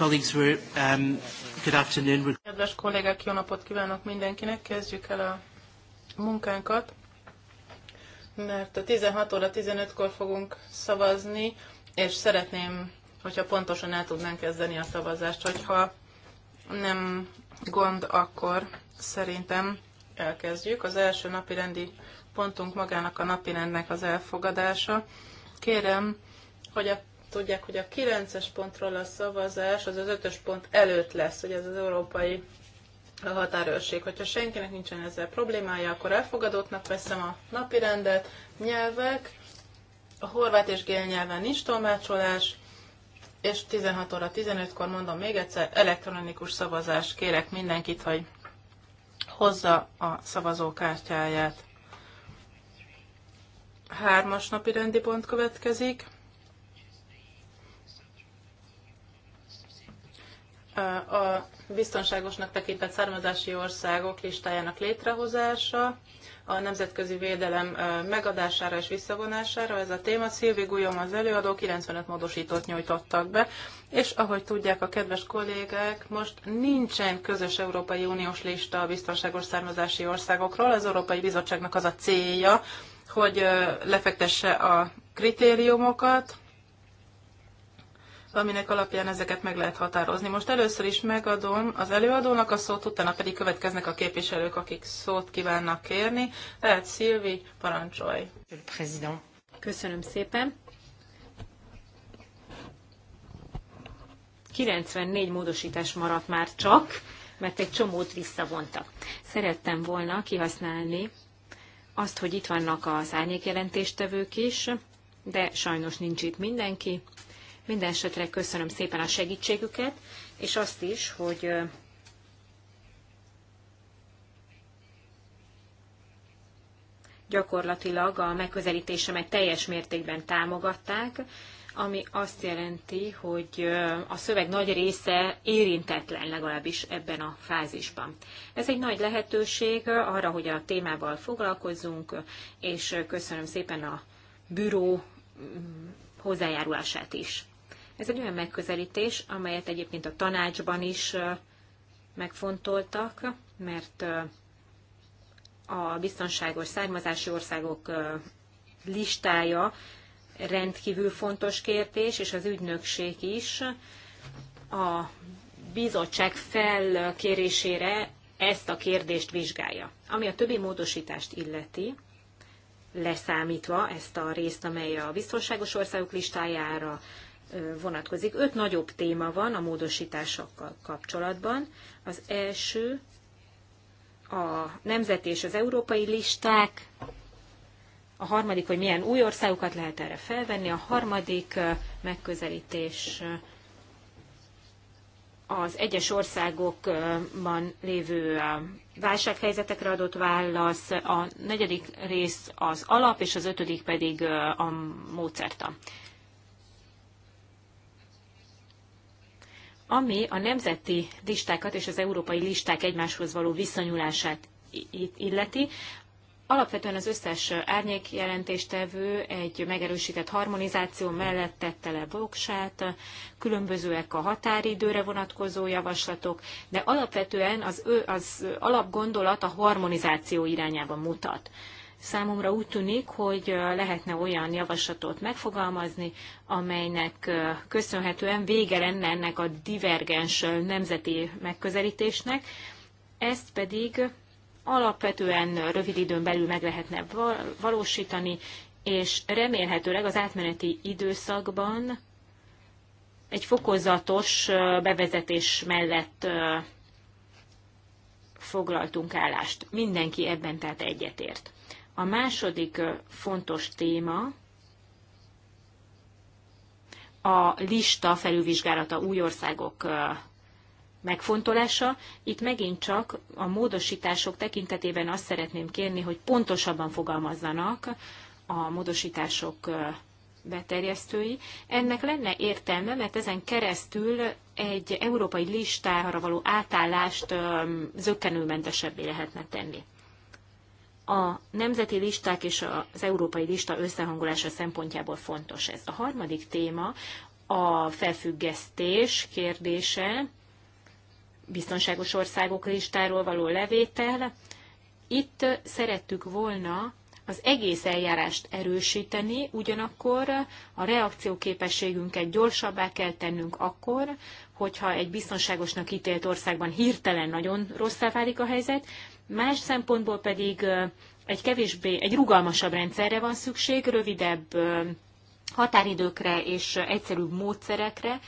Colleagues, we're, um, good afternoon. Kedves kollégák, jó napot kívánok mindenkinek. Kezdjük el a munkánkat, mert 16 óra 15-kor fogunk szavazni, és szeretném, hogyha pontosan el tudnánk kezdeni a szavazást, hogyha nem gond, akkor szerintem elkezdjük. Az első napi rendi pontunk magának a napi rendnek az elfogadása. Kérem, hogy a tudják, hogy a 9-es pontról a szavazás az az 5-ös pont előtt lesz, hogy ez az európai határőrség. Hogyha senkinek nincsen ezzel problémája, akkor elfogadottnak veszem a napi rendet, nyelvek, a horvát és gél nyelven nincs tolmácsolás, és 16 óra 15-kor mondom még egyszer, elektronikus szavazás. kérek mindenkit, hogy hozza a szavazókártyáját. Hármas napi rendi pont következik. a biztonságosnak tekintett származási országok listájának létrehozása, a nemzetközi védelem megadására és visszavonására. Ez a téma Szilvi Gulyom az előadó 95 módosítót nyújtottak be, és ahogy tudják a kedves kollégák, most nincsen közös Európai Uniós lista a biztonságos származási országokról. Az Európai Bizottságnak az a célja, hogy lefektesse a kritériumokat, aminek alapján ezeket meg lehet határozni. Most először is megadom az előadónak a szót, utána pedig következnek a képviselők, akik szót kívánnak kérni. Tehát Szilvi, parancsolj! Köszönöm szépen! 94 módosítás maradt már csak, mert egy csomót visszavontak. Szerettem volna kihasználni azt, hogy itt vannak az árnyékjelentéstevők is, de sajnos nincs itt mindenki, minden esetre köszönöm szépen a segítségüket, és azt is, hogy gyakorlatilag a megközelítésemet teljes mértékben támogatták, ami azt jelenti, hogy a szöveg nagy része érintetlen legalábbis ebben a fázisban. Ez egy nagy lehetőség arra, hogy a témával foglalkozzunk, és köszönöm szépen a büró mm, hozzájárulását is. Ez egy olyan megközelítés, amelyet egyébként a tanácsban is megfontoltak, mert a biztonságos származási országok listája rendkívül fontos kérdés, és az ügynökség is a bizottság felkérésére ezt a kérdést vizsgálja. Ami a többi módosítást illeti, leszámítva ezt a részt, amely a biztonságos országok listájára vonatkozik. Öt nagyobb téma van a módosításokkal kapcsolatban. Az első a nemzeti és az európai listák, a harmadik, hogy milyen új országokat lehet erre felvenni, a harmadik megközelítés az egyes országokban lévő válsághelyzetekre adott válasz, a negyedik rész az alap, és az ötödik pedig a módszertan. ami a nemzeti listákat és az európai listák egymáshoz való viszonyulását illeti. Alapvetően az összes árnyék jelentéstevő egy megerősített harmonizáció mellett tette le voksát, különbözőek a határidőre vonatkozó javaslatok, de alapvetően az, az alapgondolat a harmonizáció irányába mutat. Számomra úgy tűnik, hogy lehetne olyan javaslatot megfogalmazni, amelynek köszönhetően vége lenne ennek a divergens nemzeti megközelítésnek, ezt pedig alapvetően rövid időn belül meg lehetne valósítani, és remélhetőleg az átmeneti időszakban egy fokozatos bevezetés mellett foglaltunk állást. Mindenki ebben tehát egyetért. A második fontos téma a lista felülvizsgálata új országok megfontolása. Itt megint csak a módosítások tekintetében azt szeretném kérni, hogy pontosabban fogalmazzanak a módosítások beterjesztői. Ennek lenne értelme, mert ezen keresztül egy európai listára való átállást zöggenőmentesebbé lehetne tenni a nemzeti listák és az európai lista összehangolása szempontjából fontos ez. A harmadik téma a felfüggesztés kérdése, biztonságos országok listáról való levétel. Itt szerettük volna az egész eljárást erősíteni, ugyanakkor a reakcióképességünket gyorsabbá kell tennünk akkor, hogyha egy biztonságosnak ítélt országban hirtelen nagyon rosszá válik a helyzet, más szempontból pedig egy kevésbé, egy rugalmasabb rendszerre van szükség, rövidebb határidőkre és egyszerűbb módszerekre,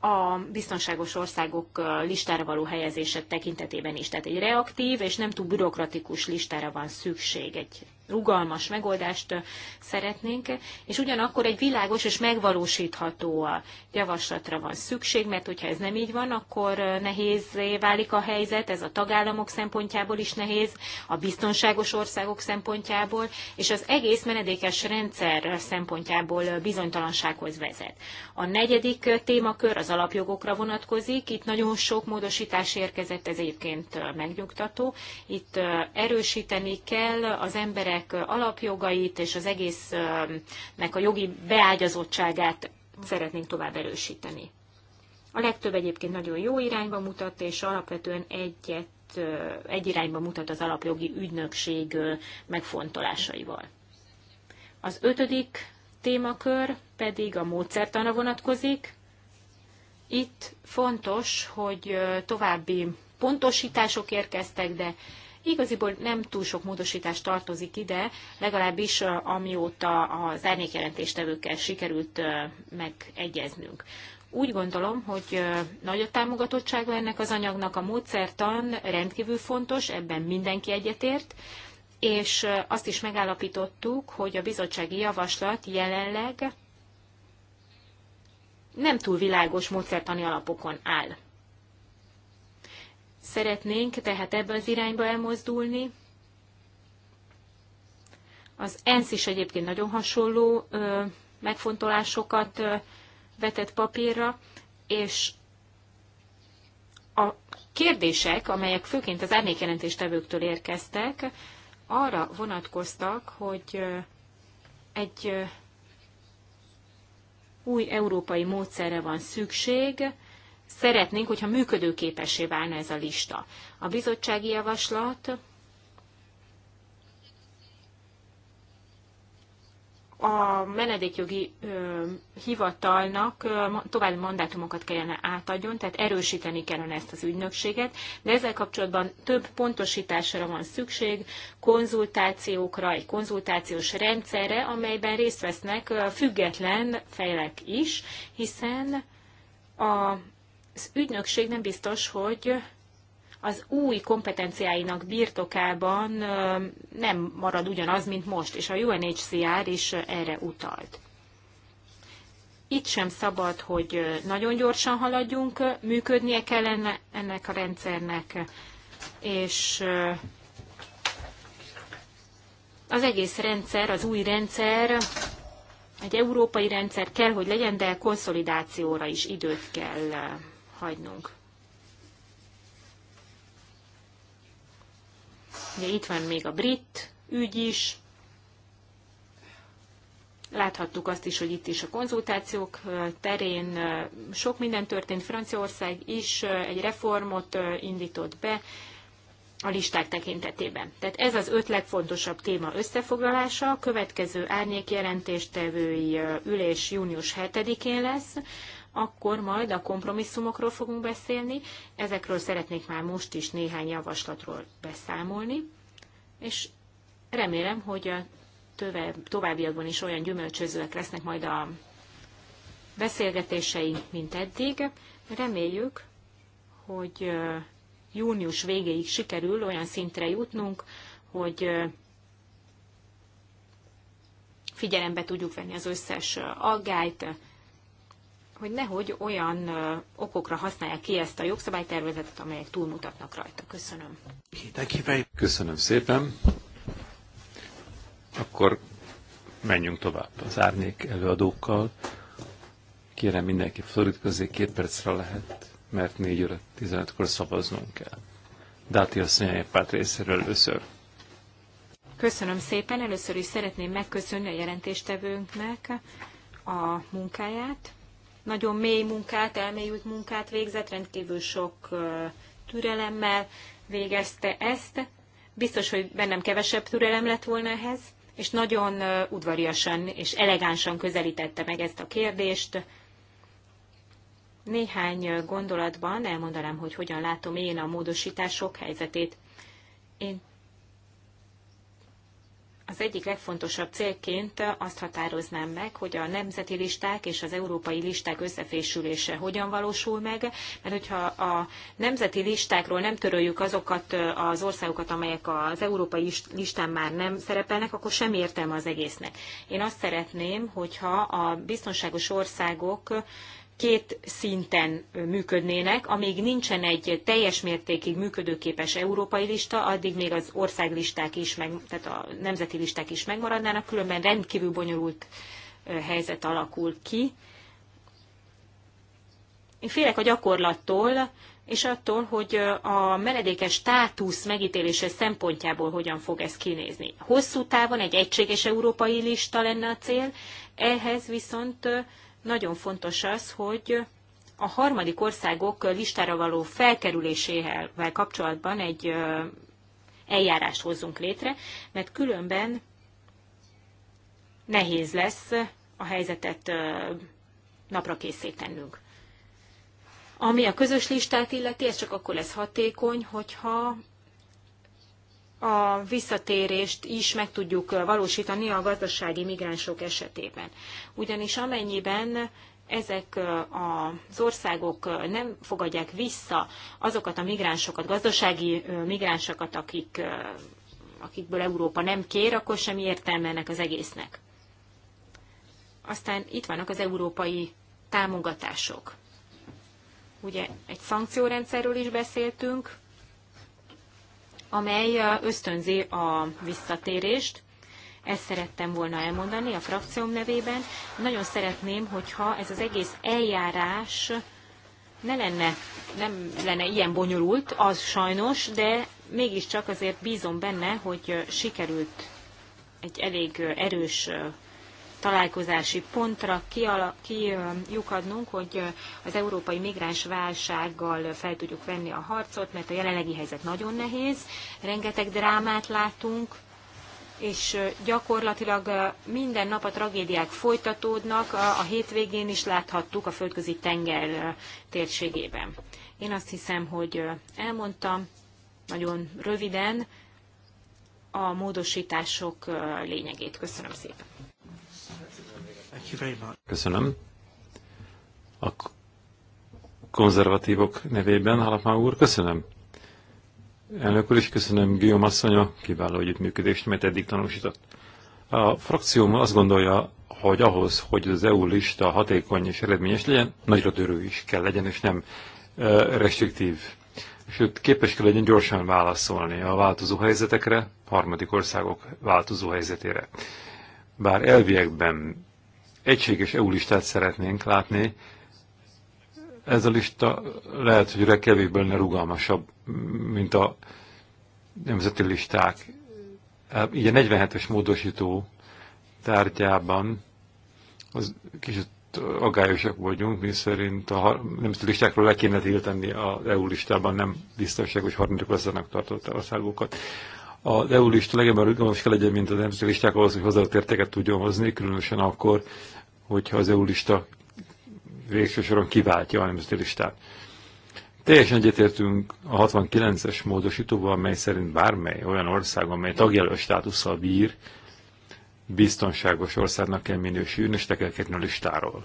a biztonságos országok listára való helyezése tekintetében is. Tehát egy reaktív és nem túl bürokratikus listára van szükség, egy rugalmas megoldást szeretnénk, és ugyanakkor egy világos és megvalósítható javaslatra van szükség, mert hogyha ez nem így van, akkor nehéz válik a helyzet, ez a tagállamok szempontjából is nehéz, a biztonságos országok szempontjából, és az egész menedékes rendszer szempontjából bizonytalansághoz vezet. A negyedik témakör az alapjogokra vonatkozik, itt nagyon sok módosítás érkezett, ez egyébként megnyugtató. Itt erősíteni kell az emberek emberek alapjogait és az egésznek a jogi beágyazottságát szeretnénk tovább erősíteni. A legtöbb egyébként nagyon jó irányba mutat, és alapvetően egyet, egy irányba mutat az alapjogi ügynökség megfontolásaival. Az ötödik témakör pedig a módszertana vonatkozik. Itt fontos, hogy további pontosítások érkeztek, de Igaziból nem túl sok módosítás tartozik ide, legalábbis amióta az árnyékjelentéstevőkkel sikerült megegyeznünk. Úgy gondolom, hogy nagy a támogatottsága ennek az anyagnak, a módszertan rendkívül fontos, ebben mindenki egyetért, és azt is megállapítottuk, hogy a bizottsági javaslat jelenleg nem túl világos módszertani alapokon áll. Szeretnénk tehát ebbe az irányba elmozdulni. Az ENSZ is egyébként nagyon hasonló ö, megfontolásokat ö, vetett papírra, és a kérdések, amelyek főként az árnyékjelentéstevőktől érkeztek, arra vonatkoztak, hogy egy új európai módszerre van szükség, szeretnénk, hogyha működőképessé válna ez a lista. A bizottsági javaslat a menedékjogi ö, hivatalnak ö, további mandátumokat kellene átadjon, tehát erősíteni kellene ezt az ügynökséget, de ezzel kapcsolatban több pontosításra van szükség, konzultációkra, egy konzultációs rendszerre, amelyben részt vesznek ö, független fejlek is, hiszen a az ügynökség nem biztos, hogy az új kompetenciáinak birtokában nem marad ugyanaz, mint most, és a UNHCR is erre utalt. Itt sem szabad, hogy nagyon gyorsan haladjunk, működnie kellene ennek a rendszernek, és az egész rendszer, az új rendszer, egy európai rendszer kell, hogy legyen, de konszolidációra is időt kell hagynunk. Ugye itt van még a brit ügy is. Láthattuk azt is, hogy itt is a konzultációk terén sok minden történt. Franciaország is egy reformot indított be a listák tekintetében. Tehát ez az öt legfontosabb téma összefoglalása. A következő árnyék jelentéstevői ülés június 7-én lesz akkor majd a kompromisszumokról fogunk beszélni. Ezekről szeretnék már most is néhány javaslatról beszámolni, és remélem, hogy a továbbiakban is olyan gyümölcsözőek lesznek majd a beszélgetéseink, mint eddig. Reméljük, hogy június végéig sikerül olyan szintre jutnunk, hogy figyelembe tudjuk venni az összes aggályt, hogy nehogy olyan okokra használják ki ezt a jogszabálytervezetet, amelyek túlmutatnak rajta. Köszönöm. Köszönöm szépen. Akkor menjünk tovább az árnyék előadókkal. Kérem mindenki fordítkozzék két percre lehet, mert 4 óra 15-kor szavaznunk kell. Dáti asszony párt részéről először. Köszönöm szépen. Először is szeretném megköszönni a jelentéstevőnknek a munkáját nagyon mély munkát, elmélyült munkát végzett, rendkívül sok türelemmel végezte ezt. Biztos, hogy bennem kevesebb türelem lett volna ehhez, és nagyon udvariasan és elegánsan közelítette meg ezt a kérdést. Néhány gondolatban elmondanám, hogy hogyan látom én a módosítások helyzetét. Én az egyik legfontosabb célként azt határoznám meg, hogy a nemzeti listák és az európai listák összefésülése hogyan valósul meg, mert hogyha a nemzeti listákról nem töröljük azokat az országokat, amelyek az európai listán már nem szerepelnek, akkor sem értelme az egésznek. Én azt szeretném, hogyha a biztonságos országok két szinten működnének, amíg nincsen egy teljes mértékig működőképes európai lista, addig még az országlisták is, meg, tehát a nemzeti listák is megmaradnának, különben rendkívül bonyolult helyzet alakul ki. Én félek a gyakorlattól, és attól, hogy a menedékes státusz megítélése szempontjából hogyan fog ez kinézni. Hosszú távon egy egységes európai lista lenne a cél, ehhez viszont nagyon fontos az, hogy a harmadik országok listára való felkerülésével kapcsolatban egy eljárást hozzunk létre, mert különben nehéz lesz a helyzetet napra készítenünk. Ami a közös listát illeti, ez csak akkor lesz hatékony, hogyha a visszatérést is meg tudjuk valósítani a gazdasági migránsok esetében. Ugyanis amennyiben ezek az országok nem fogadják vissza azokat a migránsokat, gazdasági migránsokat, akik, akikből Európa nem kér, akkor semmi értelme ennek az egésznek. Aztán itt vannak az európai támogatások. Ugye egy szankciórendszerről is beszéltünk, amely ösztönzi a visszatérést. Ezt szerettem volna elmondani a frakcióm nevében. Nagyon szeretném, hogyha ez az egész eljárás ne lenne, nem lenne ilyen bonyolult, az sajnos, de mégiscsak azért bízom benne, hogy sikerült egy elég erős találkozási pontra kiukadnunk, hogy az európai migráns válsággal fel tudjuk venni a harcot, mert a jelenlegi helyzet nagyon nehéz, rengeteg drámát látunk, és gyakorlatilag minden nap a tragédiák folytatódnak, a hétvégén is láthattuk a földközi tenger térségében. Én azt hiszem, hogy elmondtam nagyon röviden a módosítások lényegét. Köszönöm szépen. Thank you very much. Köszönöm. A konzervatívok nevében, Halapmá úr, köszönöm. Elnök úr, is köszönöm Guillaume asszonya, kiváló együttműködést, mert eddig tanúsított. A frakcióm azt gondolja, hogy ahhoz, hogy az EU lista hatékony és eredményes legyen, nagyra törő is kell legyen, és nem restriktív. Sőt, képes kell legyen gyorsan válaszolni a változó helyzetekre, harmadik országok változó helyzetére. Bár elviekben egységes EU listát szeretnénk látni. Ez a lista lehet, hogy kevésbé lenne rugalmasabb, mint a nemzeti listák. Így a 47-es módosító tárgyában az kicsit agályosak vagyunk, mi szerint a nemzeti listákról le kéne tiltani az EU listában nem hogy harmadik országnak tartott országokat. Az EU lista legemben rugalmas kell legyen, mint a nemzeti listák ahhoz, hogy hozzáadott értéket tudjon hozni, különösen akkor, hogyha az EU lista végső soron kiváltja a nemzeti listát. Teljesen egyetértünk a 69-es módosítóval, amely szerint bármely olyan ország, amely tagjelölt státusszal bír, biztonságos országnak kell minősülni, és le kell kérni a listáról.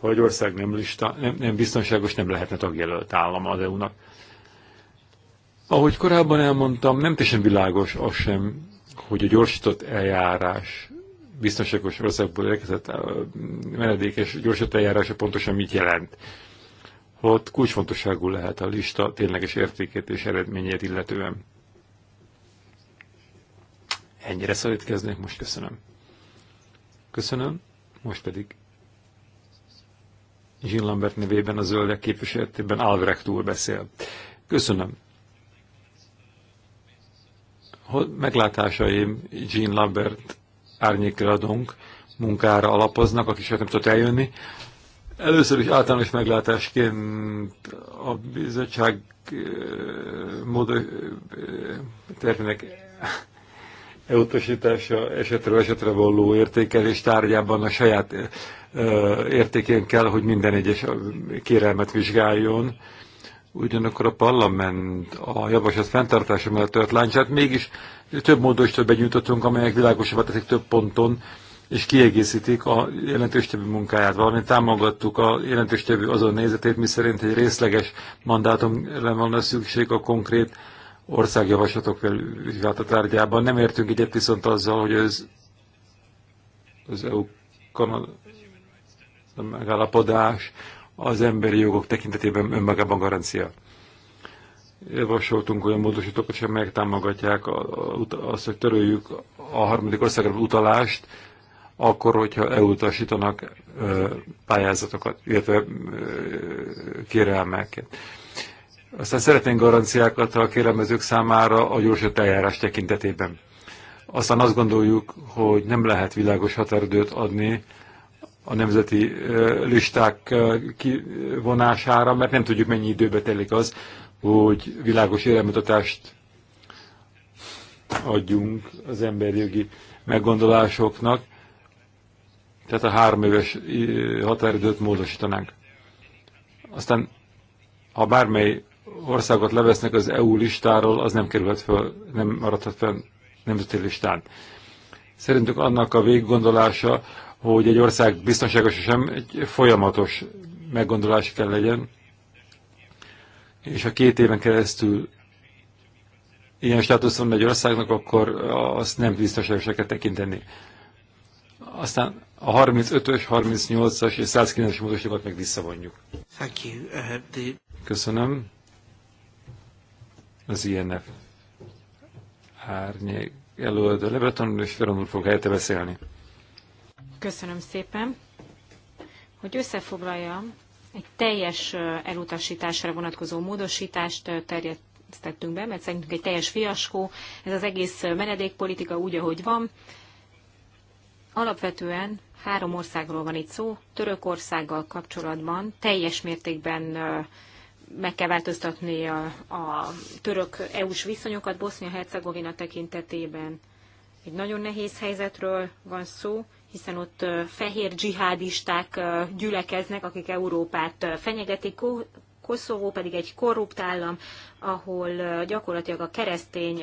Ha egy ország nem, lista, nem, nem biztonságos, nem lehetne tagjelölt állam az EU-nak. Ahogy korábban elmondtam, nem teljesen világos az sem, hogy a gyorsított eljárás biztonságos országból érkezett menedékes gyorsított eljárása pontosan mit jelent. Ott kulcsfontosságú lehet a lista tényleges értékét és eredményét illetően. Ennyire szorítkeznék, most köszönöm. Köszönöm, most pedig Jean Lambert nevében a zöldek képviseletében Albrecht úr beszél. Köszönöm. Meglátásaim Jean Lambert adunk munkára alapoznak, aki sem nem tudott eljönni. Először is általános meglátásként a bizottság eh, mód eh, tervének elutasítása esetről esetre való értékelés tárgyában a saját eh, értékén kell, hogy minden egyes kérelmet vizsgáljon. Ugyanakkor a parlament a javaslat fenntartása mellett tört láncsát mégis több módon is, módosítót begyűjtöttünk, amelyek világosabbat teszik több ponton, és kiegészítik a többi munkáját, valamint támogattuk a többi azon nézetét, miszerint egy részleges mandátumra van szükség a konkrét országjavaslatok vizsgálata tárgyában. Nem értünk egyet viszont azzal, hogy ez az EU-Kanada megállapodás az emberi jogok tekintetében önmagában garancia javasoltunk olyan módosítókat, sem megtámogatják azt, hogy töröljük a harmadik országra utalást, akkor, hogyha elutasítanak pályázatokat, illetve kérelmeket. Aztán szeretnénk garanciákat a kérelmezők számára a gyorsabb eljárás tekintetében. Aztán azt gondoljuk, hogy nem lehet világos határidőt adni a nemzeti listák kivonására, mert nem tudjuk, mennyi időbe telik az, hogy világos éremutatást adjunk az jogi meggondolásoknak, tehát a három éves határidőt módosítanánk. Aztán, ha bármely országot levesznek az EU listáról, az nem kerülhet fel, nem maradhat fel nemzeti listán. Szerintük annak a véggondolása, hogy egy ország biztonságos és sem egy folyamatos meggondolás kell legyen, és ha két éven keresztül ilyen státusz van egy országnak, akkor azt nem biztonságosakat tekinteni. Aztán a 35-ös, 38-as és 109-es módosítókat meg visszavonjuk. Thank you. Uh, the... Köszönöm. Az INF árnyék előadó Lebreton, és Feron úr fog helyette beszélni. Köszönöm szépen. Hogy összefoglaljam, egy teljes elutasításra vonatkozó módosítást tettünk be, mert szerintünk egy teljes fiaskó, ez az egész menedékpolitika úgy, ahogy van. Alapvetően három országról van itt szó, Törökországgal kapcsolatban teljes mértékben meg kell változtatni a, a török EU-s viszonyokat Bosznia-Hercegovina tekintetében. Egy nagyon nehéz helyzetről van szó, hiszen ott fehér dzsihádisták gyülekeznek, akik Európát fenyegetik, Koszovó pedig egy korrupt állam, ahol gyakorlatilag a keresztény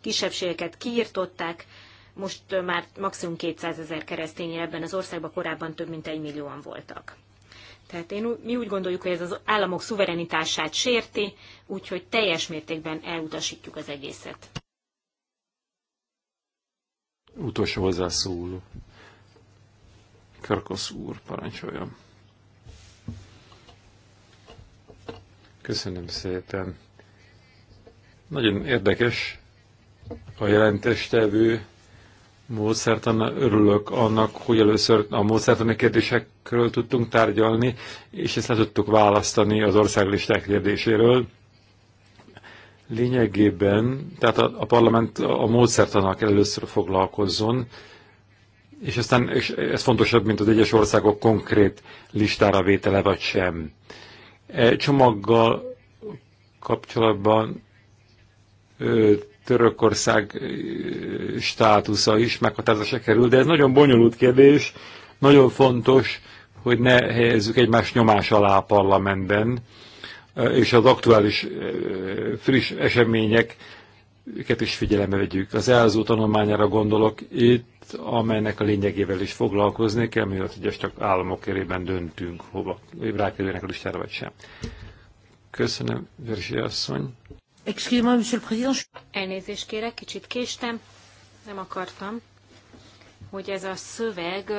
kisebbségeket kiirtották, most már maximum 200 ezer keresztény ebben az országban, korábban több mint egy millióan voltak. Tehát én, mi úgy gondoljuk, hogy ez az államok szuverenitását sérti, úgyhogy teljes mértékben elutasítjuk az egészet. Utolsó hozzászóló. Körkosz úr, parancsoljon. Köszönöm szépen. Nagyon érdekes a jelentéstevő módszertana. Örülök annak, hogy először a módszertani kérdésekről tudtunk tárgyalni, és ezt le tudtuk választani az országlisták kérdéséről. Lényegében, tehát a, a parlament a módszertanak először foglalkozzon, és aztán és ez fontosabb, mint az egyes országok konkrét listára vétele vagy sem. E csomaggal kapcsolatban ö, Törökország státusza is meghatározásra kerül, de ez nagyon bonyolult kérdés, nagyon fontos, hogy ne helyezzük egymás nyomás alá a parlamentben, és az aktuális friss eseményeket is figyelembe vegyük. Az elzó tanulmányára gondolok itt, amelynek a lényegével is foglalkozni kell, miatt ugye csak államok körében döntünk, hova rákerülnek a listára vagy sem. Köszönöm, Verzsi asszony. Elnézést kérek, kicsit késtem. Nem akartam, hogy ez a szöveg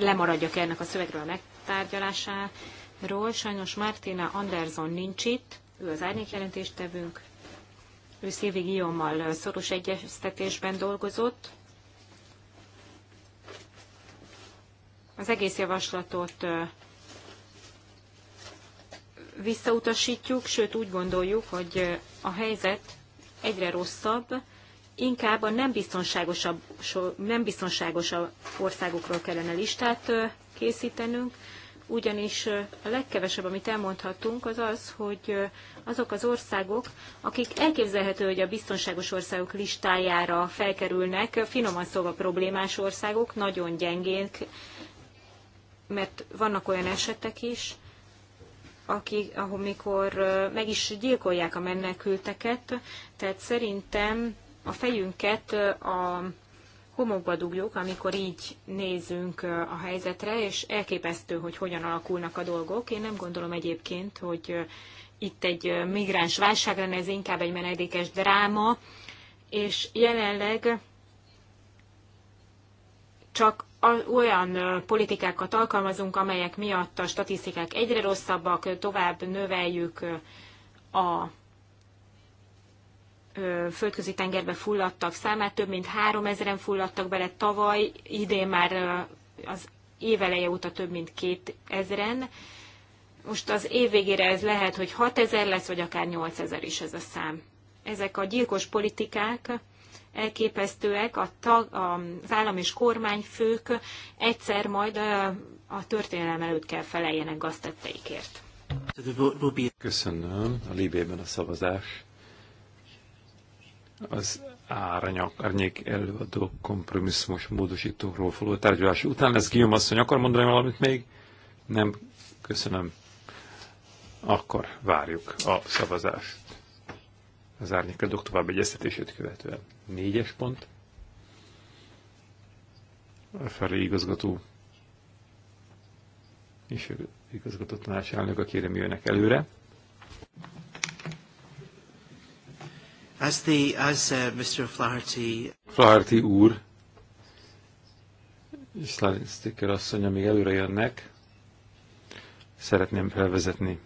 lemaradjak ennek a szövegről a megtárgyalásáról. Sajnos Martina Anderson nincs itt, ő az tevünk, ő Szilvi Guillaume-mal szoros egyeztetésben dolgozott, az egész javaslatot visszautasítjuk, sőt úgy gondoljuk, hogy a helyzet egyre rosszabb, inkább a nem biztonságosabb, nem biztonságosabb országokról kellene listát készítenünk, ugyanis a legkevesebb, amit elmondhatunk, az az, hogy azok az országok, akik elképzelhető, hogy a biztonságos országok listájára felkerülnek, finoman szóval problémás országok, nagyon gyengénk mert vannak olyan esetek is, akik, mikor meg is gyilkolják a menekülteket, tehát szerintem a fejünket a homokba dugjuk, amikor így nézünk a helyzetre, és elképesztő, hogy hogyan alakulnak a dolgok. Én nem gondolom egyébként, hogy itt egy migráns válság lenne, ez inkább egy menedékes dráma, és jelenleg csak olyan politikákat alkalmazunk, amelyek miatt a statisztikák egyre rosszabbak, tovább növeljük a földközi tengerbe fulladtak számát, több mint 3000-en fulladtak bele tavaly, idén már az éveleje óta több mint 2000-en. Most az év végére ez lehet, hogy 6000 lesz, vagy akár 8000 is ez a szám. Ezek a gyilkos politikák elképesztőek, a tag, az állam és kormányfők egyszer majd a történelem előtt kell feleljenek gaztetteikért. Köszönöm. A Libében a szavazás. Az árnyak, árnyék előadó kompromisszumos módosítókról folyó tárgyalás után lesz Guillaume asszony. Akar mondani valamit még? Nem. Köszönöm. Akkor várjuk a szavazást. Az árnyék adók tovább egyeztetését követően. Négyes pont. A felé igazgató és igazgató akire mi jönnek előre. As the, as, uh, Mr. Flaherty... Flaherty úr és Stalin Sticker asszonya még előre jönnek, szeretném felvezetni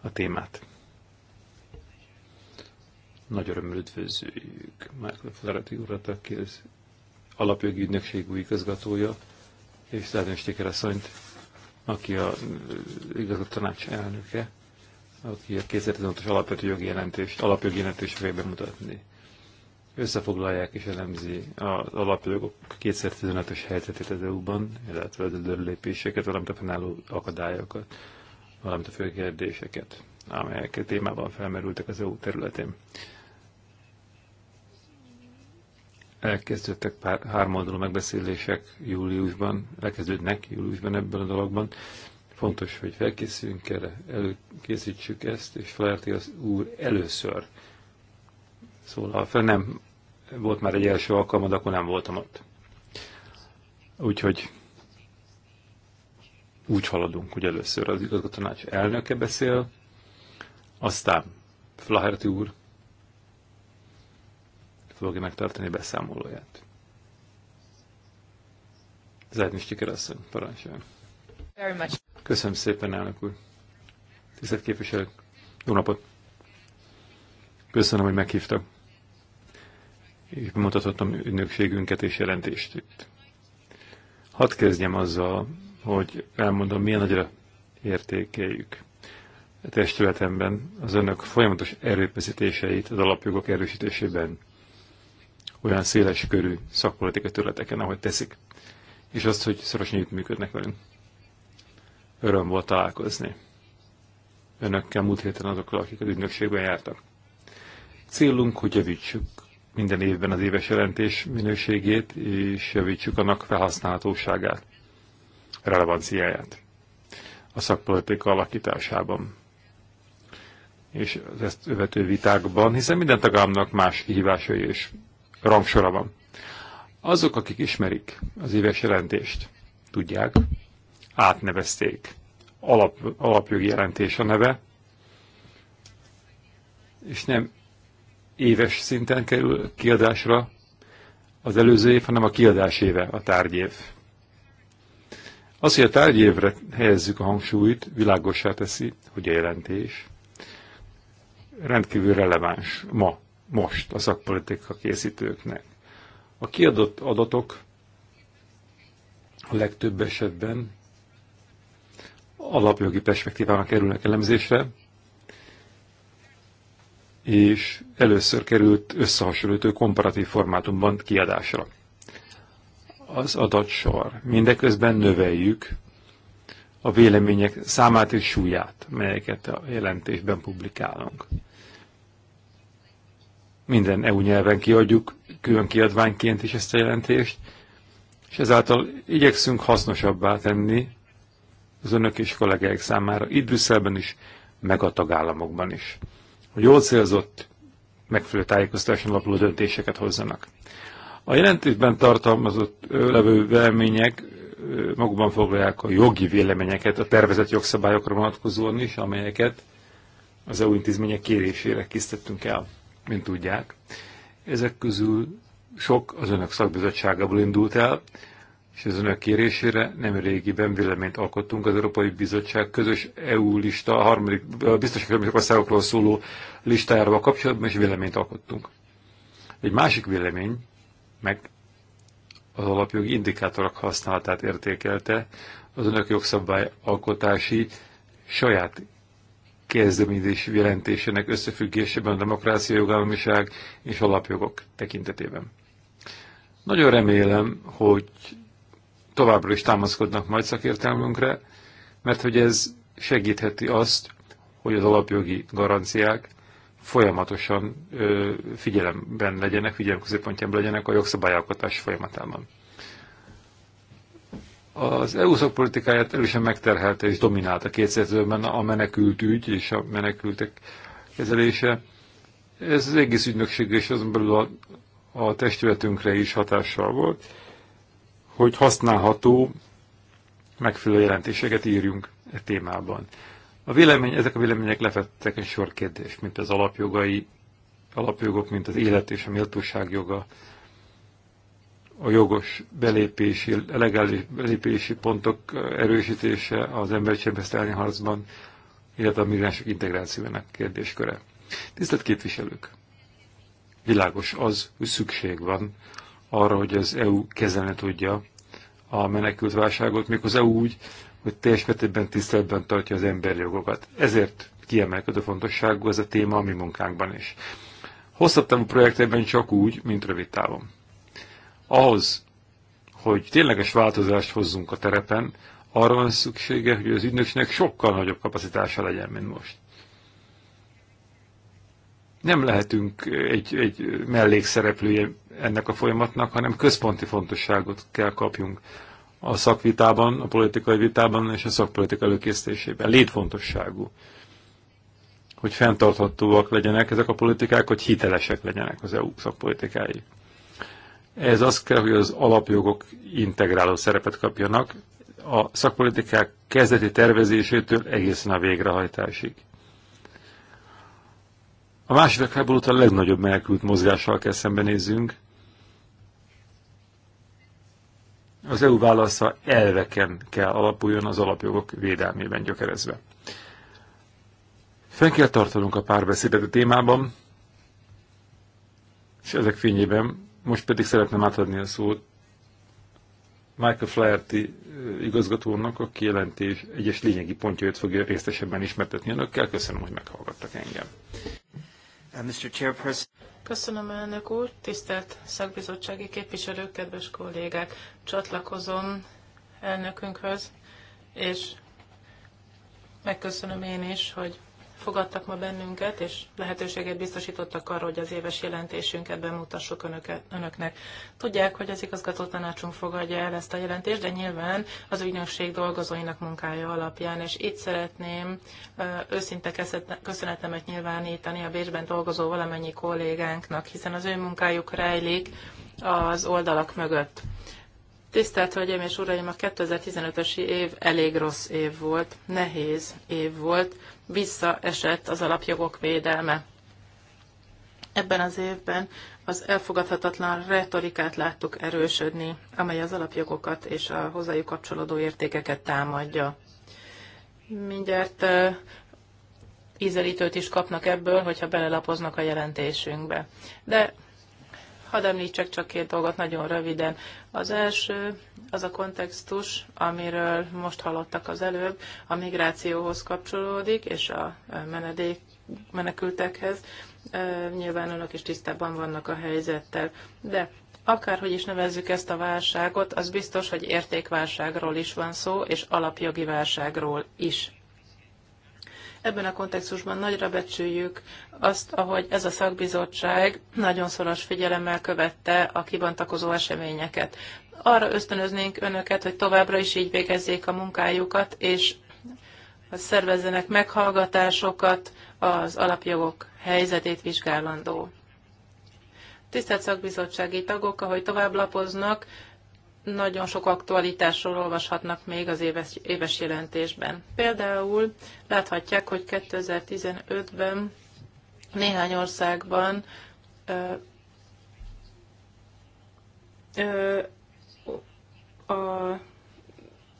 a témát. Nagy örömmel üdvözlőjük Michael Flaherty urat, aki az alapjogi ügynökség új igazgatója, és Zárdon Stiker asszonyt, aki a igazgató tanács elnöke, aki a 2015-os alapvető jogi jelentést, alapjogi jelentést fogja bemutatni. Összefoglalják és elemzi az alapjogok 2015-ös helyzetét az EU-ban, illetve az előlépéseket, valamint a fennálló akadályokat, valamint a fő kérdéseket, amelyek témában felmerültek az EU területén. elkezdődtek pár, hármoldalú megbeszélések júliusban, elkezdődnek júliusban ebben a dologban. Fontos, hogy felkészüljünk erre, előkészítsük ezt, és Flaherty az úr először szólal fel. Nem volt már egy első alkalmad, akkor nem voltam ott. Úgyhogy úgy haladunk, hogy először az igazgatónács elnöke beszél, aztán Flaherty úr fogja megtartani beszámolóját. Zárni Stikerasszony, parancsoljon. Köszönöm szépen, elnök úr. Tisztelt képviselők, jó napot! Köszönöm, hogy meghívtak. És bemutathatom ügynökségünket és jelentést itt. Hadd kezdjem azzal, hogy elmondom, milyen nagyra értékeljük a testületemben az önök folyamatos erőpeszítéseit az alapjogok erősítésében olyan széles körű szakpolitikai területeken, ahogy teszik. És azt, hogy szorosan működnek velünk. Öröm volt találkozni. Önökkel múlt héten azokkal, akik az ügynökségben jártak. Célunk, hogy javítsuk minden évben az éves jelentés minőségét, és javítsuk annak felhasználhatóságát, relevanciáját a szakpolitika alakításában és ezt övető vitákban, hiszen minden tagállamnak más kihívásai és rangsora van. Azok, akik ismerik az éves jelentést, tudják, átnevezték. Alap, alapjogi jelentés a neve, és nem éves szinten kerül kiadásra az előző év, hanem a kiadás éve, a tárgyév. Az, hogy a tárgyévre helyezzük a hangsúlyt, világosá teszi, hogy a jelentés rendkívül releváns ma most a szakpolitika készítőknek. A kiadott adatok a legtöbb esetben alapjogi perspektívának kerülnek elemzésre, és először került összehasonlító komparatív formátumban kiadásra. Az adatsor. Mindeközben növeljük a vélemények számát és súlyát, melyeket a jelentésben publikálunk minden EU nyelven kiadjuk, külön kiadványként is ezt a jelentést, és ezáltal igyekszünk hasznosabbá tenni az önök és kollégáik számára, itt Brüsszelben is, meg a tagállamokban is. Hogy jól célzott, megfelelő tájékoztatáson alapuló döntéseket hozzanak. A jelentésben tartalmazott levő vélemények magukban foglalják a jogi véleményeket, a tervezett jogszabályokra vonatkozóan is, amelyeket az EU intézmények kérésére készítettünk el mint tudják. Ezek közül sok az önök szakbizottságából indult el, és az önök kérésére nem régiben véleményt alkottunk az Európai Bizottság közös EU lista, a harmadik, biztos országokról szóló listájáról kapcsolatban, és véleményt alkottunk. Egy másik vélemény meg az alapjogi indikátorok használatát értékelte az önök jogszabály alkotási saját kezdeményezés jelentésének összefüggésében a demokrácia, jogállamiság és alapjogok tekintetében. Nagyon remélem, hogy továbbra is támaszkodnak majd szakértelmünkre, mert hogy ez segítheti azt, hogy az alapjogi garanciák folyamatosan figyelemben legyenek, figyelem középpontjában legyenek a jogszabályalkotás folyamatában. Az EU szakpolitikáját erősen megterhelte és dominált a kétszerzőben a menekült ügy és a menekültek kezelése. Ez az egész ügynökség és azon belül a, a testületünkre is hatással volt, hogy használható megfelelő jelentéseket írjunk e témában. A vélemény, ezek a vélemények lefettek egy sor kérdést, mint az alapjogai, alapjogok, mint az élet és a méltóság joga, a jogos belépési, legális belépési pontok erősítése az embercsempesztelni harcban, illetve a migránsok integrációjának kérdésköre. Tisztelt képviselők! Világos az, hogy szükség van arra, hogy az EU kezelni tudja a menekült válságot, még az EU úgy, hogy teljes mértékben tiszteletben tartja az emberi jogokat. Ezért kiemelkedő fontosságú ez a téma a mi munkánkban is. Hosszabb távú projektekben csak úgy, mint rövid távon. Ahhoz, hogy tényleges változást hozzunk a terepen, arra van szüksége, hogy az ügynökségnek sokkal nagyobb kapacitása legyen, mint most. Nem lehetünk egy, egy mellékszereplője ennek a folyamatnak, hanem központi fontosságot kell kapjunk a szakvitában, a politikai vitában és a szakpolitika előkészítésében. Létfontosságú, hogy fenntarthatóak legyenek ezek a politikák, hogy hitelesek legyenek az EU szakpolitikái. Ez az kell, hogy az alapjogok integráló szerepet kapjanak a szakpolitikák kezdeti tervezésétől egészen a végrehajtásig. A második háború után a legnagyobb menekült mozgással kell szembenézzünk. Az EU válasza elveken kell alapuljon az alapjogok védelmében gyökerezve. Fenn kell tartanunk a párbeszédet a témában, és ezek fényében most pedig szeretném átadni a szót Michael Flaherty igazgatónak, aki jelentés egyes lényegi pontjait fogja részesebben ismertetni önökkel. Köszönöm, hogy meghallgattak engem. Uh, Mr. Chairperson. Köszönöm, elnök úr, tisztelt szakbizottsági képviselők, kedves kollégák! Csatlakozom elnökünkhöz, és megköszönöm én is, hogy fogadtak ma bennünket, és lehetőséget biztosítottak arra, hogy az éves jelentésünket bemutassuk önöket, önöknek. Tudják, hogy az igazgató tanácsunk fogadja el ezt a jelentést, de nyilván az ügynökség dolgozóinak munkája alapján, és itt szeretném őszinte köszönetemet nyilvánítani a Bécsben dolgozó valamennyi kollégánknak, hiszen az ő munkájuk rejlik az oldalak mögött. Tisztelt Hölgyeim és Uraim, a 2015-ös év elég rossz év volt, nehéz év volt, visszaesett az alapjogok védelme. Ebben az évben az elfogadhatatlan retorikát láttuk erősödni, amely az alapjogokat és a hozzájuk kapcsolódó értékeket támadja. Mindjárt ízelítőt is kapnak ebből, hogyha belelapoznak a jelentésünkbe. De Hadd említsek csak két dolgot nagyon röviden. Az első, az a kontextus, amiről most hallottak az előbb, a migrációhoz kapcsolódik, és a e, menedék, menekültekhez. E, nyilván önök is tisztában vannak a helyzettel. De akárhogy is nevezzük ezt a válságot, az biztos, hogy értékválságról is van szó, és alapjogi válságról is. Ebben a kontextusban nagyra becsüljük azt, ahogy ez a szakbizottság nagyon szoros figyelemmel követte a kibontakozó eseményeket. Arra ösztönöznénk önöket, hogy továbbra is így végezzék a munkájukat, és szervezzenek meghallgatásokat az alapjogok helyzetét vizsgálandó. Tisztelt szakbizottsági tagok, ahogy tovább lapoznak, nagyon sok aktualitásról olvashatnak még az éves, éves jelentésben. Például láthatják, hogy 2015-ben néhány országban ö, ö, a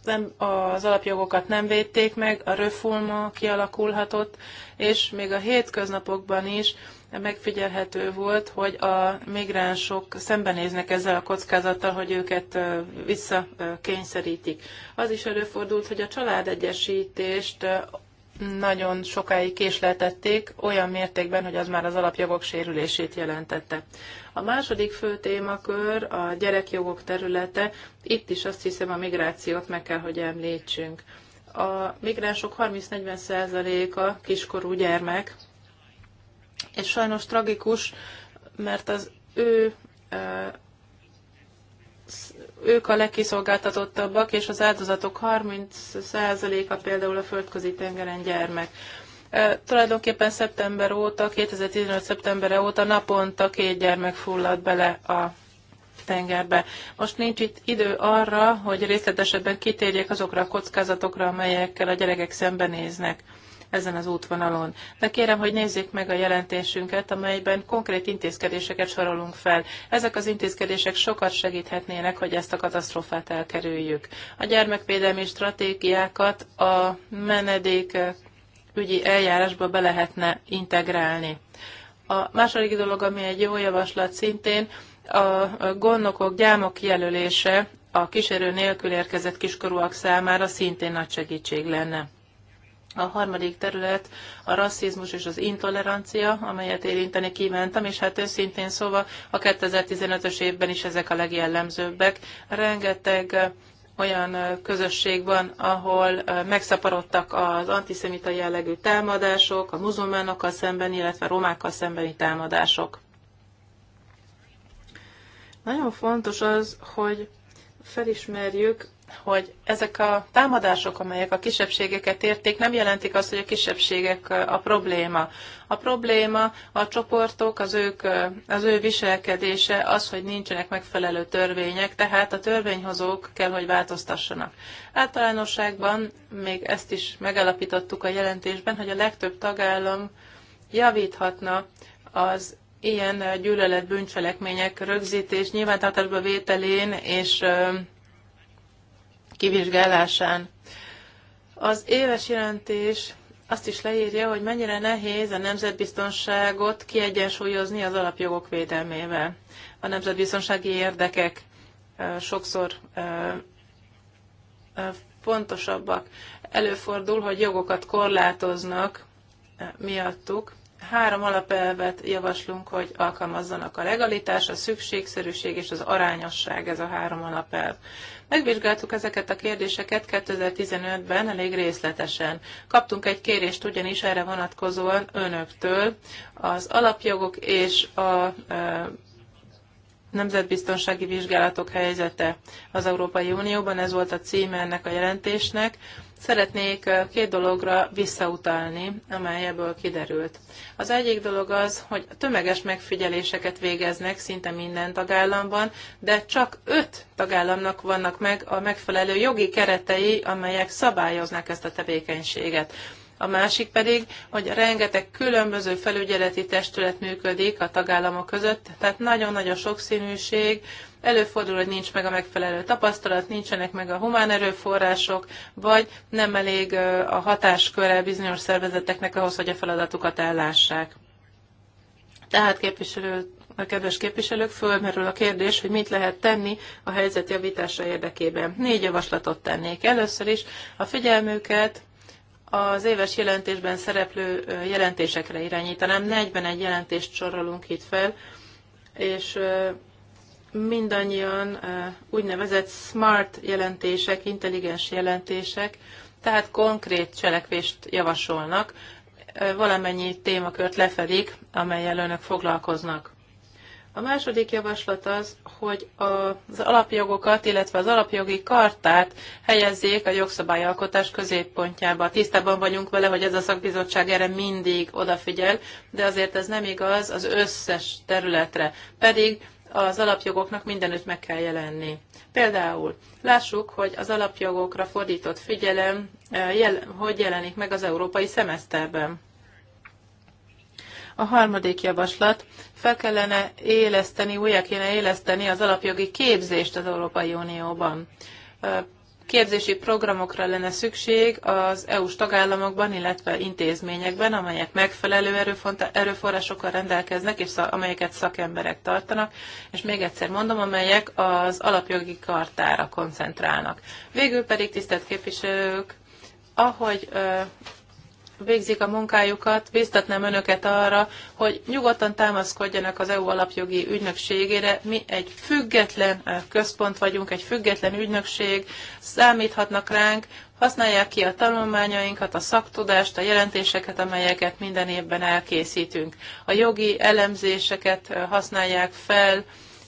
nem, az alapjogokat nem védték meg, a reforma kialakulhatott, és még a hétköznapokban is megfigyelhető volt, hogy a migránsok szembenéznek ezzel a kockázattal, hogy őket visszakényszerítik. Az is előfordult, hogy a családegyesítést nagyon sokáig késleltették, olyan mértékben, hogy az már az alapjogok sérülését jelentette. A második fő témakör a gyerekjogok területe. Itt is azt hiszem a migrációt meg kell, hogy említsünk. A migránsok 30-40%-a kiskorú gyermek, és sajnos tragikus, mert az ő ők a legkiszolgáltatottabbak, és az áldozatok 30%-a például a földközi tengeren gyermek. E, tulajdonképpen szeptember óta, 2015. szeptembere óta naponta két gyermek fulladt bele a tengerbe. Most nincs itt idő arra, hogy részletesebben kitérjek azokra a kockázatokra, amelyekkel a gyerekek szembenéznek ezen az útvonalon. De kérem, hogy nézzék meg a jelentésünket, amelyben konkrét intézkedéseket sorolunk fel. Ezek az intézkedések sokat segíthetnének, hogy ezt a katasztrófát elkerüljük. A gyermekvédelmi stratégiákat a menedék eh, ügyi eljárásba be lehetne integrálni. A második dolog, ami egy jó javaslat szintén, a gondnokok gyámok jelölése a kísérő nélkül érkezett kiskorúak számára szintén nagy segítség lenne. A harmadik terület a rasszizmus és az intolerancia, amelyet érinteni kívántam, és hát őszintén szóval a 2015-ös évben is ezek a legjellemzőbbek. Rengeteg olyan közösség van, ahol megszaporodtak az antiszemita jellegű támadások, a muzulmánokkal szemben, illetve a romákkal szembeni támadások. Nagyon fontos az, hogy felismerjük hogy ezek a támadások, amelyek a kisebbségeket érték, nem jelentik azt, hogy a kisebbségek a probléma. A probléma a csoportok, az, ők, az ő viselkedése az, hogy nincsenek megfelelő törvények, tehát a törvényhozók kell, hogy változtassanak. Általánosságban még ezt is megalapítottuk a jelentésben, hogy a legtöbb tagállam javíthatna az ilyen gyűlölet bűncselekmények rögzítés, nyilvántartásba vételén és kivizsgálásán. Az éves jelentés azt is leírja, hogy mennyire nehéz a nemzetbiztonságot kiegyensúlyozni az alapjogok védelmével. A nemzetbiztonsági érdekek sokszor fontosabbak. Előfordul, hogy jogokat korlátoznak miattuk. Három alapelvet javaslunk, hogy alkalmazzanak a legalitás, a szükségszerűség és az arányosság, ez a három alapelv. Megvizsgáltuk ezeket a kérdéseket 2015-ben elég részletesen. Kaptunk egy kérést ugyanis erre vonatkozóan önöktől az alapjogok és a e, nemzetbiztonsági vizsgálatok helyzete az Európai Unióban, ez volt a címe ennek a jelentésnek Szeretnék két dologra visszautalni, amely ebből kiderült. Az egyik dolog az, hogy tömeges megfigyeléseket végeznek szinte minden tagállamban, de csak öt tagállamnak vannak meg a megfelelő jogi keretei, amelyek szabályoznak ezt a tevékenységet. A másik pedig, hogy rengeteg különböző felügyeleti testület működik a tagállamok között, tehát nagyon nagy a sokszínűség, Előfordul, hogy nincs meg a megfelelő tapasztalat, nincsenek meg a humán erőforrások, vagy nem elég a hatásköre bizonyos szervezeteknek ahhoz, hogy a feladatukat ellássák. Tehát képviselő, a kedves képviselők, fölmerül a kérdés, hogy mit lehet tenni a helyzet javítása érdekében. Négy javaslatot tennék. Először is a figyelmüket az éves jelentésben szereplő jelentésekre irányítanám. 41 jelentést sorolunk itt fel, és mindannyian úgynevezett smart jelentések, intelligens jelentések, tehát konkrét cselekvést javasolnak, valamennyi témakört lefedik, amelyel önök foglalkoznak. A második javaslat az, hogy az alapjogokat, illetve az alapjogi kartát helyezzék a jogszabályalkotás középpontjába. Tisztában vagyunk vele, hogy ez a szakbizottság erre mindig odafigyel, de azért ez nem igaz az összes területre. Pedig az alapjogoknak mindenütt meg kell jelenni. Például lássuk, hogy az alapjogokra fordított figyelem eh, jel, hogy jelenik meg az európai szemeszterben. A harmadik javaslat, fel kellene éleszteni, újra kéne éleszteni az alapjogi képzést az Európai Unióban eh, képzési programokra lenne szükség az EU-s tagállamokban, illetve intézményekben, amelyek megfelelő erőforrásokkal rendelkeznek, és amelyeket szakemberek tartanak, és még egyszer mondom, amelyek az alapjogi kartára koncentrálnak. Végül pedig, tisztelt képviselők, ahogy végzik a munkájukat, biztatnám önöket arra, hogy nyugodtan támaszkodjanak az EU alapjogi ügynökségére. Mi egy független eh, központ vagyunk, egy független ügynökség, számíthatnak ránk, használják ki a tanulmányainkat, a szaktudást, a jelentéseket, amelyeket minden évben elkészítünk. A jogi elemzéseket eh, használják fel,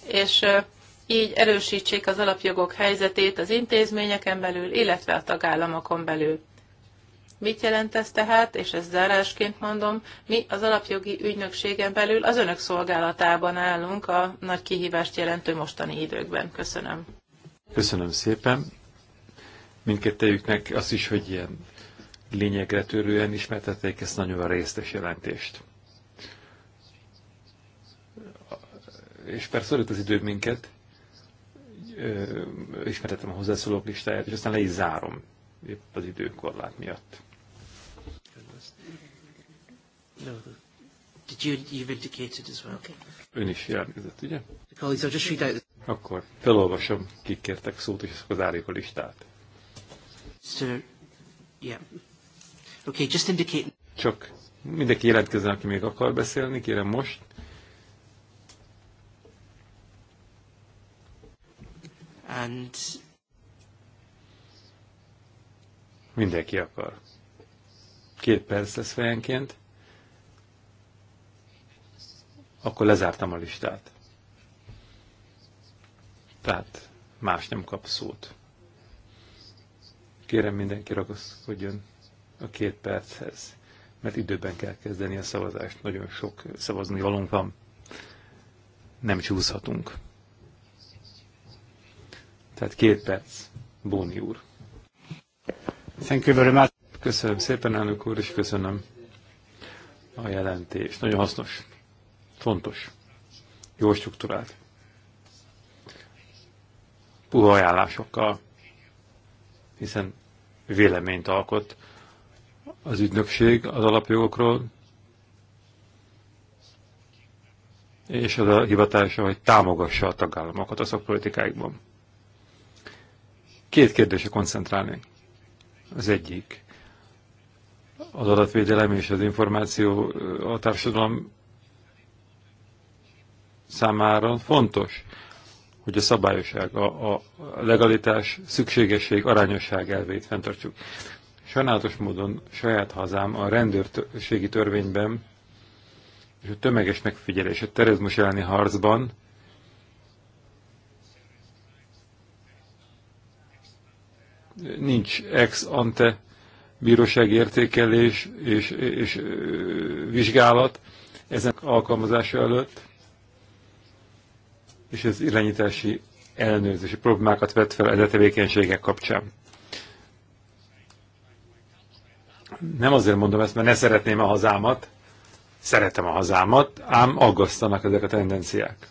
és eh, így erősítsék az alapjogok helyzetét az intézményeken belül, illetve a tagállamokon belül. Mit jelent ez tehát, és ezt zárásként mondom, mi az alapjogi ügynökségen belül az önök szolgálatában állunk a nagy kihívást jelentő mostani időkben. Köszönöm. Köszönöm szépen. Mindkettőjüknek azt is, hogy ilyen lényegre törően ismertették ezt nagyon a résztes jelentést. És persze előtt az idő minket, ismertettem a hozzászólók listáját, és aztán le is zárom épp az időkorlát miatt. No, the, did you, you've indicated as well. Okay. Ön is jelentkezett, ugye? Colleagues, I'll just read out. Akkor felolvasom, kik kértek szót, és akkor zárjuk a listát. Sir, yeah. Okay, just indicate... Csak mindenki jelentkezzen, aki még akar beszélni, kérem most. And... Mindenki akar. Két perc lesz fejenként akkor lezártam a listát. Tehát más nem kap szót. Kérem mindenki ragaszkodjon a két perchez, mert időben kell kezdeni a szavazást. Nagyon sok szavazni valónk van. Nem csúszhatunk. Tehát két perc. Bóni úr. Thank you very much. Köszönöm szépen, elnök úr, és köszönöm a jelentést. Nagyon hasznos. Fontos. Jól struktúrált. Puha ajánlásokkal, hiszen véleményt alkot az ügynökség az alapjogokról, és az a hivatása, hogy támogassa a tagállamokat a szakpolitikáikban. Két kérdésre koncentrálnék. Az egyik az adatvédelem és az információ a társadalom számára fontos, hogy a szabályosság, a, a legalitás, szükségesség, arányosság elvét fenntartsuk. Sajnálatos módon saját hazám a rendőrségi törvényben és a tömeges megfigyelés a terezmus elleni harcban nincs ex ante bíróság értékelés és, és, és vizsgálat ezen alkalmazása előtt és az irányítási ellenőrzési problémákat vett fel ez a tevékenységek kapcsán. Nem azért mondom ezt, mert ne szeretném a hazámat, szeretem a hazámat, ám aggasztanak ezek a tendenciák.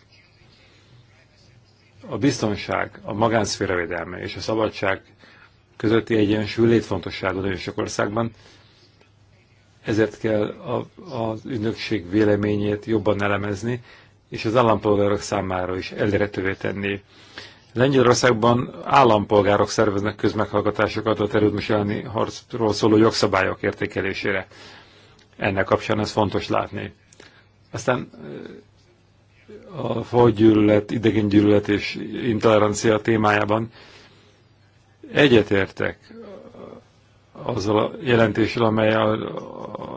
A biztonság, a magánszféra védelme és a szabadság közötti egyensúly létfontosságú nagyon sok országban, ezért kell a, az ügynökség véleményét jobban elemezni, és az állampolgárok számára is elérhetővé tenni. Lengyelországban állampolgárok szerveznek közmeghallgatásokat a terrorizmus elleni harcról szóló jogszabályok értékelésére. Ennek kapcsán ez fontos látni. Aztán a fajgyűlölet, idegengyűlölet és intolerancia témájában egyetértek azzal a jelentéssel, amely a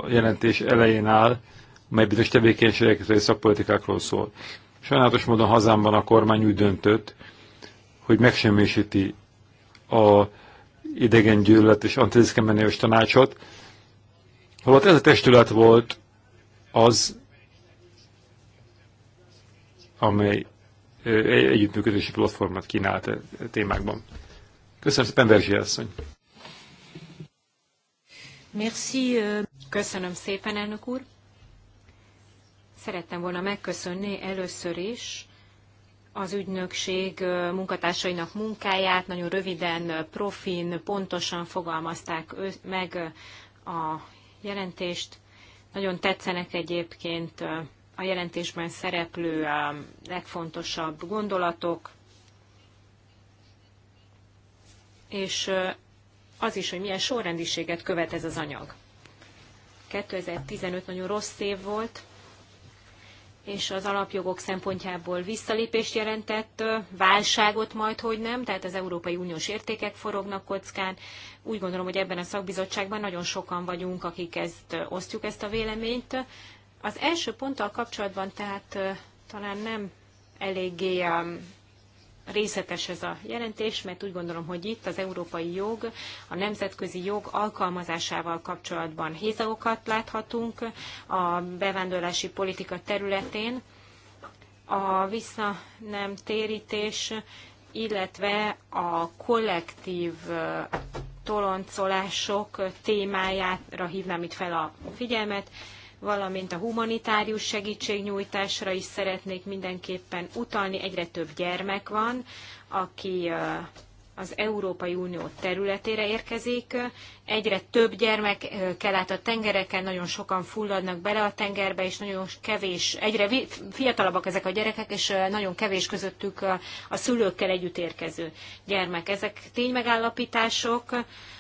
jelentés elején áll, amely bizonyos tevékenységekről és szakpolitikákról szól. Sajnálatos módon hazámban a kormány úgy döntött, hogy megsemmisíti a idegen gyűlölet és antidiszkriminációs tanácsot, holott ez a testület volt az, amely együttműködési platformot kínált a e témákban. Köszönöm szépen, Verzsi asszony! Merci. Köszönöm szépen, elnök úr! Szerettem volna megköszönni először is az ügynökség munkatársainak munkáját. Nagyon röviden, profin, pontosan fogalmazták meg a jelentést. Nagyon tetszenek egyébként a jelentésben szereplő legfontosabb gondolatok, és az is, hogy milyen sorrendiséget követ ez az anyag. 2015 nagyon rossz év volt, és az alapjogok szempontjából visszalépést jelentett, válságot majd, hogy nem, tehát az Európai Uniós értékek forognak kockán. Úgy gondolom, hogy ebben a szakbizottságban nagyon sokan vagyunk, akik ezt osztjuk ezt a véleményt. Az első ponttal kapcsolatban tehát talán nem eléggé részletes ez a jelentés, mert úgy gondolom, hogy itt az európai jog, a nemzetközi jog alkalmazásával kapcsolatban hézagokat láthatunk a bevándorlási politika területén. A vissza nem térítés, illetve a kollektív toloncolások témájára hívnám itt fel a figyelmet valamint a humanitárius segítségnyújtásra is szeretnék mindenképpen utalni. Egyre több gyermek van, aki az Európai Unió területére érkezik. Egyre több gyermek kell át a tengereken, nagyon sokan fulladnak bele a tengerbe, és nagyon kevés, egyre fiatalabbak ezek a gyerekek, és nagyon kevés közöttük a szülőkkel együtt érkező gyermek. Ezek ténymegállapítások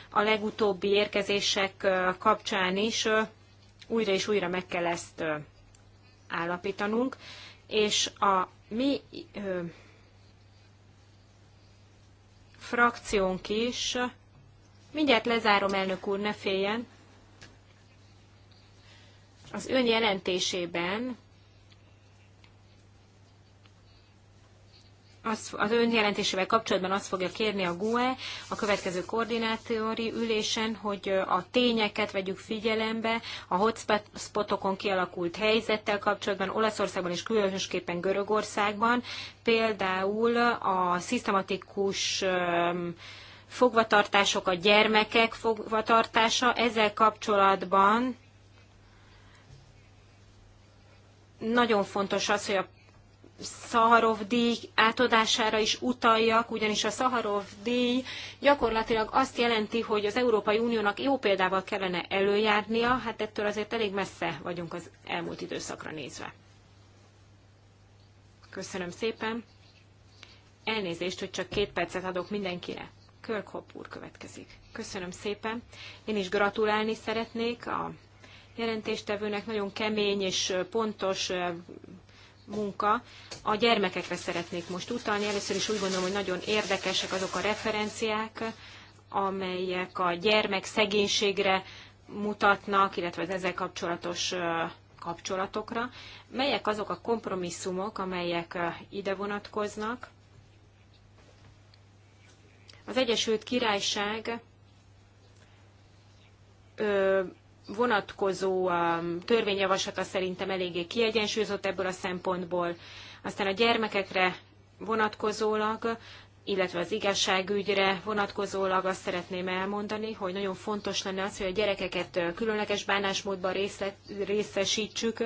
a legutóbbi érkezések kapcsán is újra és újra meg kell ezt állapítanunk, és a mi ö, frakciónk is, mindjárt lezárom, elnök úr, ne féljen, az ön jelentésében az, az jelentésével kapcsolatban azt fogja kérni a GUE a következő koordinátori ülésen, hogy a tényeket vegyük figyelembe, a hotspotokon kialakult helyzettel kapcsolatban Olaszországban és különösképpen Görögországban, például a szisztematikus fogvatartások, a gyermekek fogvatartása, ezzel kapcsolatban nagyon fontos az, hogy a Szaharov díj átadására is utaljak, ugyanis a Szaharov díj gyakorlatilag azt jelenti, hogy az Európai Uniónak jó példával kellene előjárnia, hát ettől azért elég messze vagyunk az elmúlt időszakra nézve. Köszönöm szépen. Elnézést, hogy csak két percet adok mindenkire. Körkhop úr következik. Köszönöm szépen. Én is gratulálni szeretnék a jelentéstevőnek. Nagyon kemény és pontos munka. A gyermekekre szeretnék most utalni. Először is úgy gondolom, hogy nagyon érdekesek azok a referenciák, amelyek a gyermek szegénységre mutatnak, illetve az ezzel kapcsolatos kapcsolatokra. Melyek azok a kompromisszumok, amelyek ide vonatkoznak? Az Egyesült Királyság vonatkozó törvényjavaslata szerintem eléggé kiegyensúlyozott ebből a szempontból. Aztán a gyermekekre vonatkozólag illetve az igazságügyre vonatkozólag azt szeretném elmondani, hogy nagyon fontos lenne az, hogy a gyerekeket különleges bánásmódban részlet, részesítsük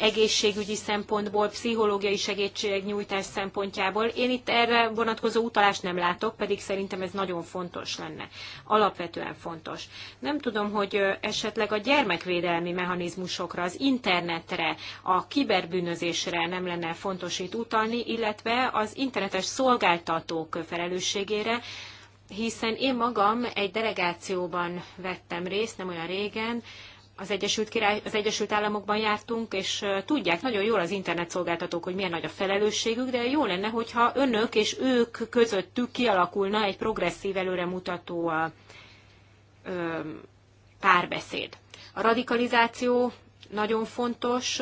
egészségügyi szempontból, pszichológiai segítségnyújtás szempontjából. Én itt erre vonatkozó utalást nem látok, pedig szerintem ez nagyon fontos lenne. Alapvetően fontos. Nem tudom, hogy esetleg a gyermekvédelmi mechanizmusokra, az internetre, a kiberbűnözésre nem lenne fontos itt utalni, illetve az internetes szolgáltatók felelősségére, hiszen én magam egy delegációban vettem részt, nem olyan régen, az Egyesült, Király, az Egyesült Államokban jártunk, és tudják nagyon jól az internetszolgáltatók, hogy milyen nagy a felelősségük, de jó lenne, hogyha önök és ők közöttük kialakulna egy progresszív, előremutató párbeszéd. A radikalizáció nagyon fontos,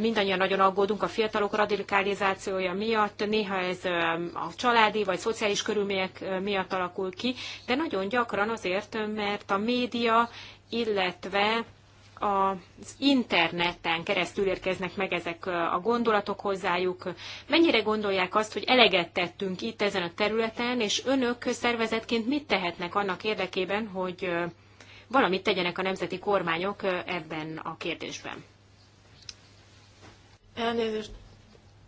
mindannyian nagyon aggódunk a fiatalok radikalizációja miatt, néha ez a családi vagy szociális körülmények miatt alakul ki, de nagyon gyakran azért, mert a média, illetve az interneten keresztül érkeznek meg ezek a gondolatok hozzájuk. Mennyire gondolják azt, hogy eleget tettünk itt ezen a területen, és önök szervezetként mit tehetnek annak érdekében, hogy valamit tegyenek a nemzeti kormányok ebben a kérdésben? Elnézést,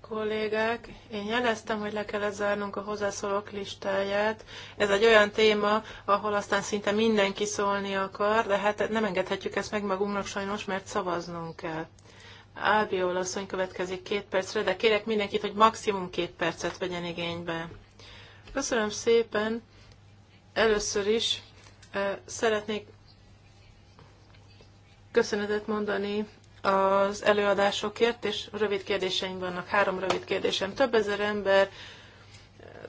kollégák, én jeleztem, hogy le kellett zárnunk a hozzászólók listáját. Ez egy olyan téma, ahol aztán szinte mindenki szólni akar, de hát nem engedhetjük ezt meg magunknak sajnos, mert szavaznunk kell. Albiol asszony következik két percre, de kérek mindenkit, hogy maximum két percet vegyen igénybe. Köszönöm szépen. Először is eh, szeretnék köszönetet mondani az előadásokért, és rövid kérdéseim vannak, három rövid kérdésem. Több ezer ember eh,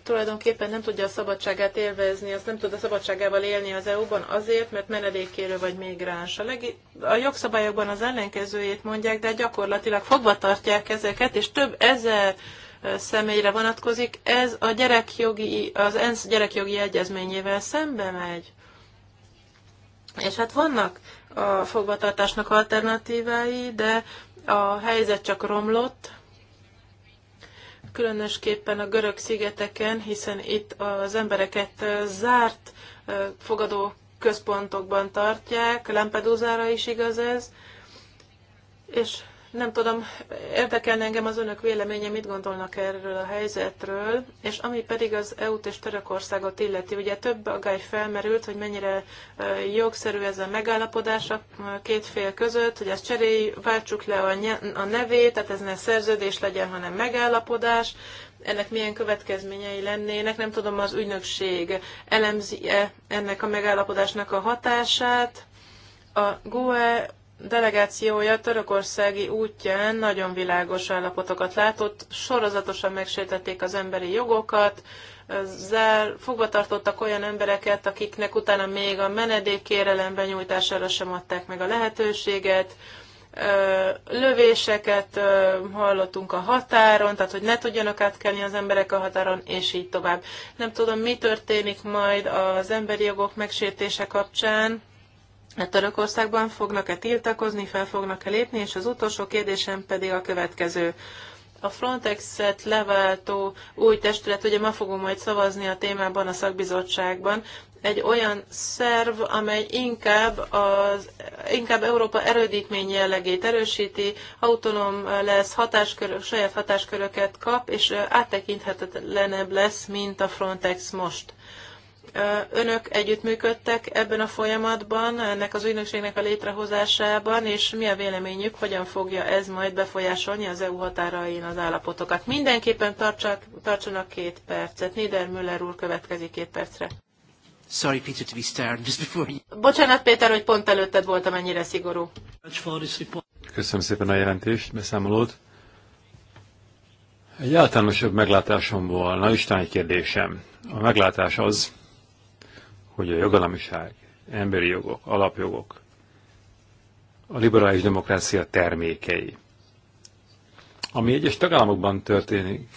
tulajdonképpen nem tudja a szabadságát élvezni, azt nem tud a szabadságával élni az EU-ban azért, mert menedékkérő vagy migráns. A, legi- a jogszabályokban az ellenkezőjét mondják, de gyakorlatilag fogva tartják ezeket, és több ezer eh, személyre vonatkozik. Ez a gyerekjogi, az ENSZ gyerekjogi egyezményével szembe megy. És hát vannak a fogvatartásnak alternatívái, de a helyzet csak romlott, különösképpen a görög szigeteken, hiszen itt az embereket zárt fogadó központokban tartják, Lampedusa-ra is igaz ez, és nem tudom, érdekelne engem az önök véleménye, mit gondolnak erről a helyzetről, és ami pedig az EU-t és Törökországot illeti. Ugye több aggály felmerült, hogy mennyire jogszerű ez a megállapodás a két fél között, hogy ezt cseréj, váltsuk le a nevét, tehát ez ne szerződés legyen, hanem megállapodás ennek milyen következményei lennének. Nem tudom, az ügynökség elemzi-e ennek a megállapodásnak a hatását. A GUE delegációja törökországi útján nagyon világos állapotokat látott, sorozatosan megsértették az emberi jogokat, zár, fogvatartottak olyan embereket, akiknek utána még a menedékkérelem benyújtására sem adták meg a lehetőséget, lövéseket hallottunk a határon, tehát hogy ne tudjanak átkelni az emberek a határon, és így tovább. Nem tudom, mi történik majd az emberi jogok megsértése kapcsán, a hát Törökországban fognak-e tiltakozni, fel fognak-e lépni, és az utolsó kérdésem pedig a következő. A Frontex-et leváltó új testület, ugye ma fogunk majd szavazni a témában a szakbizottságban, egy olyan szerv, amely inkább, az, inkább Európa erődítmény jellegét erősíti, autonóm lesz, hatáskörök, saját hatásköröket kap, és áttekinthetetlenebb lesz, mint a Frontex most önök együttműködtek ebben a folyamatban, ennek az ügynökségnek a létrehozásában, és mi a véleményük, hogyan fogja ez majd befolyásolni az EU határain az állapotokat. Mindenképpen tartsak, tartsanak két percet. Müller úr következik két percre. Sorry, Peter, to be stern just before you... Bocsánat, Péter, hogy pont előtted voltam ennyire szigorú. Köszönöm szépen a jelentést, beszámolót. Egy általánosabb meglátásom volna, Isten egy kérdésem. A meglátás az, hogy a jogalamiság, emberi jogok, alapjogok a liberális demokrácia termékei. Ami egyes tagállamokban történik,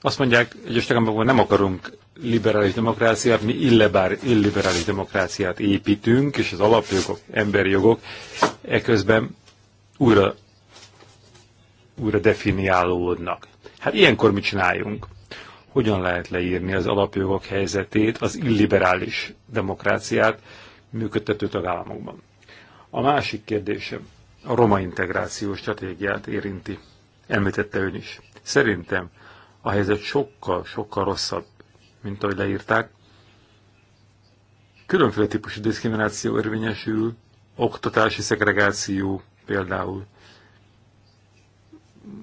azt mondják, egyes tagállamokban nem akarunk liberális demokráciát, mi illebár, illiberális demokráciát építünk, és az alapjogok, emberi jogok eközben újra, újra definiálódnak. Hát ilyenkor mit csináljunk? hogyan lehet leírni az alapjogok helyzetét, az illiberális demokráciát működtető tagállamokban. A másik kérdésem a roma integráció stratégiát érinti. Említette ön is. Szerintem a helyzet sokkal, sokkal rosszabb, mint ahogy leírták. Különféle típusú diszkrimináció érvényesül, oktatási szegregáció például,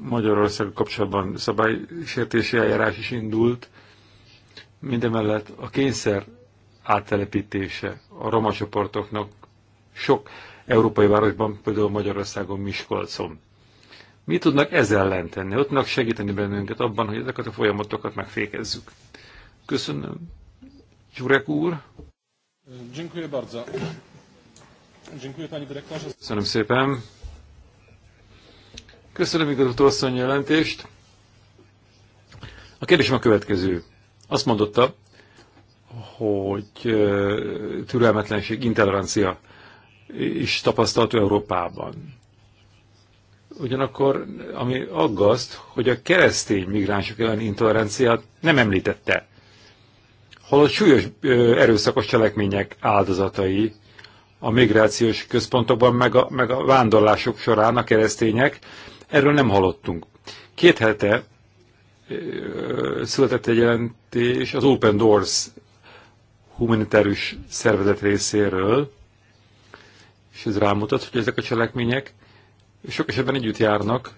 Magyarország kapcsolatban szabálysértési eljárás is indult. Mindemellett a kényszer áttelepítése a roma csoportoknak sok európai városban, például Magyarországon, Miskolcon. Mi tudnak ezzel ellen tenni? Ott tudnak segíteni bennünket abban, hogy ezeket a folyamatokat megfékezzük. Köszönöm. Gyurek úr. Dziękuję bardzo. Dziękuję panie dyrektorze. Köszönöm szépen. Köszönöm igazgató asszony jelentést. A kérdésem a következő. Azt mondotta, hogy türelmetlenség, intolerancia is tapasztalható Európában. Ugyanakkor, ami aggaszt, hogy a keresztény migránsok ellen intoleranciát nem említette. Holott súlyos erőszakos cselekmények áldozatai a migrációs központokban, meg a, meg a vándorlások során a keresztények, Erről nem hallottunk. Két hete született egy jelentés az Open Doors humanitárius szervezet részéről, és ez rámutat, hogy ezek a cselekmények sok esetben együtt járnak,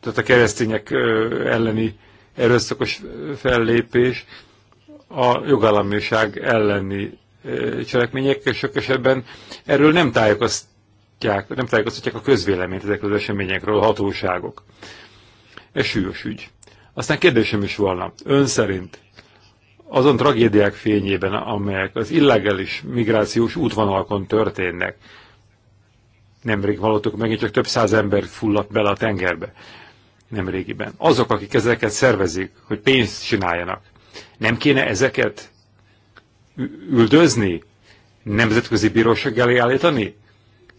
tehát a keresztények elleni erőszakos fellépés, a jogállamiság elleni cselekmények, és sok esetben erről nem tájékoz, tájékoztatják, nem tájékoztatják a közvéleményt ezekről az eseményekről a hatóságok. Ez súlyos ügy. Aztán kérdésem is volna. Ön szerint azon tragédiák fényében, amelyek az illegális migrációs útvonalakon történnek, nemrég hallottuk, megint csak több száz ember fulladt bele a tengerbe nemrégiben. Azok, akik ezeket szervezik, hogy pénzt csináljanak, nem kéne ezeket üldözni? Nemzetközi bíróság elé állítani?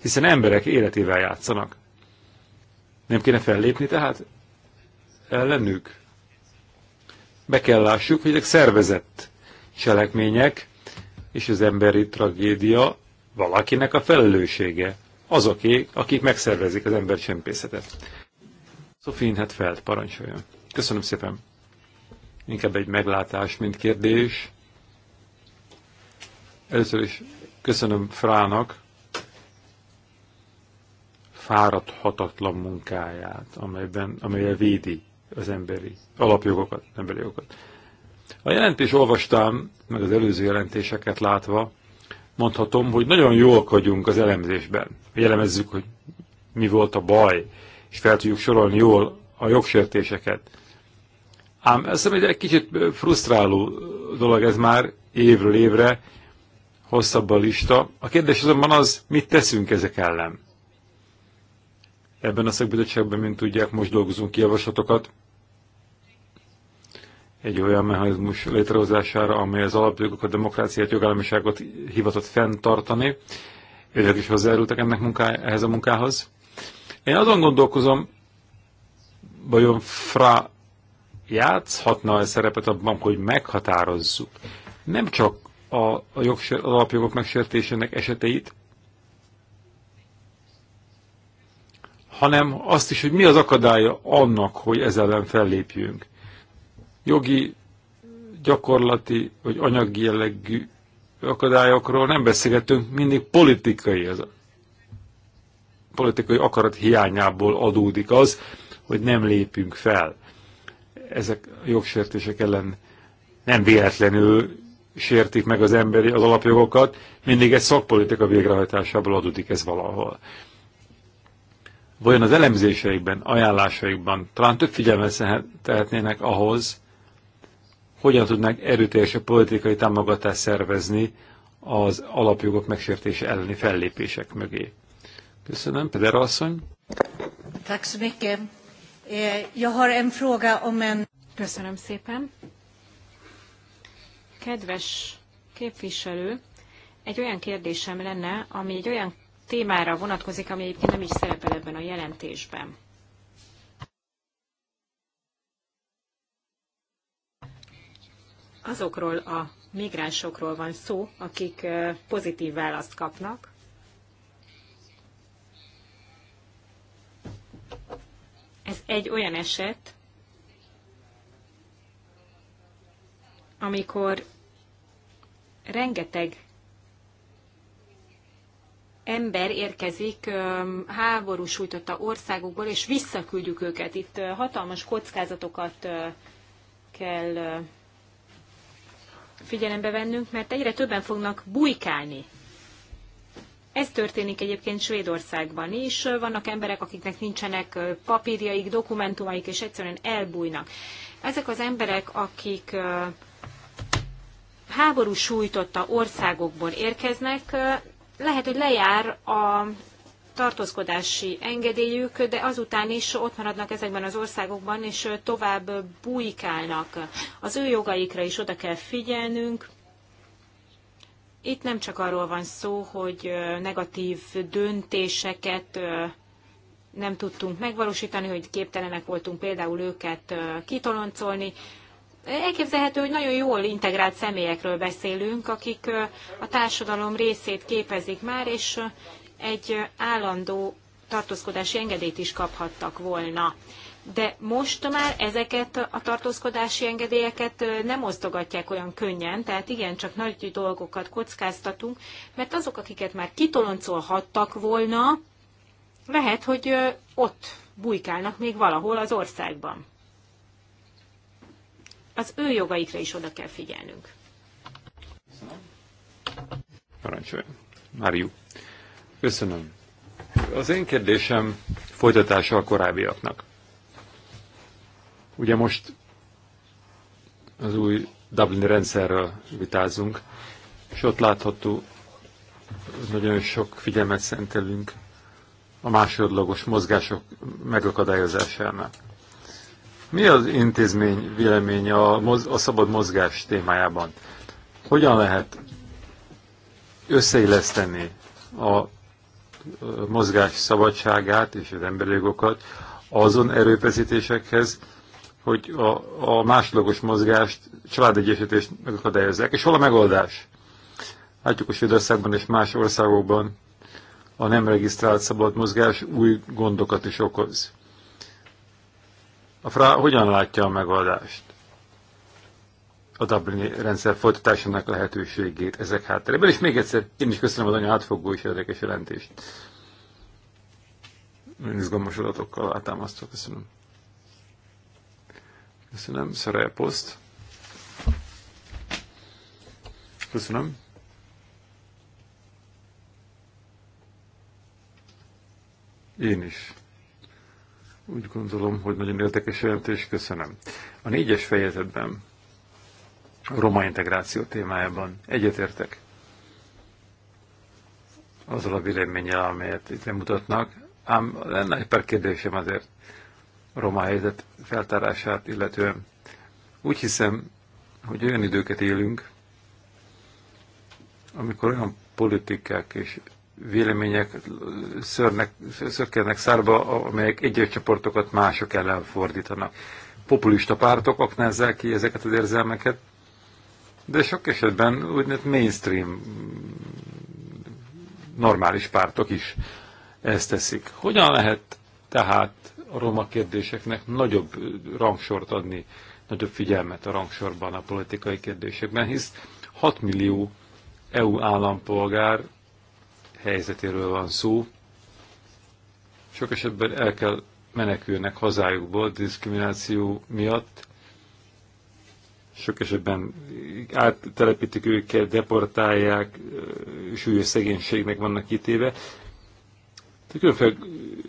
hiszen emberek életével játszanak. Nem kéne fellépni tehát ellenük? Be kell lássuk, hogy ezek szervezett cselekmények, és az emberi tragédia valakinek a felelőssége. Azoké, akik megszervezik az csempészetet. Sofín hát felt, parancsoljon. Köszönöm szépen. Inkább egy meglátás, mint kérdés. Először is köszönöm Frának fáradhatatlan munkáját, amelyben, amelyel védi az emberi alapjogokat, emberi jogokat. A jelentés olvastam, meg az előző jelentéseket látva, mondhatom, hogy nagyon jól vagyunk az elemzésben. Jelemezzük, hogy mi volt a baj, és fel tudjuk sorolni jól a jogsértéseket. Ám azt hiszem, hogy egy kicsit frusztráló dolog ez már évről évre, hosszabb a lista. A kérdés azonban az, mit teszünk ezek ellen. Ebben a szakbizottságban, mint tudják, most dolgozunk ki javaslatokat egy olyan mechanizmus létrehozására, amely az alapjogokat, demokráciát, jogállamiságot hivatott fenntartani. Ők is hozzájárultak ennek munká, ehhez a munkához. Én azon gondolkozom, vajon Fra játszhatna a szerepet abban, hogy meghatározzuk nem csak a, a az alapjogok megsértésének eseteit, hanem azt is, hogy mi az akadálya annak, hogy ez ellen fellépjünk. Jogi, gyakorlati vagy anyagi jellegű akadályokról nem beszélgetünk, mindig politikai ez. Politikai akarat hiányából adódik az, hogy nem lépünk fel. Ezek a jogsértések ellen nem véletlenül sértik meg az emberi az alapjogokat, mindig egy szakpolitika végrehajtásából adódik ez valahol vajon az elemzéseikben, ajánlásaikban talán több figyelmet tehetnének ahhoz, hogyan tudnák erőteljesebb politikai támogatást szervezni az alapjogok megsértése elleni fellépések mögé. Köszönöm, Peder asszony. Eh, Köszönöm szépen. Kedves képviselő, egy olyan kérdésem lenne, ami egy olyan témára vonatkozik, ami egyébként nem is szerepel ebben a jelentésben. Azokról a migránsokról van szó, akik pozitív választ kapnak, ez egy olyan eset, amikor rengeteg ember érkezik háború sújtotta országokból, és visszaküldjük őket. Itt hatalmas kockázatokat kell figyelembe vennünk, mert egyre többen fognak bujkálni. Ez történik egyébként Svédországban is. Vannak emberek, akiknek nincsenek papírjaik, dokumentumaik, és egyszerűen elbújnak. Ezek az emberek, akik háború sújtotta országokból érkeznek, lehet, hogy lejár a tartózkodási engedélyük, de azután is ott maradnak ezekben az országokban, és tovább bujkálnak. Az ő jogaikra is oda kell figyelnünk. Itt nem csak arról van szó, hogy negatív döntéseket nem tudtunk megvalósítani, hogy képtelenek voltunk például őket kitoloncolni, Elképzelhető, hogy nagyon jól integrált személyekről beszélünk, akik a társadalom részét képezik már, és egy állandó tartózkodási engedélyt is kaphattak volna. De most már ezeket a tartózkodási engedélyeket nem osztogatják olyan könnyen, tehát igen, csak nagy dolgokat kockáztatunk, mert azok, akiket már kitoloncolhattak volna, lehet, hogy ott bujkálnak még valahol az országban az ő jogaikra is oda kell figyelnünk. Parancsolja. Máriu. Köszönöm. Az én kérdésem folytatása a korábbiaknak. Ugye most az új Dublin rendszerről vitázunk, és ott látható, nagyon sok figyelmet szentelünk a másodlagos mozgások megakadályozásának. Mi az intézmény véleménye a, moz, a szabad mozgás témájában? Hogyan lehet összeilleszteni a mozgás szabadságát és az emberi jogokat azon erőfeszítésekhez, hogy a, a másodlagos mozgást, családegyesítést megakadályozzák. És hol a megoldás? Látjuk a Svédországban és más országokban a nem regisztrált szabad mozgás új gondokat is okoz. A FRA hogyan látja a megoldást? A Dublini rendszer folytatásának lehetőségét ezek hátterében. És még egyszer, én is köszönöm az anya átfogó és érdekes jelentést. Én izgalmas adatokkal alátámasztva köszönöm. Köszönöm, Szaraja Poszt. Köszönöm. Én is úgy gondolom, hogy nagyon érdekes jelentés, köszönöm. A négyes fejezetben, a roma integráció témájában egyetértek azzal a véleménnyel, amelyet itt mutatnak, ám lenne egy pár kérdésem azért a roma helyzet feltárását illetően. Úgy hiszem, hogy olyan időket élünk, amikor olyan politikák és vélemények szörnek, szörkednek szárba, amelyek egyes csoportokat mások ellen fordítanak. Populista pártok aknázzák ki ezeket az érzelmeket, de sok esetben úgynevezett mainstream normális pártok is ezt teszik. Hogyan lehet tehát a roma kérdéseknek nagyobb rangsort adni, nagyobb figyelmet a rangsorban a politikai kérdésekben, hisz 6 millió EU állampolgár helyzetéről van szó. Sok esetben el kell menekülnek hazájukból diszkrimináció miatt. Sok esetben áttelepítik őket, deportálják, súlyos szegénységnek vannak kitéve. Különféle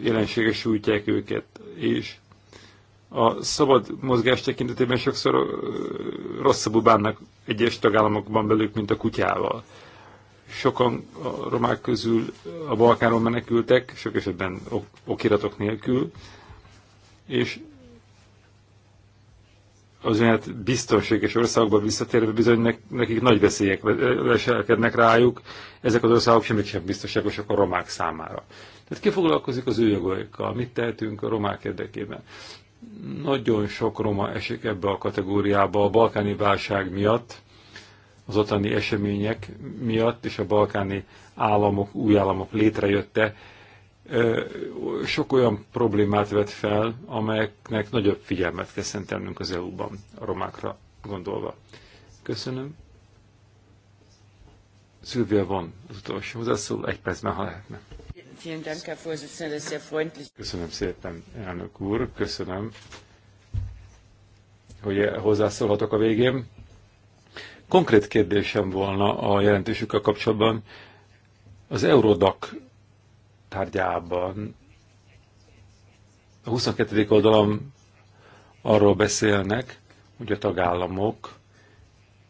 jelenséges sújtják őket, és a szabad mozgás tekintetében sokszor rosszabbul bánnak egyes tagállamokban belük, mint a kutyával. Sokan a romák közül a Balkánon menekültek, sok esetben ok okiratok nélkül, és az olyan biztonséges országokba visszatérve bizony nekik nagy veszélyek leselkednek rájuk, ezek az országok semmit sem biztonságosak a romák számára. Tehát ki foglalkozik az ő jogaikkal, mit tehetünk a romák érdekében. Nagyon sok roma esik ebbe a kategóriába a balkáni válság miatt, az ottani események miatt és a balkáni államok, új államok létrejötte sok olyan problémát vet fel, amelyeknek nagyobb figyelmet kell szentelnünk az EU-ban, a romákra gondolva. Köszönöm. Szilvia van az utolsó hozzászól, egy percben, ha lehetne. Köszönöm szépen, elnök úr, köszönöm, hogy hozzászólhatok a végén. Konkrét kérdésem volna a jelentésükkel kapcsolatban. Az Eurodac tárgyában a 22. oldalam arról beszélnek, hogy a tagállamok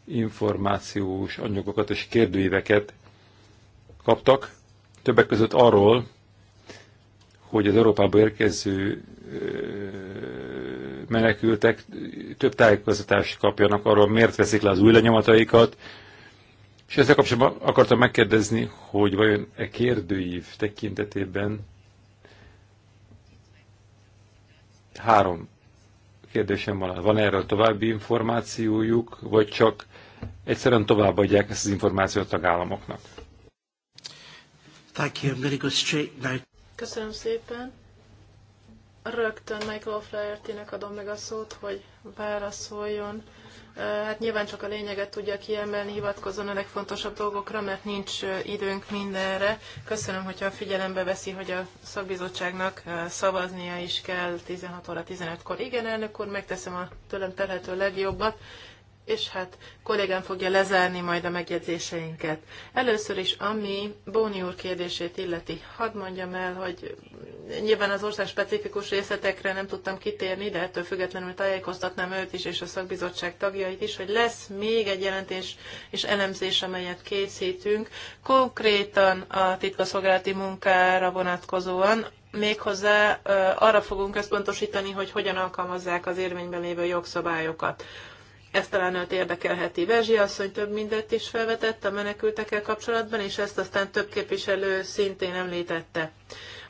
információs anyagokat és kérdőíveket kaptak, többek között arról, hogy az Európába érkező menekültek több tájékoztatást kapjanak arról, miért veszik le az új lenyomataikat, és ezzel kapcsolatban akartam megkérdezni, hogy vajon e kérdőív tekintetében három kérdésem van. Van erről további információjuk, vagy csak egyszerűen továbbadják ezt az információt a tagállamoknak? Köszönöm szépen rögtön Michael flaherty adom meg a szót, hogy válaszoljon. Hát nyilván csak a lényeget tudja kiemelni, hivatkozzon a legfontosabb dolgokra, mert nincs időnk mindenre. Köszönöm, hogyha figyelembe veszi, hogy a szakbizottságnak szavaznia is kell 16 óra 15-kor. Igen, elnök úr, megteszem a tőlem telhető legjobbat és hát kollégám fogja lezárni majd a megjegyzéseinket. Először is, ami Bóni úr kérdését illeti, hadd mondjam el, hogy nyilván az ország specifikus részletekre nem tudtam kitérni, de ettől függetlenül tájékoztatnám őt is és a szakbizottság tagjait is, hogy lesz még egy jelentés és elemzés, amelyet készítünk, konkrétan a titkosszolgálati munkára vonatkozóan, méghozzá arra fogunk összpontosítani, hogy hogyan alkalmazzák az érvényben lévő jogszabályokat ez talán őt érdekelheti. Vezsi asszony több mindet is felvetett a menekültekkel kapcsolatban, és ezt aztán több képviselő szintén említette.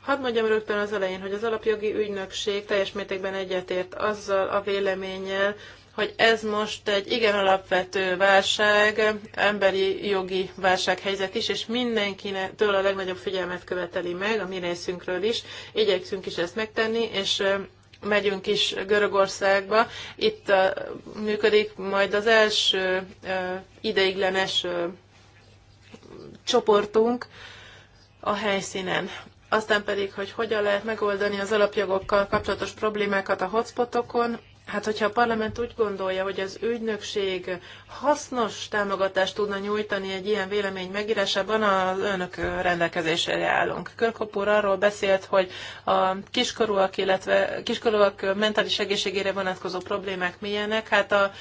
Hadd mondjam rögtön az elején, hogy az alapjogi ügynökség teljes mértékben egyetért azzal a véleménnyel, hogy ez most egy igen alapvető válság, emberi jogi válsághelyzet is, és mindenkitől a legnagyobb figyelmet követeli meg, a mi részünkről is. Igyekszünk is ezt megtenni, és megyünk is Görögországba. Itt működik majd az első ideiglenes csoportunk a helyszínen. Aztán pedig, hogy hogyan lehet megoldani az alapjogokkal kapcsolatos problémákat a hotspotokon, Hát, hogyha a parlament úgy gondolja, hogy az ügynökség hasznos támogatást tudna nyújtani egy ilyen vélemény megírásában, az önök rendelkezésére állunk. Körkopúr arról beszélt, hogy a kiskorúak, illetve kiskorúak mentális egészségére vonatkozó problémák milyenek. Hát a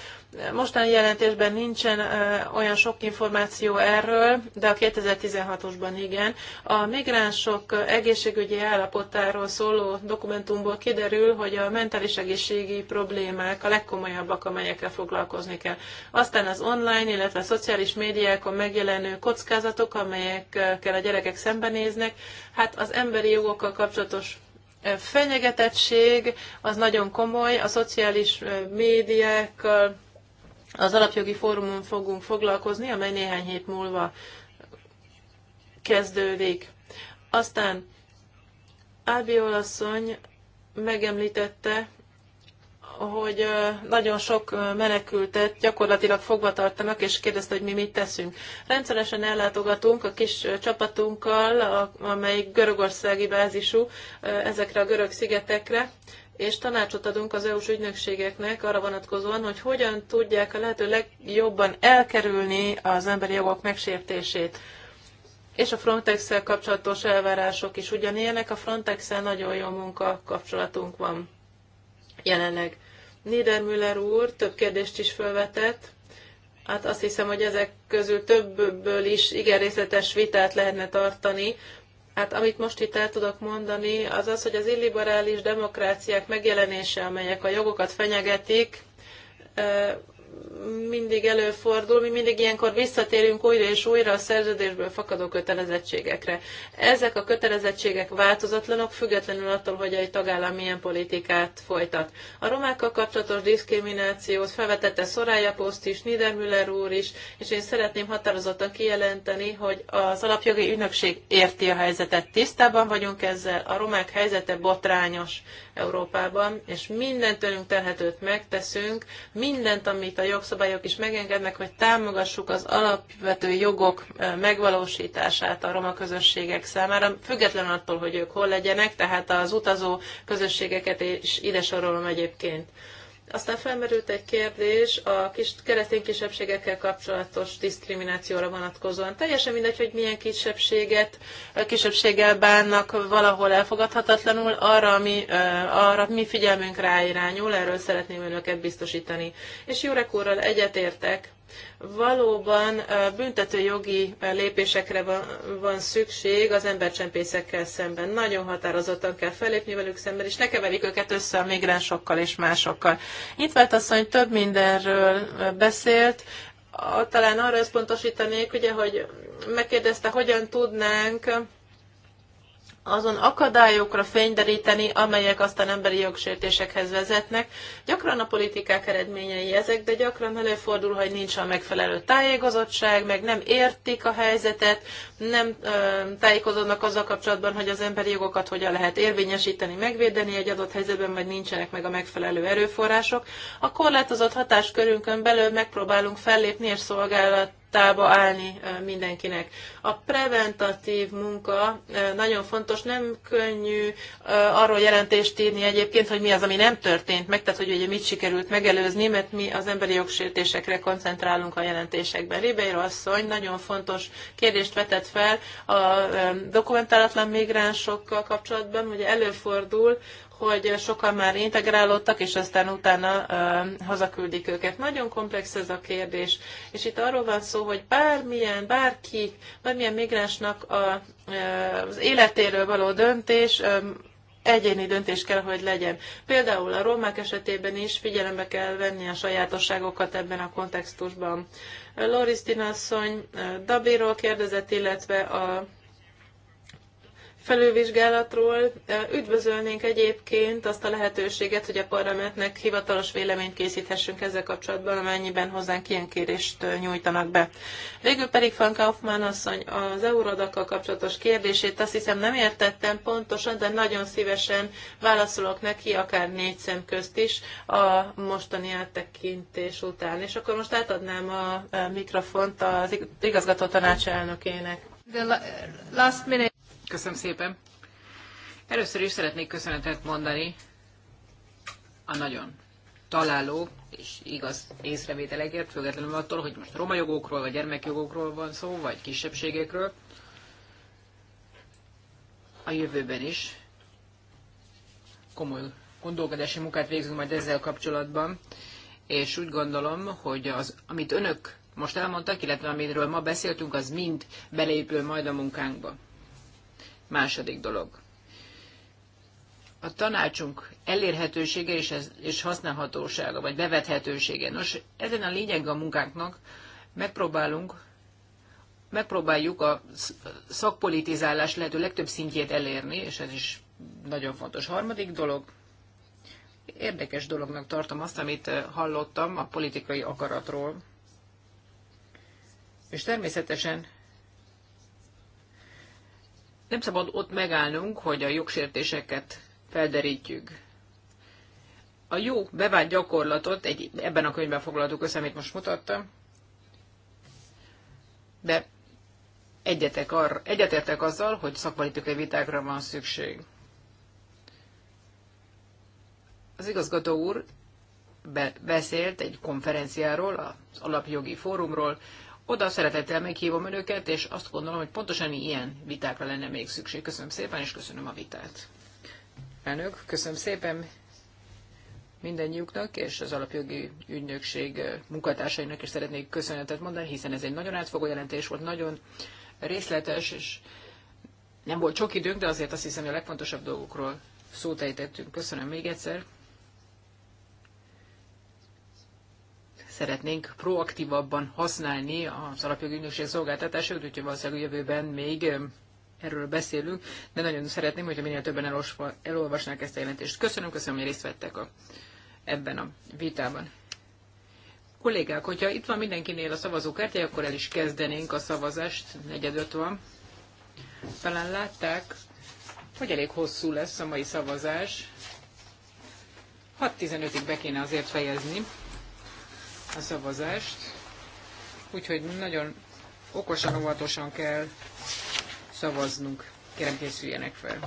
Mostani jelentésben nincsen olyan sok információ erről, de a 2016-osban igen. A migránsok egészségügyi állapotáról szóló dokumentumból kiderül, hogy a mentális egészségi problémák a legkomolyabbak, amelyekkel foglalkozni kell. Aztán az online, illetve a szociális médiákon megjelenő kockázatok, amelyekkel a gyerekek szembenéznek, hát az emberi jogokkal kapcsolatos fenyegetettség az nagyon komoly, a szociális médiákkal az alapjogi fórumon fogunk foglalkozni, amely néhány hét múlva kezdődik. Aztán Albiol asszony megemlítette, hogy nagyon sok menekültet gyakorlatilag fogva tartanak, és kérdezte, hogy mi mit teszünk. Rendszeresen ellátogatunk a kis csapatunkkal, amely görögországi bázisú, ezekre a görög szigetekre, és tanácsot adunk az EU-s ügynökségeknek arra vonatkozóan, hogy hogyan tudják a lehető legjobban elkerülni az emberi jogok megsértését. És a frontex kapcsolatos elvárások is ugyanilyenek, a frontex nagyon jó munka kapcsolatunk van jelenleg. Niedermüller úr több kérdést is felvetett, hát azt hiszem, hogy ezek közül többből is igen részletes vitát lehetne tartani, Hát amit most itt el tudok mondani, az az, hogy az illiberális demokráciák megjelenése, amelyek a jogokat fenyegetik, mindig előfordul, mi mindig ilyenkor visszatérünk újra és újra a szerződésből fakadó kötelezettségekre. Ezek a kötelezettségek változatlanok, függetlenül attól, hogy egy tagállam milyen politikát folytat. A romákkal kapcsolatos diszkriminációt felvetette Szorája Poszt is, Niedermüller úr is, és én szeretném határozottan kijelenteni, hogy az alapjogi ügynökség érti a helyzetet. Tisztában vagyunk ezzel, a romák helyzete botrányos Európában, és mindent tőlünk telhetőt megteszünk, mindent, amit a jogszabályok is megengednek, hogy támogassuk az alapvető jogok eh, megvalósítását a roma közösségek számára, független attól, hogy ők hol legyenek, tehát az utazó közösségeket is ide sorolom egyébként. Aztán felmerült egy kérdés a kis keresztény kisebbségekkel kapcsolatos diszkriminációra vonatkozóan. Teljesen mindegy, hogy milyen kisebbséget, kisebbséggel bánnak valahol elfogadhatatlanul, arra mi, arra mi figyelmünk ráirányul, erről szeretném önöket biztosítani. És Jurek úrral egyetértek, Valóban büntetőjogi lépésekre van szükség az embercsempészekkel szemben. Nagyon határozottan kell felépni velük szemben, és ne keverik őket össze a migránsokkal és másokkal. Nyitvát asszony több mindenről beszélt, talán arra összpontosítanék, ugye, hogy megkérdezte, hogyan tudnánk azon akadályokra fényderíteni, amelyek aztán emberi jogsértésekhez vezetnek. Gyakran a politikák eredményei ezek, de gyakran előfordul, hogy nincs a megfelelő tájékozottság, meg nem értik a helyzetet, nem ö, tájékozódnak azzal kapcsolatban, hogy az emberi jogokat hogyan lehet érvényesíteni, megvédeni egy adott helyzetben, vagy nincsenek meg a megfelelő erőforrások. A korlátozott hatáskörünkön belül megpróbálunk fellépni és szolgálat látába állni mindenkinek. A preventatív munka nagyon fontos, nem könnyű arról jelentést írni egyébként, hogy mi az, ami nem történt meg, tehát hogy ugye mit sikerült megelőzni, mert mi az emberi jogsértésekre koncentrálunk a jelentésekben. Ribeiro asszony nagyon fontos kérdést vetett fel a dokumentálatlan migránsokkal kapcsolatban, hogy előfordul, hogy sokan már integrálódtak, és aztán utána ö, hazaküldik őket. Nagyon komplex ez a kérdés, és itt arról van szó, hogy bármilyen, bárki, bármilyen migránsnak a, ö, az életéről való döntés, ö, egyéni döntés kell, hogy legyen. Például a romák esetében is figyelembe kell venni a sajátosságokat ebben a kontextusban. Loris asszony Dabiról kérdezett, illetve a felülvizsgálatról. Üdvözölnénk egyébként azt a lehetőséget, hogy a parlamentnek hivatalos véleményt készíthessünk ezzel kapcsolatban, amennyiben hozzánk ilyen kérést nyújtanak be. Végül pedig Van Kaufmann asszony az euródakkal kapcsolatos kérdését azt hiszem nem értettem pontosan, de nagyon szívesen válaszolok neki, akár négy szem közt is a mostani áttekintés után. És akkor most átadnám a mikrofont az igazgató tanácselnökének. elnökének. The last minute. Köszönöm szépen. Először is szeretnék köszönetet mondani a nagyon találó és igaz észrevételekért, függetlenül attól, hogy most roma jogokról, vagy gyermekjogokról van szó, vagy kisebbségekről. A jövőben is komoly gondolkodási munkát végzünk majd ezzel kapcsolatban, és úgy gondolom, hogy az, amit önök most elmondtak, illetve amiről ma beszéltünk, az mind beleépül majd a munkánkba. Második dolog. A tanácsunk elérhetősége és, ez, és használhatósága, vagy bevethetősége. Nos, ezen a lényeg a munkánknak megpróbálunk, megpróbáljuk a szakpolitizálás lehető legtöbb szintjét elérni, és ez is nagyon fontos. Harmadik dolog, érdekes dolognak tartom azt, amit eh, hallottam a politikai akaratról. És természetesen nem szabad ott megállnunk, hogy a jogsértéseket felderítjük. A jó bevált gyakorlatot egy, ebben a könyvben foglaltuk össze, amit most mutattam, de egyetek ar, egyetértek azzal, hogy szakpolitikai vitákra van szükség. Az igazgató úr be, beszélt egy konferenciáról, az alapjogi fórumról, oda szeretettel meghívom önöket, és azt gondolom, hogy pontosan ilyen vitákra lenne még szükség. Köszönöm szépen, és köszönöm a vitát. Elnök, köszönöm szépen mindennyiuknak, és az alapjogi ügynökség munkatársainak is szeretnék köszönetet mondani, hiszen ez egy nagyon átfogó jelentés volt, nagyon részletes, és nem volt sok időnk, de azért azt hiszem, hogy a legfontosabb dolgokról szót ejtettünk. Köszönöm még egyszer. szeretnénk proaktívabban használni az alapjogi ügynökség szolgáltatását, úgyhogy valószínűleg jövőben még erről beszélünk, de nagyon szeretném, hogyha minél többen elolvasnák ezt a jelentést. Köszönöm, köszönöm, hogy részt vettek a, ebben a vitában. Kollégák, hogyha itt van mindenkinél a szavazókártya, akkor el is kezdenénk a szavazást, negyedöt van. Talán látták, hogy elég hosszú lesz a mai szavazás. 6.15-ig be kéne azért fejezni a szavazást, úgyhogy nagyon okosan, óvatosan kell szavaznunk. Kérem, készüljenek fel.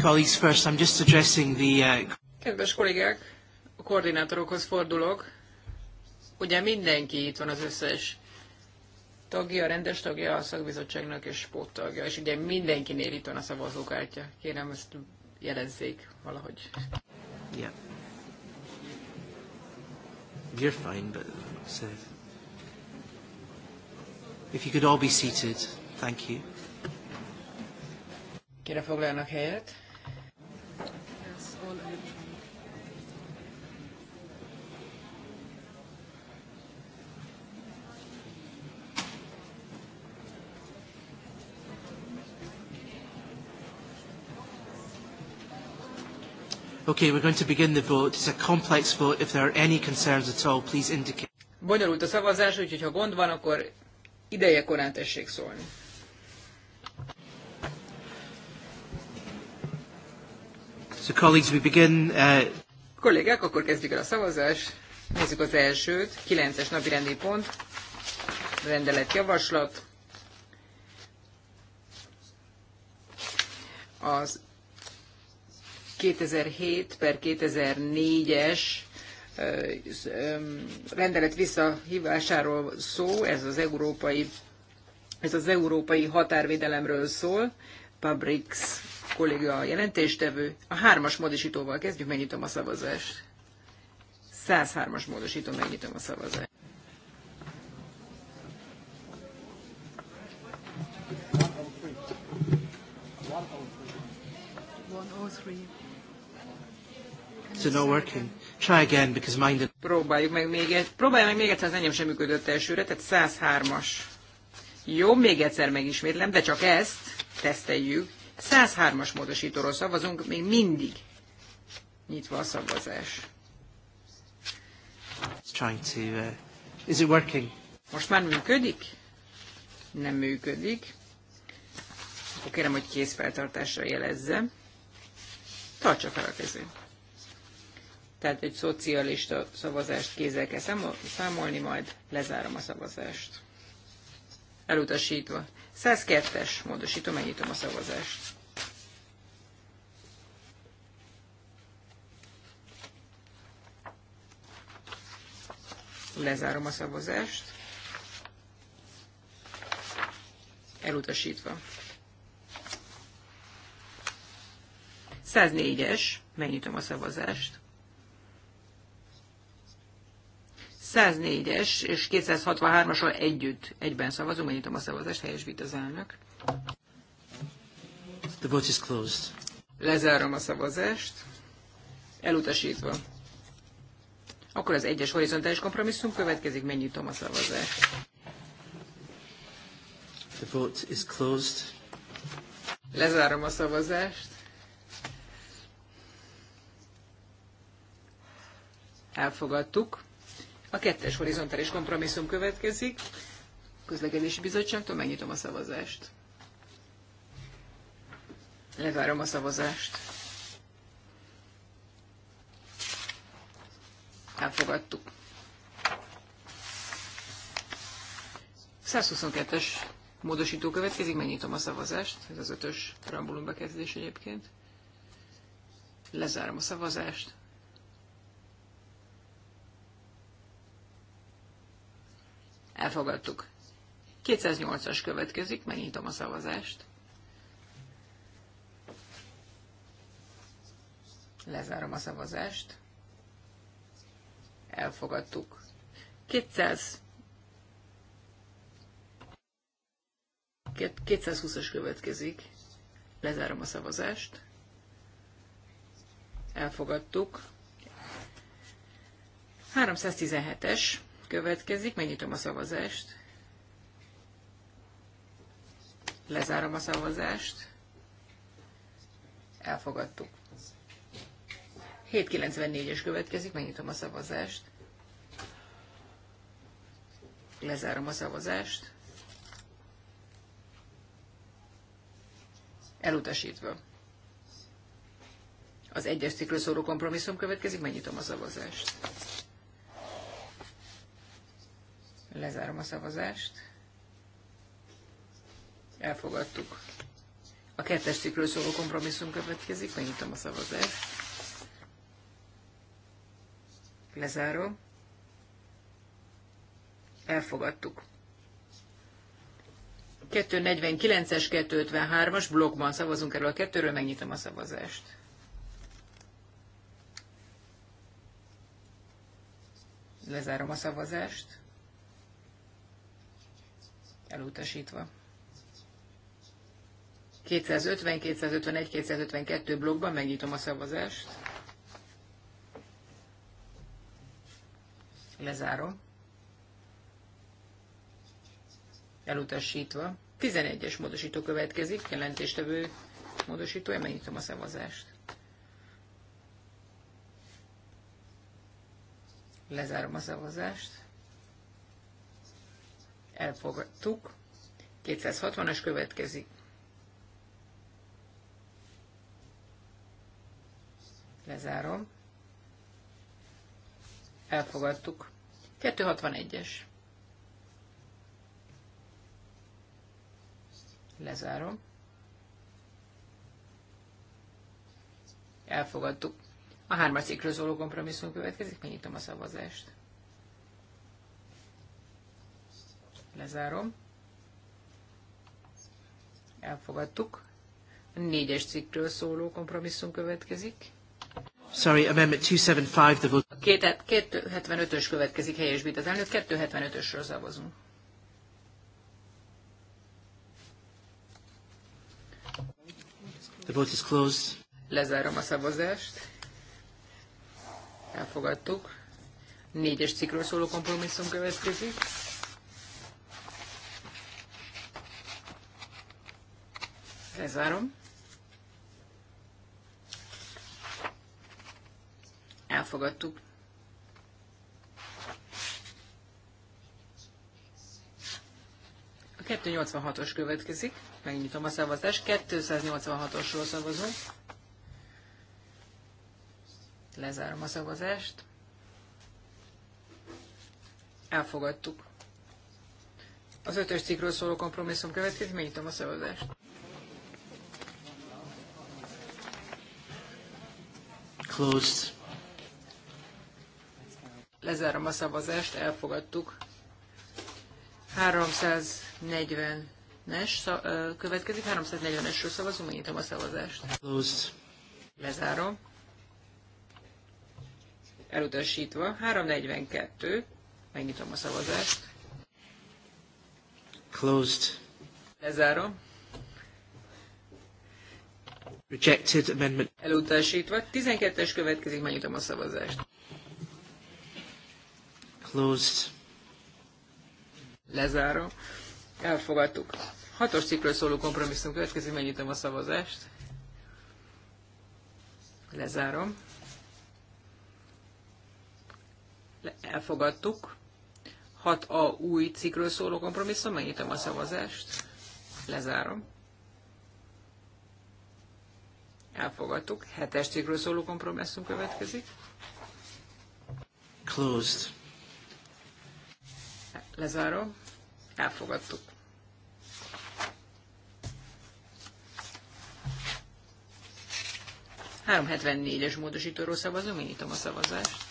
colleagues first. I'm just addressing the... Uh, Kedves kollégák, a koordinátorokhoz fordulok. Ugye mindenki itt van az összes tagja, rendes tagja a szakbizottságnak és póttagja, és ugye mindenkinél itt van a szavazókártya. Kérem, ezt jelezzék valahogy. Yeah. You're fine, but so if you could all be seated, thank you. Kérem foglaljanak helyet szavazásból ülünk. Okay, we're going to begin the vote. It's a complex vote. If there are any concerns at all, please indicate. Bonyolult a szavazás, úgyhogy ha gond van, akkor ideje korán tessék szólni. So colleagues, we begin, uh... Kollégák, akkor kezdjük el a szavazást. Nézzük az elsőt, 9-es napi rendi pont, javaslat. Az 2007 per 2004-es rendelet visszahívásáról szó, ez az európai, ez az európai határvédelemről szól. Pabrix kolléga jelentéstevő. A hármas módosítóval kezdjük, megnyitom a szavazást. 103-as módosító, megnyitom a szavazást. It's not working. Try again, because mine didn't. Próbáljuk meg még egy, Próbáljuk meg még egyszer, az enyém sem működött elsőre, tehát 103-as. Jó, még egyszer megismétlem, de csak ezt teszteljük. 103-as módosítóról szavazunk, még mindig nyitva a szavazás. Trying to, uh, is it working? Most már működik? Nem működik. Akkor kérem, hogy kézfeltartásra jelezze. Tartsa fel a kezét. Tehát egy szocialista szavazást kézzel kell számolni, majd lezárom a szavazást. Elutasítva. 102-es módosítom, megnyitom a szavazást. Lezárom a szavazást. Elutasítva. 104-es, megnyitom a szavazást. 104-es és 263-asról együtt egyben szavazunk. Megnyitom a szavazást, helyesbít az elnök. The vote is closed. Lezárom a szavazást. Elutasítva. Akkor az egyes horizontális kompromisszum következik, megnyitom a szavazást. The vote is closed. Lezárom a szavazást. Elfogadtuk. A kettes horizontális kompromisszum következik. Közlekedési Bizottságtól megnyitom a szavazást. Levárom a szavazást. Elfogadtuk. 122-es módosító következik, megnyitom a szavazást. Ez az ötös preambulum bekezdés egyébként. Lezárom a szavazást. Elfogadtuk. 208-as következik, megnyitom a szavazást. Lezárom a szavazást. Elfogadtuk. 200. 220-as következik. Lezárom a szavazást. Elfogadtuk. 317-es következik, megnyitom a szavazást. Lezárom a szavazást. Elfogadtuk. 794-es következik, megnyitom a szavazást. Lezárom a szavazást. Elutasítva. Az egyes ciklus szóló kompromisszum következik, megnyitom a szavazást. Lezárom a szavazást. Elfogadtuk. A kettes cikről szóló kompromisszum következik. Megnyitom a szavazást. Lezárom. Elfogadtuk. 249-es, 253-as blokkban szavazunk erről a kettőről, megnyitom a szavazást. Lezárom a szavazást elutasítva. 250, 251, 252 blogban megnyitom a szavazást. Lezárom. Elutasítva. 11-es módosító következik, jelentéstevő módosítója, megnyitom a szavazást. Lezárom a szavazást elfogadtuk. 260-as következik. Lezárom. Elfogadtuk. 261-es. Lezárom. Elfogadtuk. A hármas cikkről szóló kompromisszum következik, megnyitom a szavazást. Lezárom. Elfogadtuk. A négyes cikkről szóló kompromisszum következik. Sorry, amendment 275, the vote. 275-ös következik, helyesbít az elnök, 275-ösről szavazunk. The vote is closed. Lezárom a szavazást. Elfogadtuk. Négyes cikkről szóló kompromisszum következik. Lezárom. Elfogadtuk. A 286-os következik. Megnyitom a szavazást. 286-osról szavazunk. Lezárom a szavazást. Elfogadtuk. Az ötös cikkről szóló kompromisszum következik, megnyitom a szavazást. Closed. Lezárom a szavazást, elfogadtuk. 340-es következik, 340-esről szavazunk, megnyitom a szavazást. Closed. Lezárom. Elutasítva. 342. Megnyitom a szavazást. Closed. Lezárom. Rejected amendment. Elutasítva. 12-es következik, megnyitom a szavazást. Closed. Lezárom. Elfogadtuk. Hatos cikkről szóló kompromisszum következik, megnyitom a szavazást. Lezárom. Elfogadtuk. 6A új cikkről szóló kompromisszum, megnyitom a szavazást. Lezárom. Elfogadtuk. Hetes cikkről szóló kompromisszum következik. Closed. Lezárom. Elfogadtuk. Három es módosítóról szavazunk, én nyitom a szavazást.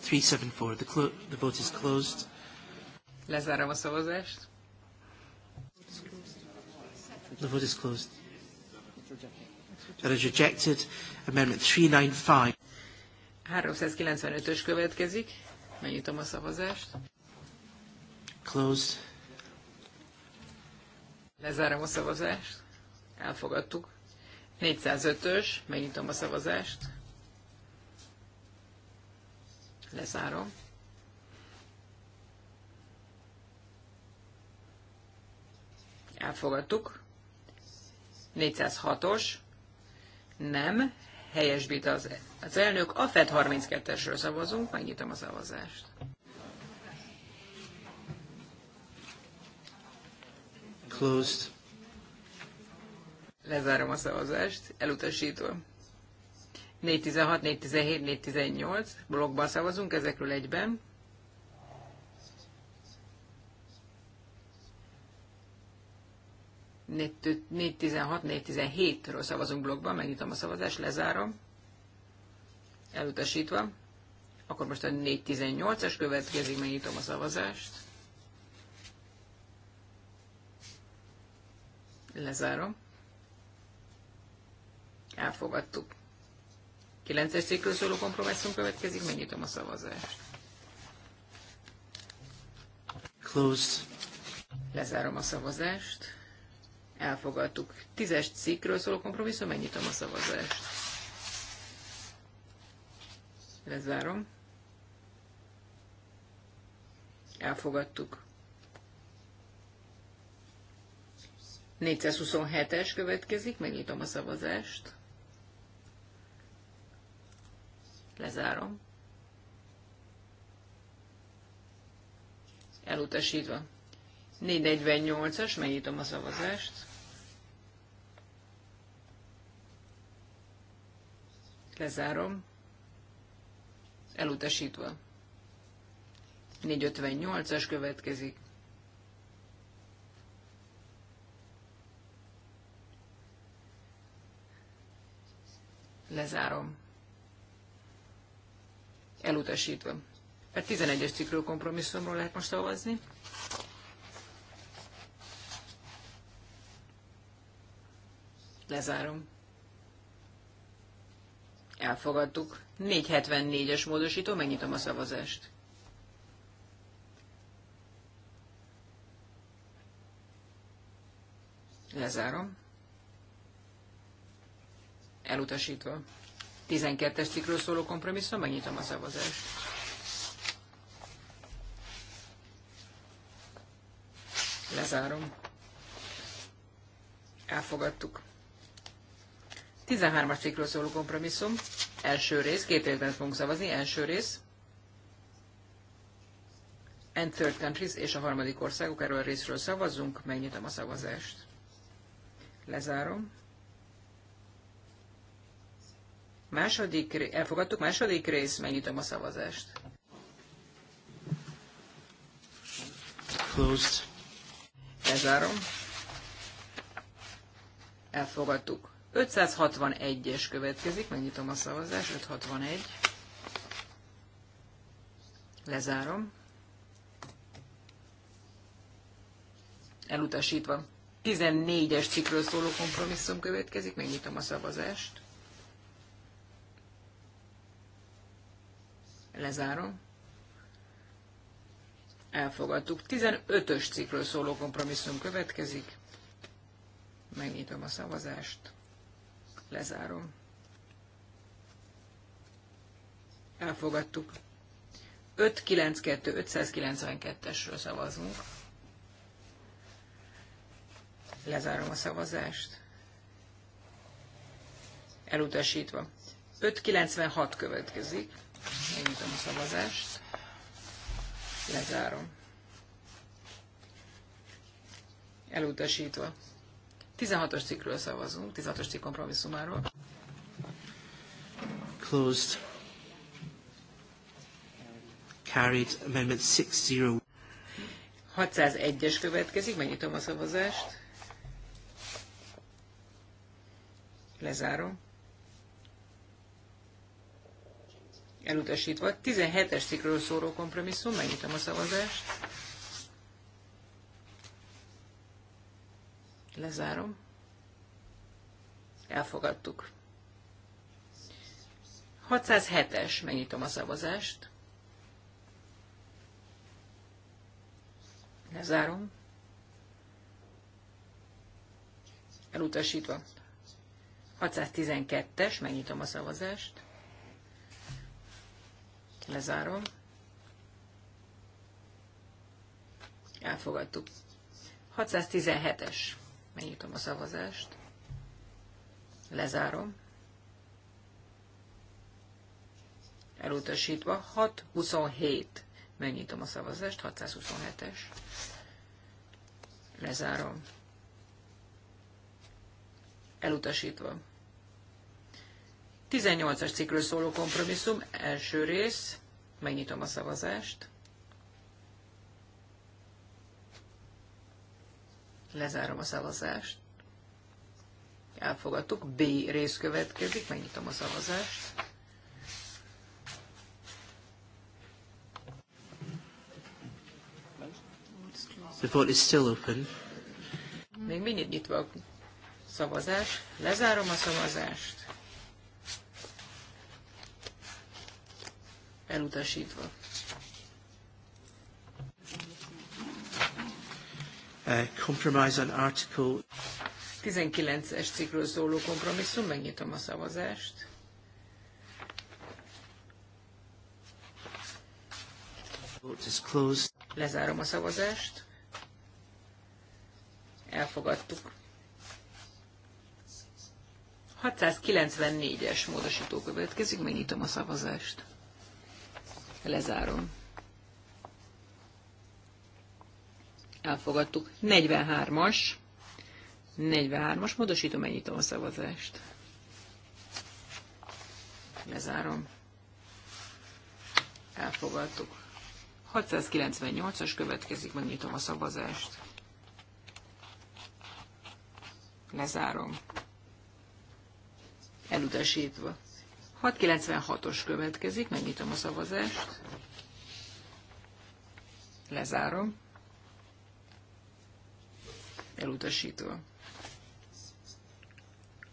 Three seven four. The, the vote is closed. Lezárom a szavazást. The vote is closed. That is rejected. Amendment 395. 395-ös következik. Megnyitom a szavazást. Closed. Lezárom a szavazást. Elfogadtuk. 405-ös. Megnyitom a szavazást. Lezárom. Elfogadtuk. 406-os, nem, helyesbít az, az elnök. A FED 32-esről szavazunk, megnyitom a szavazást. Closed. Lezárom a szavazást, Elutasítom. 416, 417, 418, Blokkban szavazunk, ezekről egyben. 416-417-ről szavazunk blogban, megnyitom a szavazást, lezárom, elutasítva. Akkor most a 418-as következik, megnyitom a szavazást. Lezárom. Elfogadtuk. 9-es cikkről szóló kompromisszum következik, megnyitom a szavazást. Closed. Lezárom a szavazást elfogadtuk. Tízes cikkről szóló kompromisszum, megnyitom a szavazást. Lezárom. Elfogadtuk. 427-es következik, megnyitom a szavazást. Lezárom. Elutasítva. 448-as, megnyitom a szavazást. Lezárom. Elutasítva. 458-as következik. Lezárom. Elutasítva. A hát 11-es cikről kompromisszumról lehet most szavazni. Lezárom. Elfogadtuk. 474-es módosító, megnyitom a szavazást. Lezárom. Elutasítva. 12-es cikkről szóló kompromisszum, megnyitom a szavazást. Lezárom. Elfogadtuk. 13-as cikkről szóló kompromisszum, első rész, két részben fogunk szavazni, első rész, and third countries és a harmadik országok, erről a részről szavazzunk, megnyitom a szavazást. Lezárom. Második, elfogadtuk, második rész, megnyitom a szavazást. Closed. Lezárom. Elfogadtuk. 561-es következik, megnyitom a szavazást, 561. Lezárom. Elutasítva. 14-es cikről szóló kompromisszum következik, megnyitom a szavazást. Lezárom. Elfogadtuk. 15-ös cikről szóló kompromisszum következik. Megnyitom a szavazást. Lezárom. Elfogadtuk. 592, 592-esről szavazunk. Lezárom a szavazást. Elutasítva. 596 következik. Megnyitom a szavazást. Lezárom. Elutasítva. 16-os cikkről szavazunk, 16-os cikk kompromisszumáról. Closed. Carried amendment 60. 601-es következik, megnyitom a szavazást. Lezárom. Elutasítva. 17-es cikkről szóró kompromisszum, megnyitom a szavazást. Lezárom. Elfogadtuk. 607-es, megnyitom a szavazást. Lezárom. Elutasítva. 612-es, megnyitom a szavazást. Lezárom. Elfogadtuk. 617-es. Megnyitom a szavazást. Lezárom. Elutasítva 627. Megnyitom a szavazást, 627-es. Lezárom. Elutasítva. 18-as cikről szóló kompromisszum, első rész. Megnyitom a szavazást. Lezárom a szavazást. Elfogadtuk. B rész következik. Megnyitom a szavazást. The vote is still open. Még mindig nyitva a szavazás. Lezárom a szavazást. Elutasítva. uh, compromise on article 19-es cikkről szóló kompromisszum, megnyitom a szavazást. Vote is closed. Lezárom a szavazást. Elfogadtuk. 694-es módosító következik, megnyitom a szavazást. Lezárom. Elfogadtuk. 43-as. 43-as. Módosítom, megnyitom a szavazást. Lezárom. Elfogadtuk. 698-as következik, megnyitom a szavazást. Lezárom. Elutasítva. 696-os következik, megnyitom a szavazást. Lezárom elutasítva.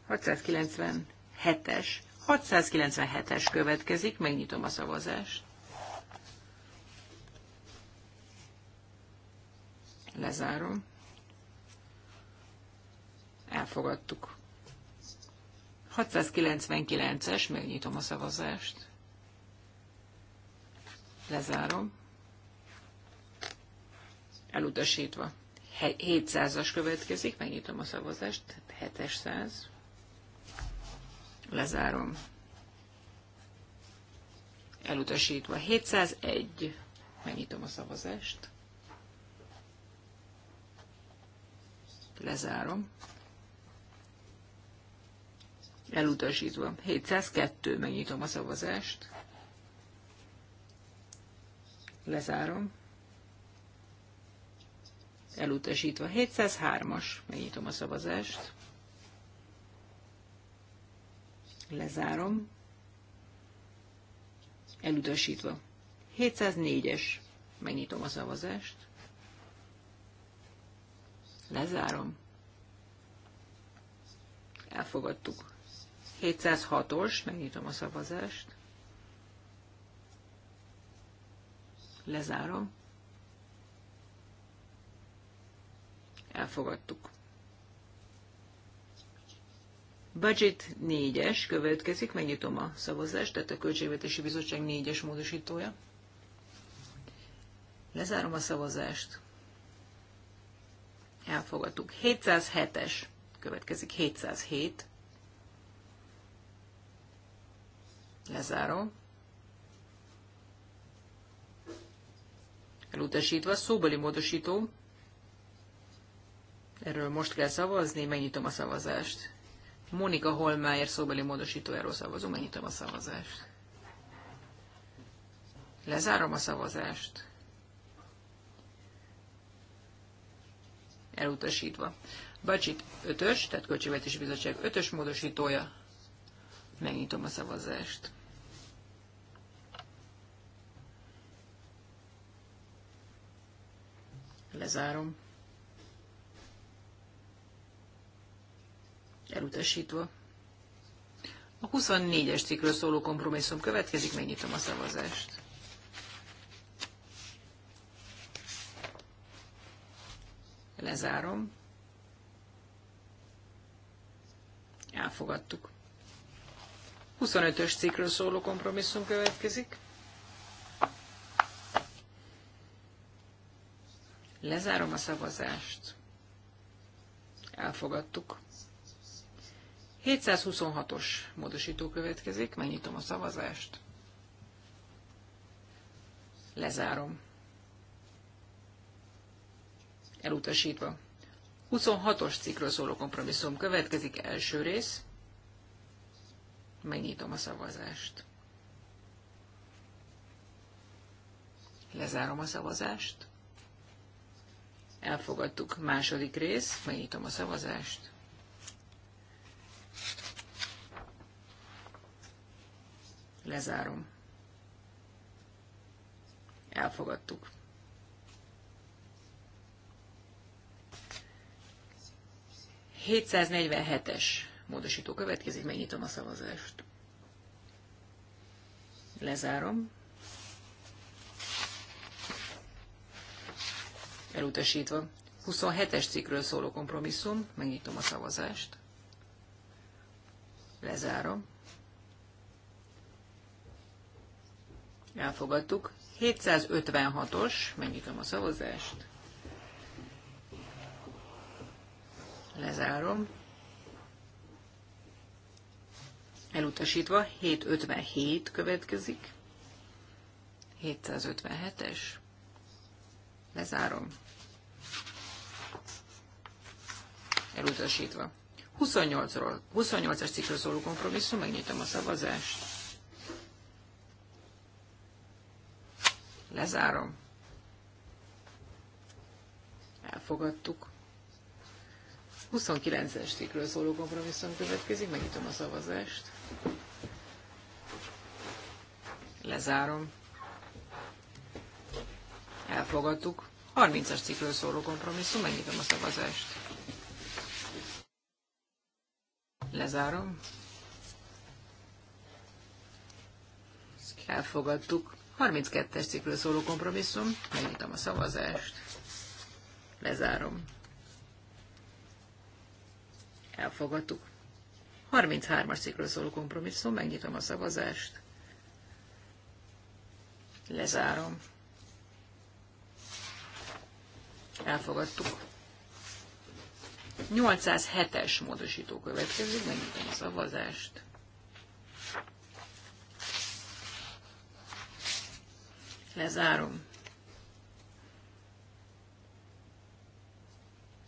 697-es, 697-es következik, megnyitom a szavazást. Lezárom. Elfogadtuk. 699-es, megnyitom a szavazást. Lezárom. Elutasítva. 700-as következik, megnyitom a szavazást, 700. Lezárom. Elutasítva 701. Megnyitom a szavazást. Lezárom. Elutasítva 702. Megnyitom a szavazást. Lezárom elutasítva. 703-as, megnyitom a szavazást. Lezárom. Elutasítva. 704-es, megnyitom a szavazást. Lezárom. Elfogadtuk. 706-os, megnyitom a szavazást. Lezárom. Elfogadtuk. Budget 4-es következik, megnyitom a szavazást, tehát a Költségvetési Bizottság 4-es módosítója. Lezárom a szavazást. Elfogadtuk. 707-es következik, 707. Lezárom. Elutasítva, szóbeli módosító, Erről most kell szavazni, megnyitom a szavazást. Monika Holmeyer szóbeli módosítójáról szavazom, megnyitom a szavazást. Lezárom a szavazást. Elutasítva. Bacsit 5-ös, tehát Költségvetési Bizottság 5-ös módosítója. Megnyitom a szavazást. Lezárom. Elutasítva. A 24-es cikkről szóló kompromisszum következik, megnyitom a szavazást. Lezárom. Elfogadtuk. 25-ös cikkről szóló kompromisszum következik. Lezárom a szavazást. Elfogadtuk. 726-os módosító következik, megnyitom a szavazást. Lezárom. Elutasítva. 26-os cikkről szóló kompromisszum következik, első rész. Megnyitom a szavazást. Lezárom a szavazást. Elfogadtuk második rész, megnyitom a szavazást. Lezárom. Elfogadtuk. Hétszáznegyvenhetes módosító következik, megnyitom a szavazást. Lezárom. Elutasítva. 27-es cikkről szóló kompromisszum, megnyitom a szavazást. Lezárom. Elfogadtuk. 756-os, megnyitom a szavazást. Lezárom. Elutasítva 757 következik. 757-es. Lezárom. Elutasítva. 28-ról, 28-as cikkről szóló kompromisszum, megnyitom a szavazást. Lezárom. Elfogadtuk. 29-es cikkről szóló kompromisszum következik, megnyitom a szavazást. Lezárom. Elfogadtuk. 30-as cikről szóló kompromisszum, megnyitom a szavazást. Lezárom. Elfogadtuk. 32-es cikről szóló kompromisszum. Megnyitom a szavazást. Lezárom. Elfogadtuk. 33-as cikről szóló kompromisszum. Megnyitom a szavazást. Lezárom. Elfogadtuk. 807-es módosító következik. Megnyitom a szavazást. Lezárom.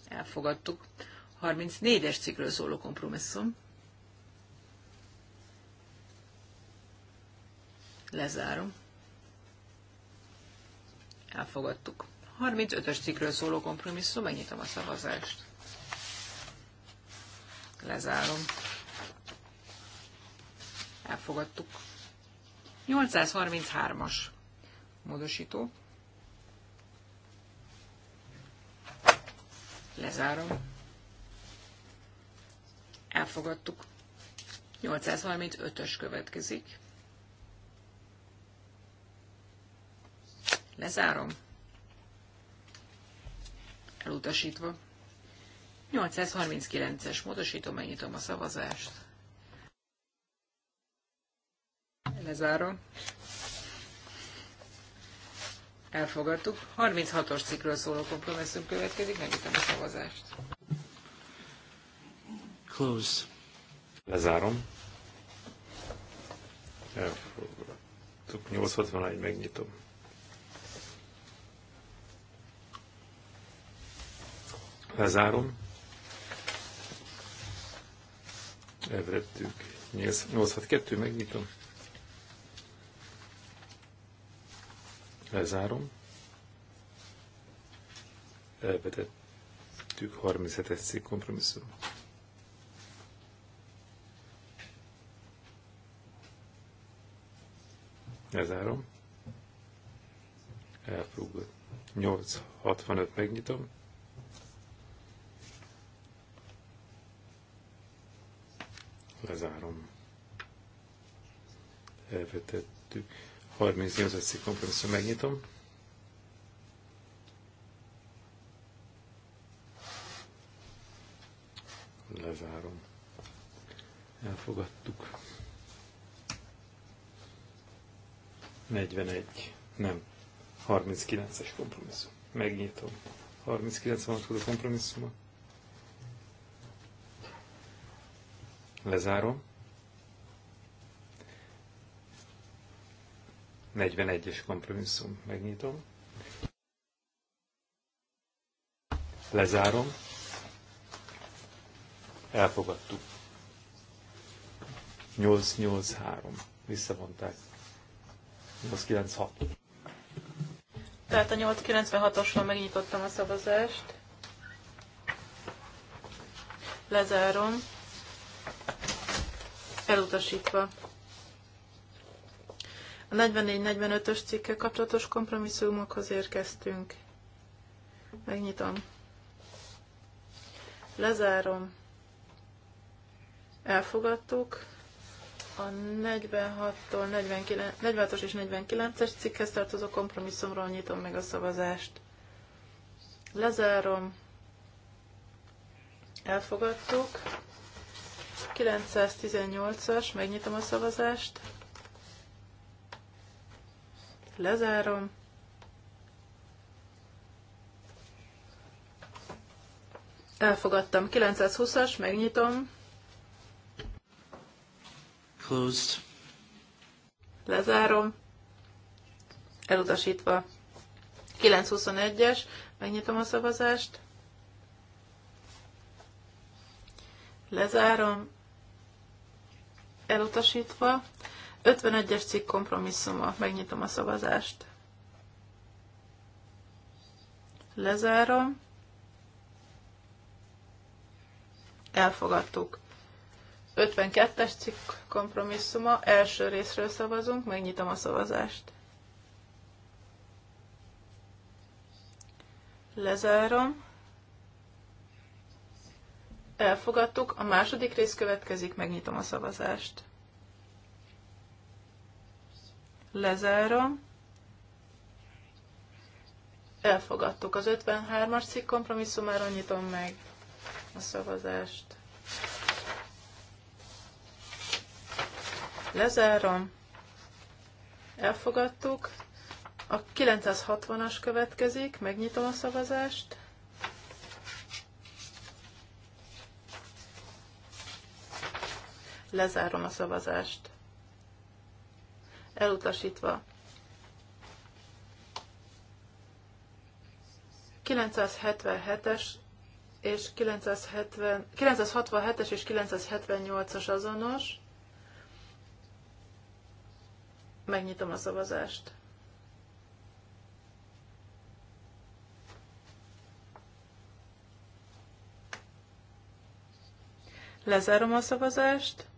Elfogadtuk. 34-es cikről szóló kompromisszum. Lezárom. Elfogadtuk. 35-ös cikről szóló kompromisszum, megnyitom a szavazást. Lezárom. Elfogadtuk. 833-as módosító. Lezárom. Elfogadtuk. 835-ös következik. Lezárom. Elutasítva. 839-es módosítom, megnyitom a szavazást. Lezárom. Elfogadtuk. 36-os cikkről szóló kompromisszum következik, megnyitom a szavazást. Close. Lezárom. Elfogadtuk. 861, megnyitom. Lezárom. Elvettük. 862, megnyitom. Lezárom. Elvetettük 37-es cég kompromisszum. Lezárom. Elfogad. 865 megnyitom. Lezárom. Elvetettük. 38. cikk kompromisszum megnyitom. Lezárom. Elfogadtuk. 41. Nem. 39-es kompromisszum. Megnyitom. 39 vonatkozó kompromisszuma. Lezárom. 41-es kompromisszum. Megnyitom. Lezárom. Elfogadtuk. 883. Visszavonták. 896. Tehát a 896-osról megnyitottam a szavazást. Lezárom. Elutasítva. A 44-45-ös cikkel kapcsolatos kompromisszumokhoz érkeztünk. Megnyitom. Lezárom. Elfogadtuk. A 46-tól 46-os és 49-es cikkhez tartozó kompromisszumról nyitom meg a szavazást. Lezárom. Elfogadtuk. 918-as, megnyitom a szavazást lezárom. Elfogadtam. 920-as, megnyitom. Closed. Lezárom. Elutasítva. 921-es, megnyitom a szavazást. Lezárom. Elutasítva. 51-es cikk kompromisszuma. Megnyitom a szavazást. Lezárom. Elfogadtuk. 52-es cikk kompromisszuma. Első részről szavazunk. Megnyitom a szavazást. Lezárom. Elfogadtuk. A második rész következik. Megnyitom a szavazást. Lezárom. Elfogadtuk az 53-as cikk kompromisszumára, nyitom meg a szavazást. Lezárom. Elfogadtuk. A 960-as következik, megnyitom a szavazást. Lezárom a szavazást elutasítva. 977-es és 970, 967-es és 978-as azonos. Megnyitom a szavazást. Lezárom a szavazást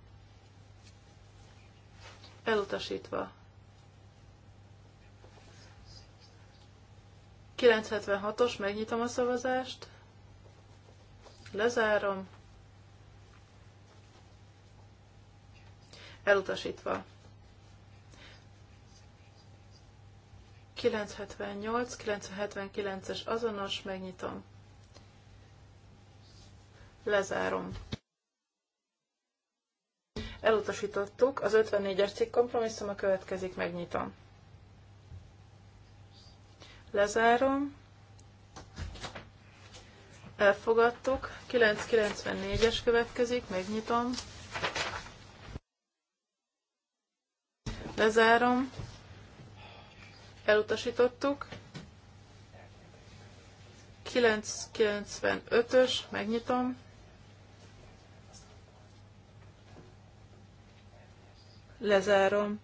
elutasítva. 976-os, megnyitom a szavazást, lezárom, elutasítva. 978, 979-es azonos, megnyitom. Lezárom. Elutasítottuk, az 54-es cikk kompromisszuma következik, megnyitom. Lezárom. Elfogadtuk, 994-es következik, megnyitom. Lezárom. Elutasítottuk. 995-ös, megnyitom Lezárom.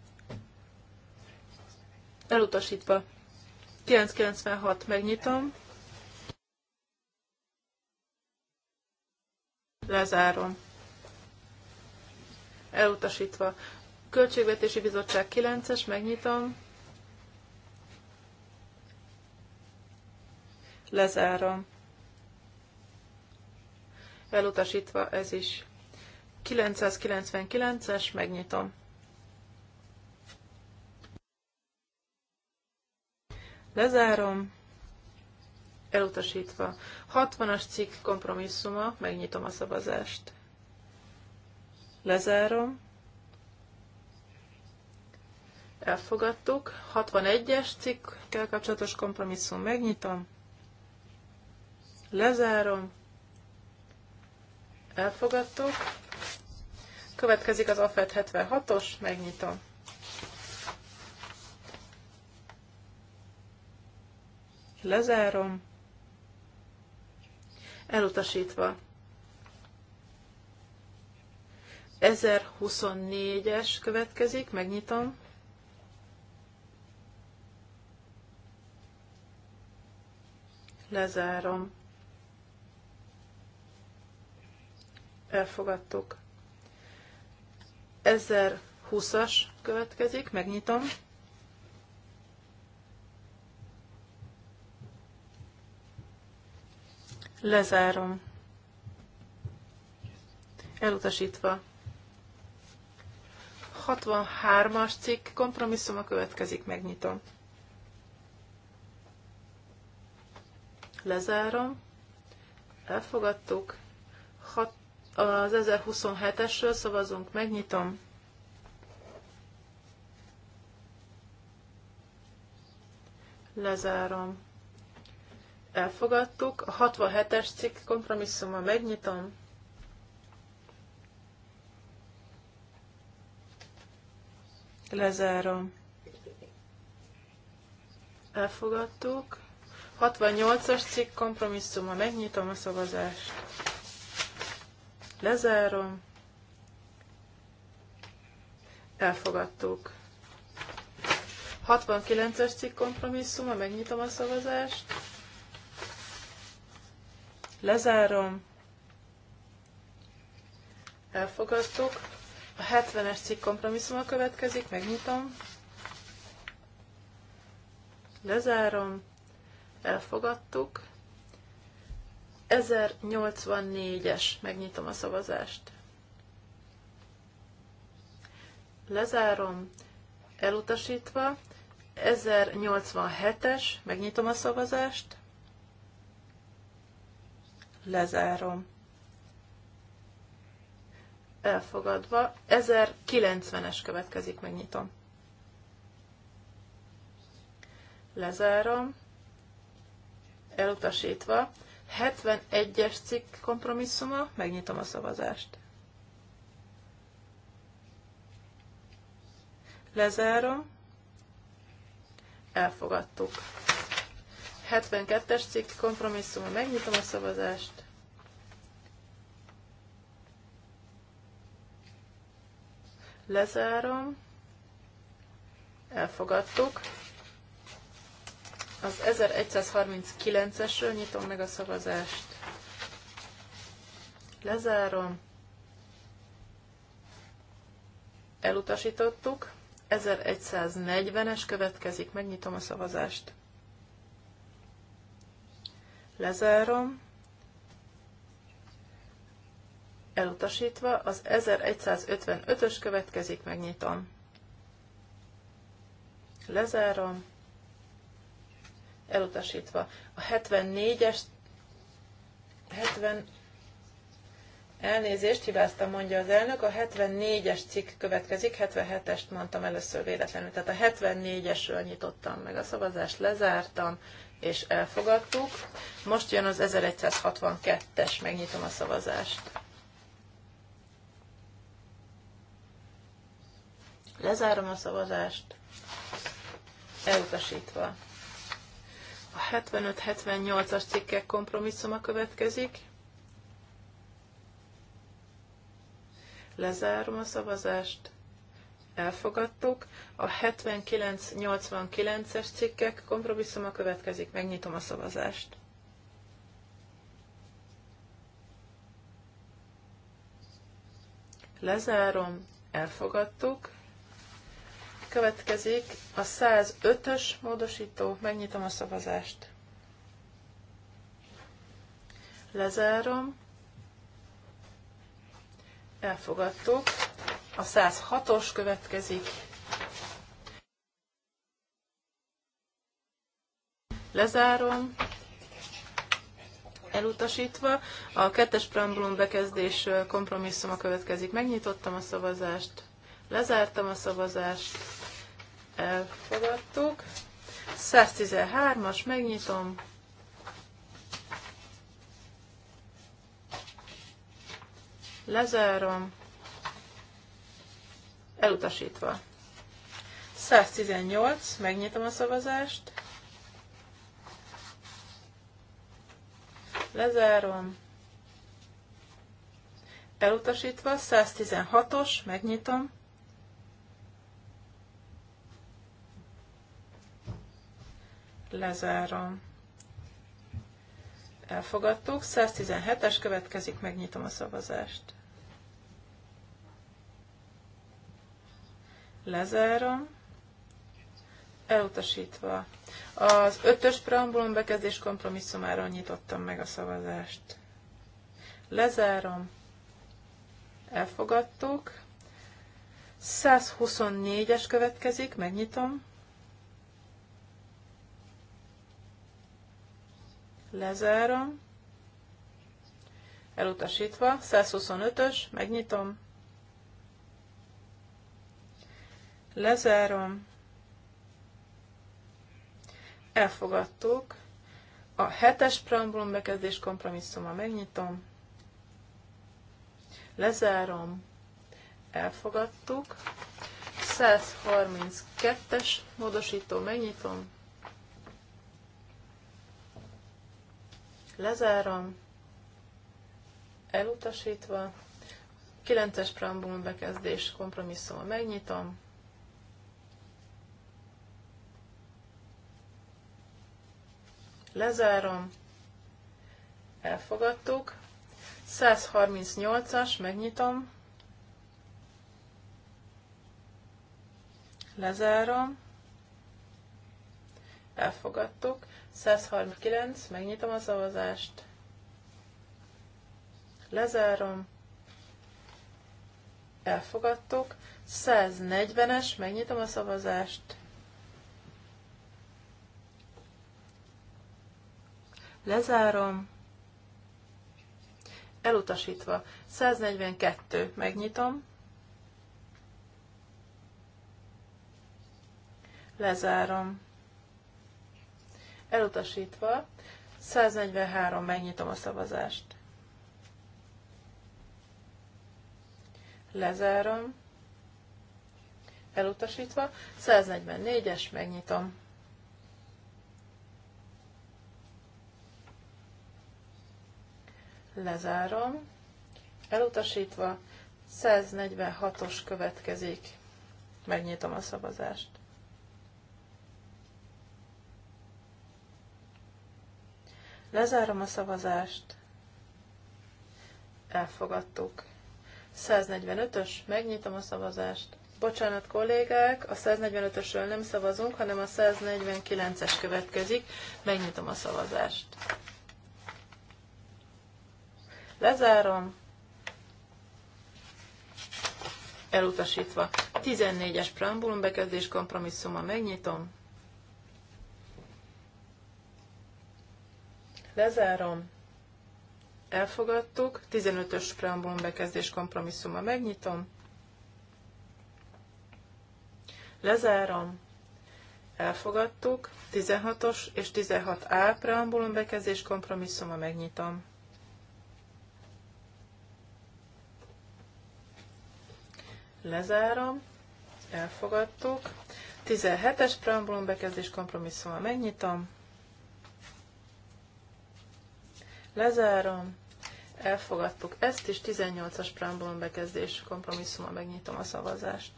Elutasítva. 996 megnyitom. Lezárom. Elutasítva. Költségvetési Bizottság 9-es, megnyitom. Lezárom. Elutasítva ez is. 999-es, megnyitom. Lezárom. Elutasítva. 60-as cikk kompromisszuma. Megnyitom a szavazást. Lezárom. Elfogadtuk. 61-es cikkkel kapcsolatos kompromisszum. Megnyitom. Lezárom. Elfogadtuk. Következik az AFET 76-os. Megnyitom. Lezárom. Elutasítva. 1024-es következik, megnyitom. Lezárom. Elfogadtuk. 1020-as következik, megnyitom. Lezárom. Elutasítva. 63-as cikk kompromisszuma következik, megnyitom. Lezárom. Elfogadtuk. Hat, az 1027-esről szavazunk, megnyitom. Lezárom elfogadtuk. A 67-es cikk kompromisszuma megnyitom. Lezárom. Elfogadtuk. 68-as cikk kompromisszuma megnyitom a szavazást. Lezárom. Elfogadtuk. 69-es cikk kompromisszuma, megnyitom a szavazást. Lezárom. Elfogadtuk. A 70-es cikk kompromisszuma következik, megnyitom. Lezárom. Elfogadtuk. 1084-es, megnyitom a szavazást. Lezárom. Elutasítva. 1087-es, megnyitom a szavazást. Lezárom. Elfogadva. 1090-es következik, megnyitom. Lezárom. Elutasítva. 71-es cikk kompromisszuma, megnyitom a szavazást. Lezárom. Elfogadtuk. 72-es cikk kompromisszum, megnyitom a szavazást. Lezárom. Elfogadtuk. Az 1139-esről nyitom meg a szavazást. Lezárom. Elutasítottuk. 1140-es következik, megnyitom a szavazást. Lezárom. Elutasítva az 1155-ös következik, megnyitom. Lezárom. Elutasítva. A 74-es 70 Elnézést, hibáztam, mondja az elnök. A 74-es cikk következik, 77-est mondtam először véletlenül. Tehát a 74-esről nyitottam meg a szavazást, lezártam, és elfogadtuk. Most jön az 1162-es, megnyitom a szavazást. Lezárom a szavazást, elutasítva. A 75-78-as cikkek kompromisszuma következik. Lezárom a szavazást, elfogadtuk. A 79-89-es cikkek kompromisszuma következik, megnyitom a szavazást. Lezárom, elfogadtuk. Következik a 105-ös módosító, megnyitom a szavazást. Lezárom, elfogadtuk. A 106-os következik. Lezárom. Elutasítva. A kettes preambulum bekezdés kompromisszuma következik. Megnyitottam a szavazást. Lezártam a szavazást. Elfogadtuk. 113-as, megnyitom. Lezárom elutasítva. 118, megnyitom a szavazást. Lezárom. Elutasítva, 116-os, megnyitom. Lezárom. Elfogadtuk. 117-es következik, megnyitom a szavazást. Lezárom. Elutasítva. Az ötös preambulum bekezdés kompromisszumára nyitottam meg a szavazást. Lezárom. Elfogadtuk. 124-es következik, megnyitom. Lezárom. Elutasítva. 125-ös, megnyitom. Lezárom. Elfogadtuk. A hetes preambulum bekezdés kompromisszuma megnyitom. Lezárom. Elfogadtuk. 132-es módosító megnyitom. Lezárom. Elutasítva. 9-es preambulum bekezdés kompromisszuma megnyitom. Lezárom. Elfogadtuk. 138-as, megnyitom. Lezárom. Elfogadtuk. 139, megnyitom a szavazást. Lezárom. Elfogadtuk. 140-es, megnyitom a szavazást. Lezárom. Elutasítva. 142. Megnyitom. Lezárom. Elutasítva. 143. Megnyitom a szavazást. Lezárom. Elutasítva. 144-es. Megnyitom. lezárom, elutasítva, 146-os következik, megnyitom a szavazást. Lezárom a szavazást, elfogadtuk. 145-ös, megnyitom a szavazást. Bocsánat, kollégák, a 145-ösről nem szavazunk, hanem a 149-es következik. Megnyitom a szavazást. Lezárom. Elutasítva. 14-es preambulum bekezdés kompromisszuma. Megnyitom. Lezárom. Elfogadtuk. 15-ös preambulum bekezdés kompromisszuma. Megnyitom. Lezárom. Elfogadtuk. 16-os és 16A preambulum bekezdés kompromisszuma. Megnyitom. Lezárom. Elfogadtuk. 17-es preambulum bekezdés kompromisszummal megnyitom. Lezárom. Elfogadtuk ezt is. 18-as preambulum bekezdés kompromisszummal megnyitom a szavazást.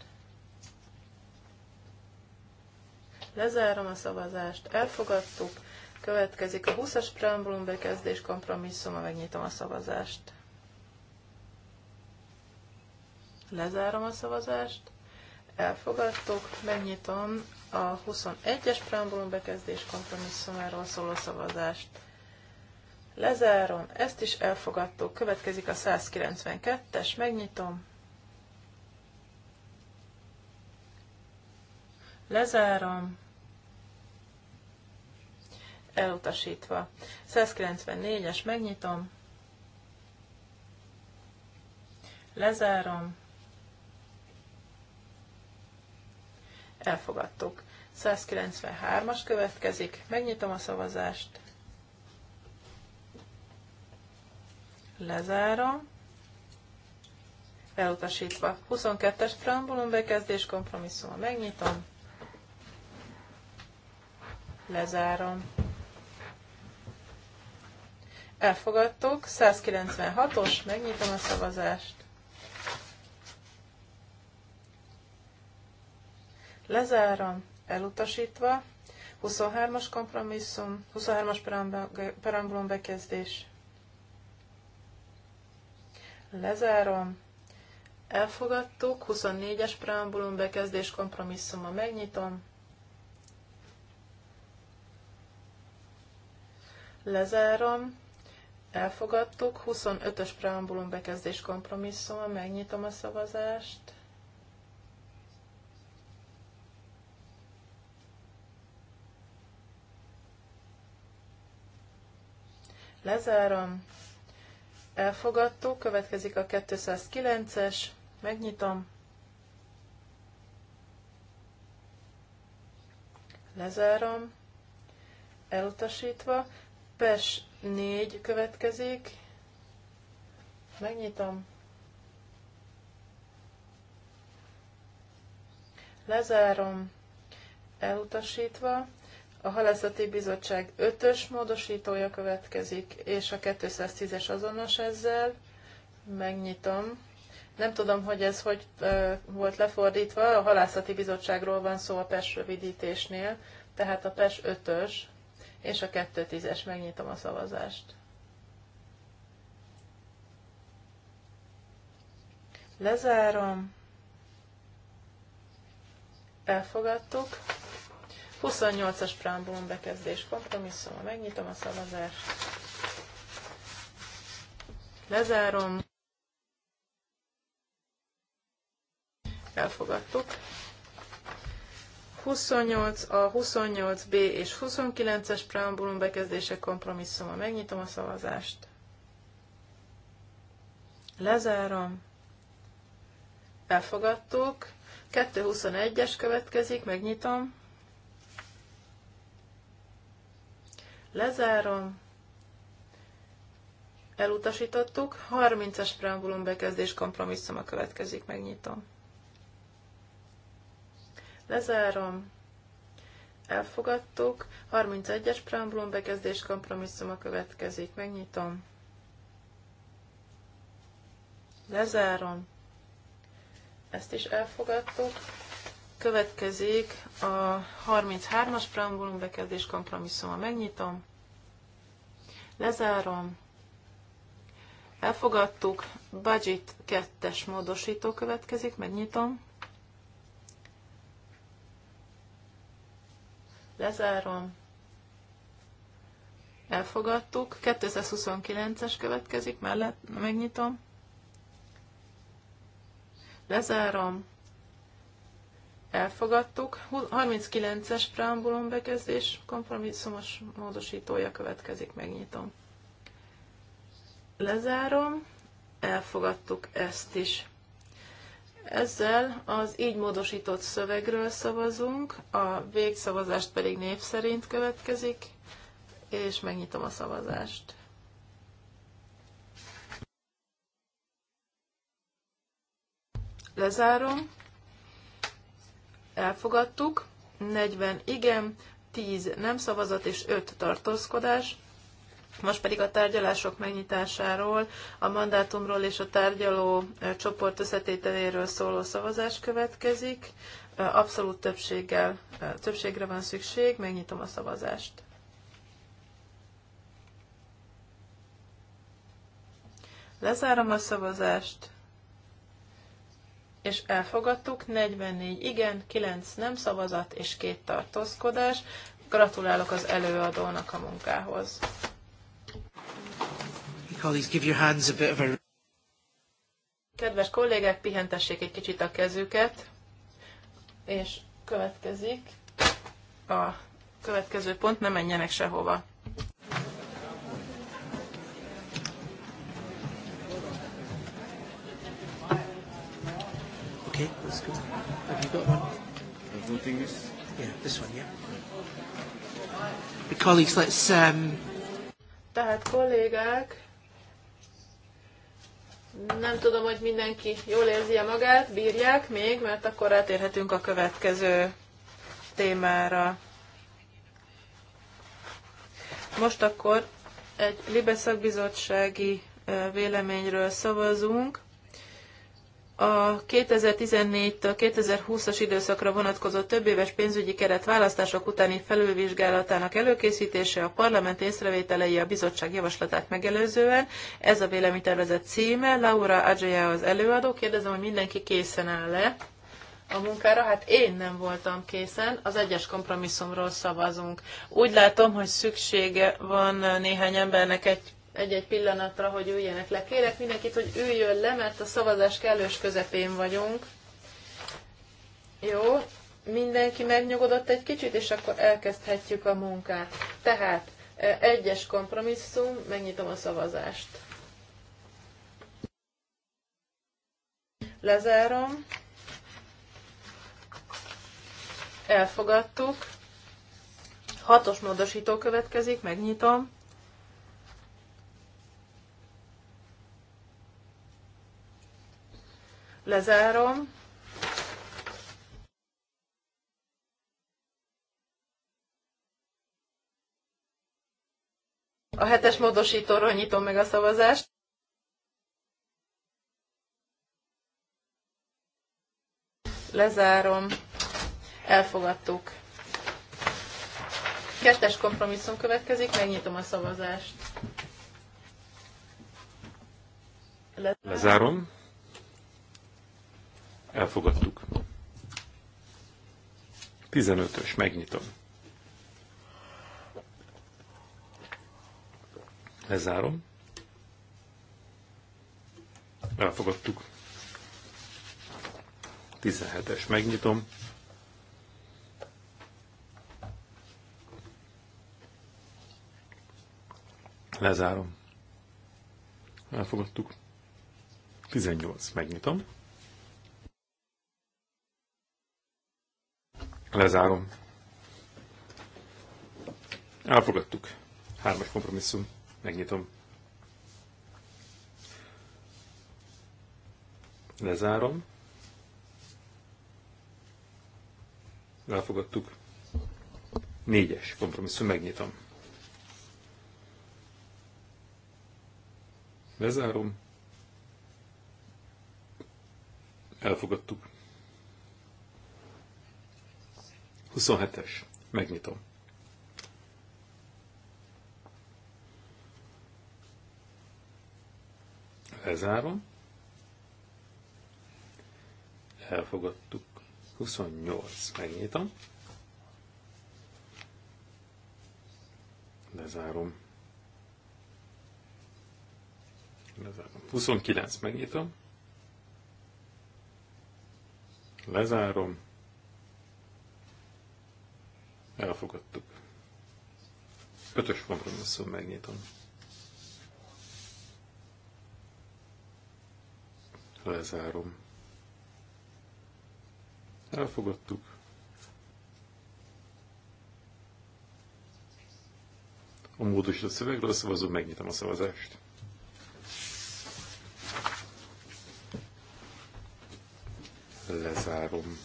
Lezárom a szavazást. Elfogadtuk. Következik a 20-as preambulum bekezdés kompromisszuma, megnyitom a szavazást. Lezárom a szavazást. Elfogadtuk. Megnyitom a 21-es preambulum bekezdés kompromisszumáról szóló szavazást. Lezárom. Ezt is elfogadtuk. Következik a 192-es. Megnyitom. Lezárom. Elutasítva. 194-es. Megnyitom. Lezárom. Elfogadtuk. 193-as következik. Megnyitom a szavazást. Lezárom. Elutasítva. 22-es preambulum bekezdés kompromisszum. Megnyitom. Lezárom. Elfogadtuk. 196-os. Megnyitom a szavazást. Lezárom, elutasítva. 23-as kompromisszum, 23-as perambulum bekezdés. Lezárom. Elfogadtuk. 24-es preambulum bekezdés kompromisszuma. Megnyitom. Lezárom. Elfogadtuk. 25-ös preambulum bekezdés kompromisszuma. Megnyitom a szavazást. Lezárom. Elfogadtuk. Következik a 209-es. Megnyitom. Lezárom. Elutasítva. PES 4 következik. Megnyitom. Lezárom. Elutasítva. A halászati bizottság 5-ös módosítója következik, és a 210-es azonos ezzel. Megnyitom. Nem tudom, hogy ez hogy ö, volt lefordítva. A halászati bizottságról van szó a PES rövidítésnél, tehát a PES 5-ös és a 210-es. Megnyitom a szavazást. Lezárom. Elfogadtuk. 28-as preambulum bekezdés kompromisszum, megnyitom a szavazást, lezárom, elfogadtuk. 28, a 28B és 29-es preambulum bekezdése kompromisszuma. Megnyitom a szavazást. Lezárom. Elfogadtuk. 221-es következik, megnyitom. Lezárom. Elutasítottuk. 30-as preambulum bekezdés kompromisszuma következik. Megnyitom. Lezárom. Elfogadtuk. 31-es preambulum bekezdés kompromisszuma következik. Megnyitom. Lezárom. Ezt is elfogadtuk. Következik a 33-as preambulum bekezdés kompromisszuma. Megnyitom, lezárom, elfogadtuk, budget 2-es módosító következik, megnyitom, lezárom, elfogadtuk, 2029 es következik, mellett megnyitom, lezárom, elfogadtuk. 39-es preambulum bekezdés kompromisszumos módosítója következik, megnyitom. Lezárom, elfogadtuk ezt is. Ezzel az így módosított szövegről szavazunk, a végszavazást pedig név szerint következik, és megnyitom a szavazást. Lezárom elfogadtuk, 40 igen, 10 nem szavazat és 5 tartózkodás. Most pedig a tárgyalások megnyitásáról, a mandátumról és a tárgyaló csoport összetételéről szóló szavazás következik. Abszolút többséggel, többségre van szükség, megnyitom a szavazást. Lezárom a szavazást és elfogadtuk, 44 igen, 9 nem szavazat és két tartózkodás. Gratulálok az előadónak a munkához. Kedves kollégák, pihentessék egy kicsit a kezüket, és következik a következő pont, ne menjenek sehova. Okay, let's go. Have you got one? I'm voting this. Yeah, this one, yeah. The colleagues, let's... Um... Tehát kollégák, nem tudom, hogy mindenki jól érzi -e magát, bírják még, mert akkor rátérhetünk a következő témára. Most akkor egy Libeszakbizottsági véleményről szavazunk a 2014-től 2020-as időszakra vonatkozó többéves pénzügyi keret választások utáni felülvizsgálatának előkészítése, a parlament észrevételei a bizottság javaslatát megelőzően. Ez a véleménytervezet címe. Laura Adjaya az előadó. Kérdezem, hogy mindenki készen áll-e a munkára? Hát én nem voltam készen. Az egyes kompromisszumról szavazunk. Úgy látom, hogy szüksége van néhány embernek egy egy-egy pillanatra, hogy üljenek le. Kérek mindenkit, hogy üljön le, mert a szavazás kellős közepén vagyunk. Jó, mindenki megnyugodott egy kicsit, és akkor elkezdhetjük a munkát. Tehát egyes kompromisszum, megnyitom a szavazást. Lezárom. Elfogadtuk. Hatos módosító következik, megnyitom. Lezárom. A hetes módosítóról nyitom meg a szavazást. Lezárom. Elfogadtuk. Kettes kompromisszum következik, megnyitom a szavazást. Lezárom. Lezárom. Elfogadtuk. 15-ös, megnyitom. Lezárom. Elfogadtuk. 17-es, megnyitom. Lezárom. Elfogadtuk. 18, megnyitom. Lezárom. Elfogadtuk. Hármas kompromisszum. Megnyitom. Lezárom. Elfogadtuk. Négyes kompromisszum. Megnyitom. Lezárom. Elfogadtuk. 27-es. Megnyitom. Lezárom. Elfogadtuk. 28. Megnyitom. Lezárom. Lezárom. 29. Megnyitom. Lezárom. Elfogadtuk. Ötös kompromisszum megnyitom. Lezárom. Elfogadtuk. A módosított szövegről szavazó megnyitom a szavazást. Lezárom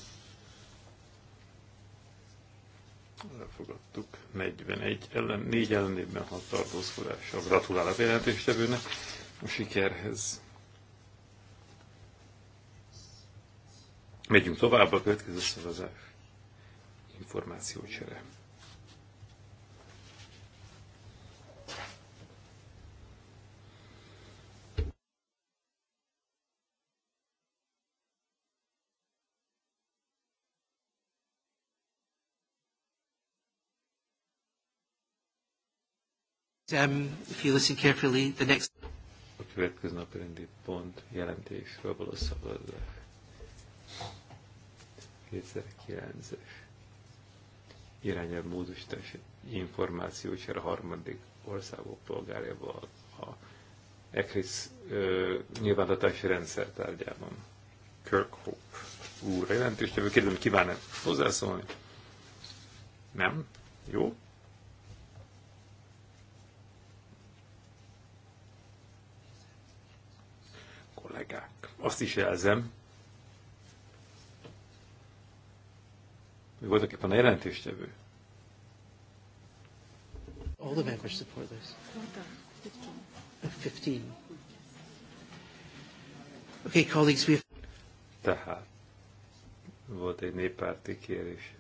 elfogadtuk 41 ellen, 4 ellenében 6 tartózkodással. Gratulál a jelentéstevőnek a sikerhez. Megyünk tovább a következő szavazás. Információcsere. um, if you listen carefully, the next... A következő napi rendi pont jelentésről való szavazás. 2009-es Irányabb módosítás információcsere harmadik országok polgárjával a ECRIS nyilvántartási rendszer tárgyában. Kirkhope úr, jelentős kérdezem, kíván-e hozzászólni? Nem? Jó? kollégák. Azt is jelzem, hogy voltak éppen a jelentéstevő. All the members support this. 15. Okay, colleagues, we have... Tehát volt egy néppárti kérés.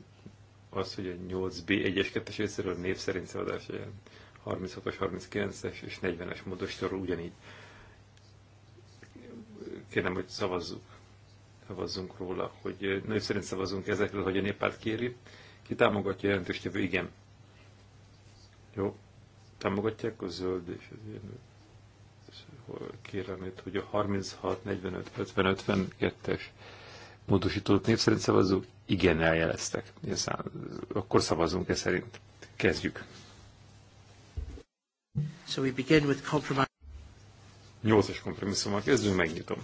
Az, hogy a 8B 1-es 2-es részéről név szerint szavazás legyen. 36 as 39-es és 40-es módosítóról ugyanígy Kérem, hogy szavazzuk. Szavazzunk róla, hogy nő szerint szavazzunk ezekről, hogy a néppárt kéri. Ki támogatja jelentős jövő? Igen. Jó. Támogatják a zöld és az ilyen kérem itt, hogy a 36, 45, 50, 52-es módosítót név szerint szavazunk, igen eljeleztek. Akkor szavazunk e szerint. Kezdjük. So we begin with compromise. Nyolcas kompromisszummal kezdünk, megnyitom.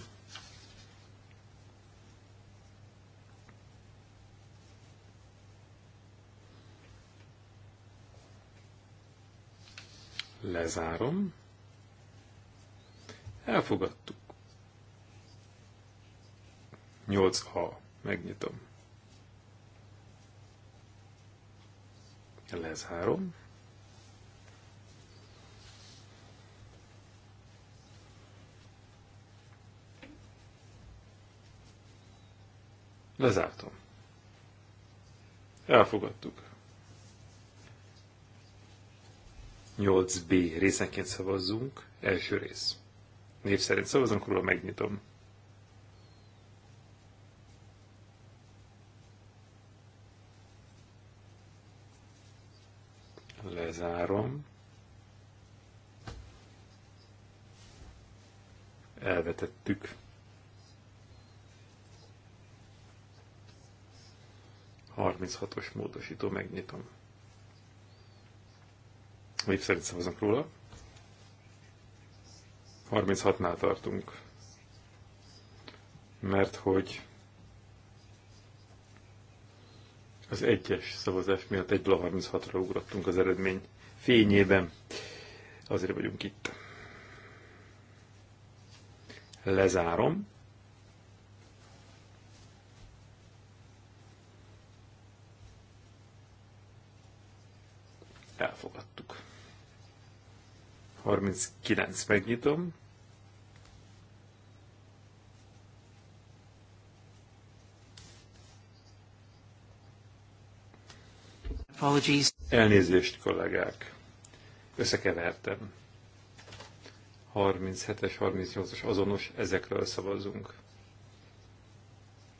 lezárom. Elfogadtuk. 8A. Megnyitom. Lezárom. Lezártam. Elfogadtuk. 8b részenként szavazzunk. Első rész. Név szerint szavazunk, róla megnyitom. Lezárom. Elvetettük. Harminchatos módosító megnyitom. Még szerint szavaznak róla. 36-nál tartunk. Mert hogy az egyes szavazás miatt egy 36-ra ugrottunk az eredmény fényében. Azért vagyunk itt. Lezárom. 39 megnyitom. Apologies. Elnézést, kollégák. Összekevertem. 37-es, 38-as azonos, ezekről szavazunk.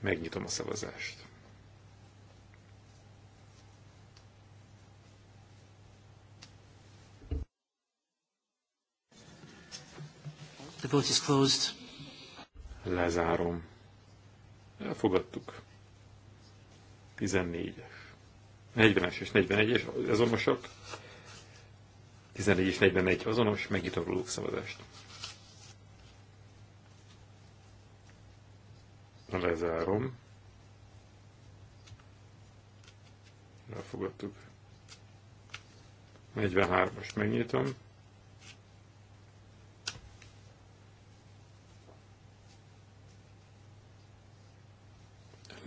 Megnyitom a szavazást. The vote is closed. Lezárom. Elfogadtuk. 14-es. 40-es és 41-es azonosak. 14 és 41 azonos, megnyitom szavazást. Lezárom. Elfogadtuk. 43-as megnyitom.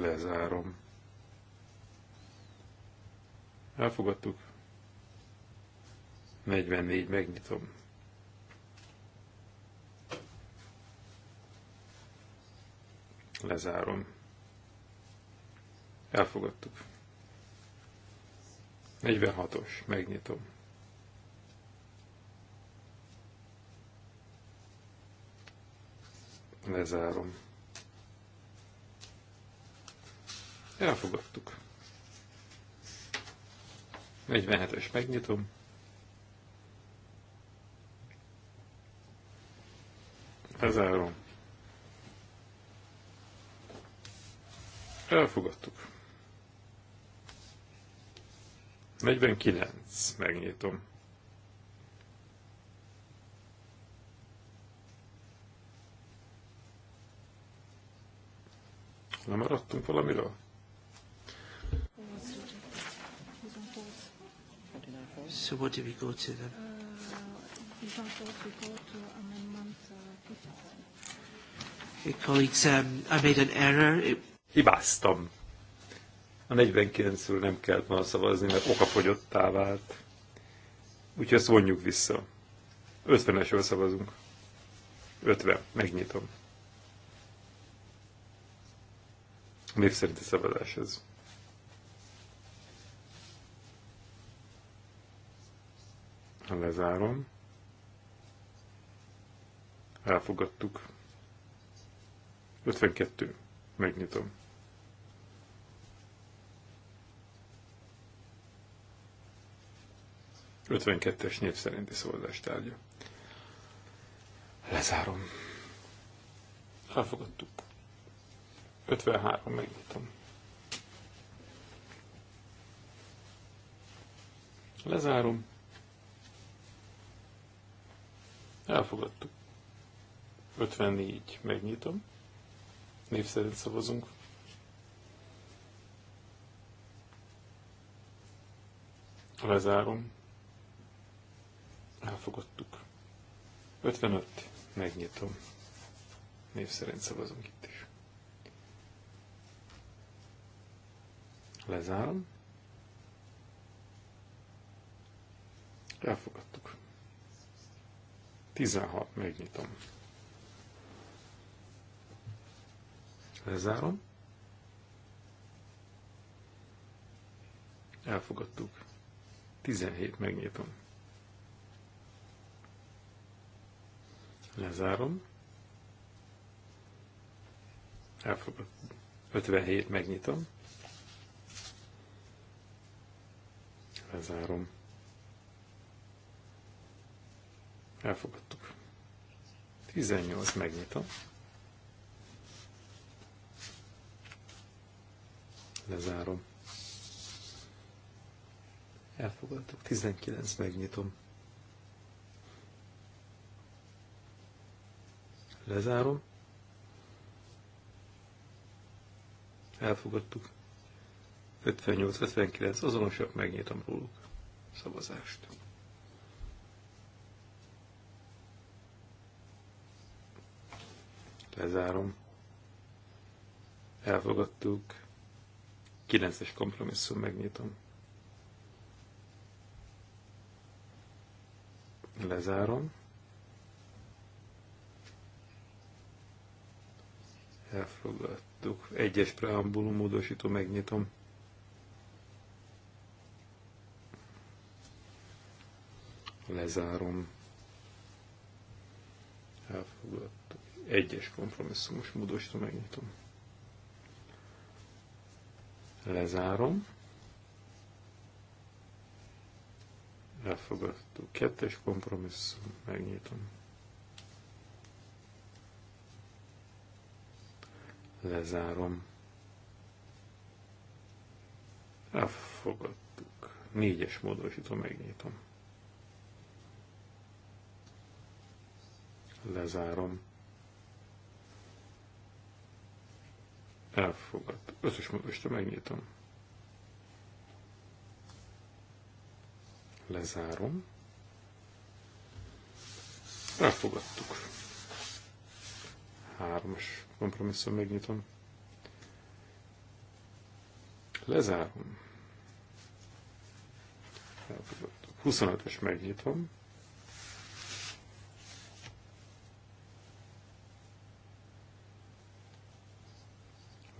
lezárom. Elfogadtuk. 44, megnyitom. Lezárom. Elfogadtuk. 46-os, megnyitom. Lezárom. Elfogadtuk. 47-es megnyitom. Bezárom. Elfogadtuk. 49. Megnyitom. Lemaradtunk valamiről? So what do we go to then? Uh, uh, okay, colleagues, um, I made an error. It... Hibáztam. A 49-ről nem kellett volna szavazni, mert okafogyottá vált. Úgyhogy ezt vonjuk vissza. 50-esről szavazunk. 50. Megnyitom. Név szerinti szavazás ez. lezárom. Elfogadtuk. 52. Megnyitom. Ötvenkettes név szerinti szavazás Lezárom. Elfogadtuk. 53, megnyitom. Lezárom. Elfogadtuk. 54. Megnyitom. Név szerint szavazunk. Lezárom. Elfogadtuk. 55. Megnyitom. Név szerint szavazunk itt is. Lezárom. Elfogadtuk. 16, megnyitom. Lezárom. Elfogadtuk. 17, megnyitom. Lezárom. Elfogadtuk. 57, megnyitom. Lezárom. Elfogadtuk. 18 megnyitom. Lezárom. Elfogadtuk. 19 megnyitom. Lezárom. Elfogadtuk. 58-59 azonosak, megnyitom róluk szavazást. lezárom, elfogadtuk, 9-es kompromisszum megnyitom, lezárom, elfogadtuk, egyes preambulum módosító megnyitom, lezárom, elfogadtuk. Egyes kompromisszumos módosító megnyitom. Lezárom. Elfogadható Kettes kompromisszum. Megnyitom. Lezárom. Elfogadtuk. Négyes módosító. Megnyitom. Lezárom. elfogad. Ötös mögöste megnyitom. Lezárom. Elfogadtuk. Hármas kompromisszum megnyitom. Lezárom. Elfogadtuk. 25-ös megnyitom.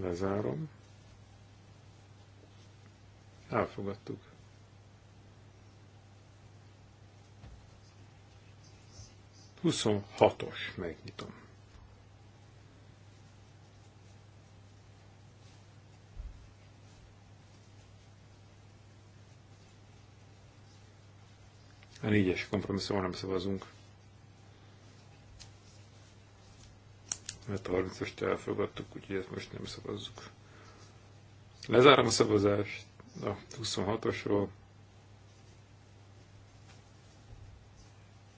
Lezárom. Elfogadtuk. Huszonhatos, megnyitom. A négyes kompromisszumra nem szavazunk. mert a 30-ost elfogadtuk, úgyhogy ezt most nem szavazzuk. Lezárom a szavazást a 26-osról.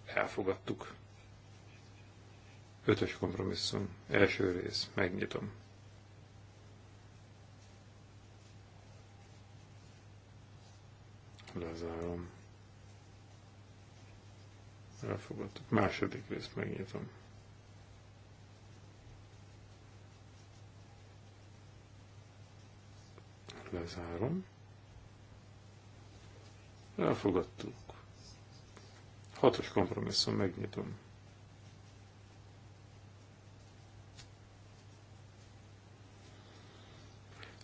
Elfogadtuk. Ötös kompromisszum. Első rész. Megnyitom. Lezárom. Elfogadtuk. Második rész megnyitom. lezárom. Elfogadtuk. Hatos kompromisszum, megnyitom.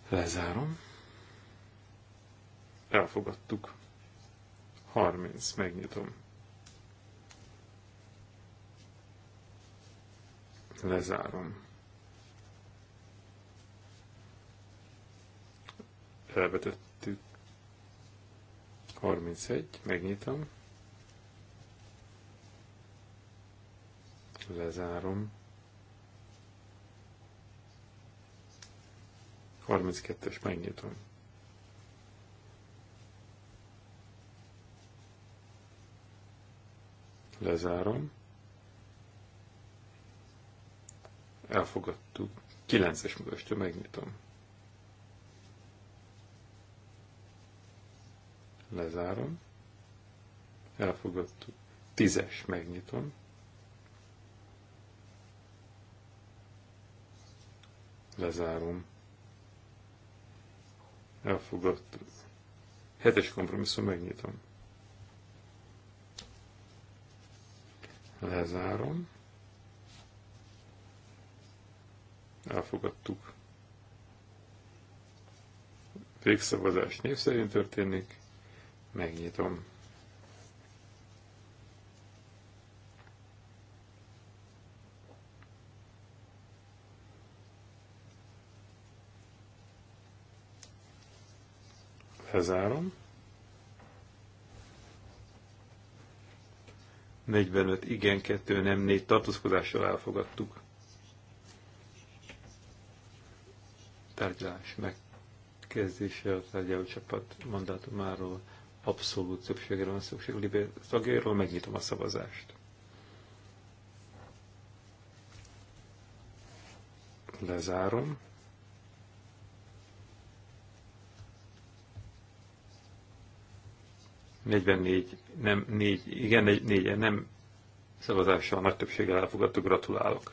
Lezárom. Elfogadtuk. 30, megnyitom. Lezárom. felvetettük. 31, megnyitom. Lezárom. 32-es megnyitom. Lezárom. Elfogadtuk. 9-es mögöstől megnyitom. lezárom, elfogadtuk, tízes, megnyitom, lezárom, elfogadtuk, hetes kompromisszum, megnyitom, lezárom, elfogadtuk, végszavazás név szerint történik. Megnyitom. Lezárom. 45 igen, 2 nem, 4 tartózkodással elfogadtuk. Tárgyalás megkezdése a tárgyalócsapat mandátumáról abszolút többségre van szükség Libé tagjairól, megnyitom a szavazást. Lezárom. Négy, nem, négy, igen, négy, négy nem szavazással nagy többséggel elfogadtuk, gratulálok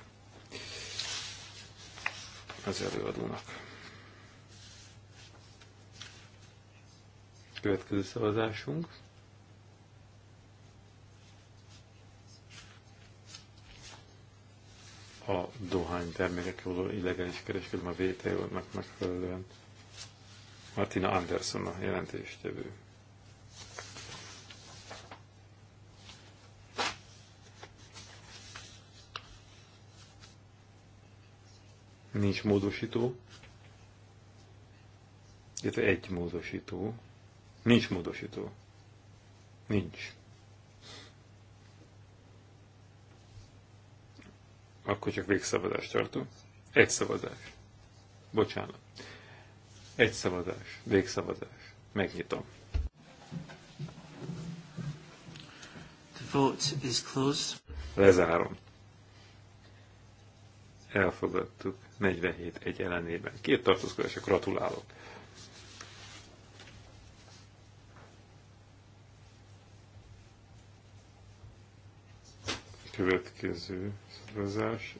az előadónak. Következő szavazásunk. A termékek való illegális kereskedelem a VTO-nak megfelelően Martina Anderson a jelentéstevő. Nincs módosító, Itt egy módosító. Nincs módosító. Nincs. Akkor csak végszavazást tartunk. Egy szavazás. Bocsánat. Egy szavazás. Végszavazás. Megnyitom. The vote is closed. Lezárom. Elfogadtuk. 47 egy ellenében. Két tartózkodásra gratulálok. Következő szavazás,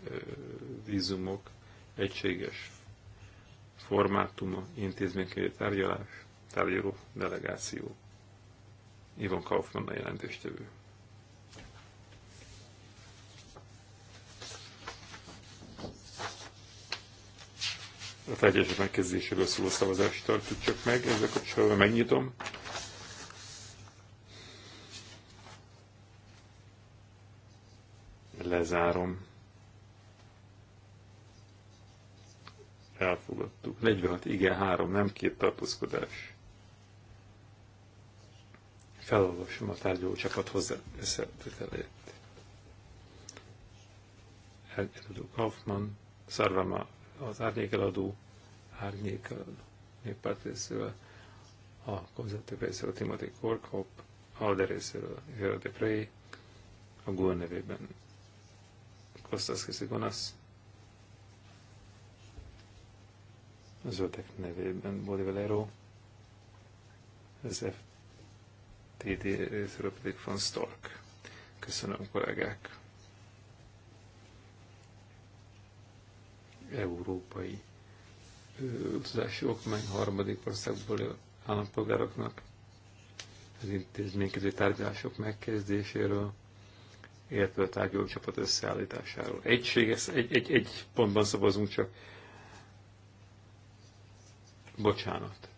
vízumok, egységes formátuma, intézményként tárgyalás, tárgyaló delegáció. Ivon Kaufmann a jelentéstevő. A tárgyalások megkezdéséről szóló szavazást tartjuk csak meg, ezzel kapcsolatban megnyitom. lezárom. Elfogadtuk. 46, igen, 3, nem két tartózkodás. Felolvasom a tárgyaló csapat hozzá összetételét. Eladó Kaufmann, Szarvama az árnyékeladó, árnyékeladó néppárt részéről, a konzervatív részéről Timothy Korkop, Alder részéről Hira de Prey, a Gull nevében Kostas Kiszigonasz a zöldek nevében Bolivellero, az FTD részéről pedig von Stork. Köszönöm, kollégák! Európai utazási okmány harmadik országból állampolgároknak az intézményközi tárgyalások megkezdéséről illetve a csapat összeállításáról. Egységes, egy, egy, egy pontban szavazunk csak. Bocsánat,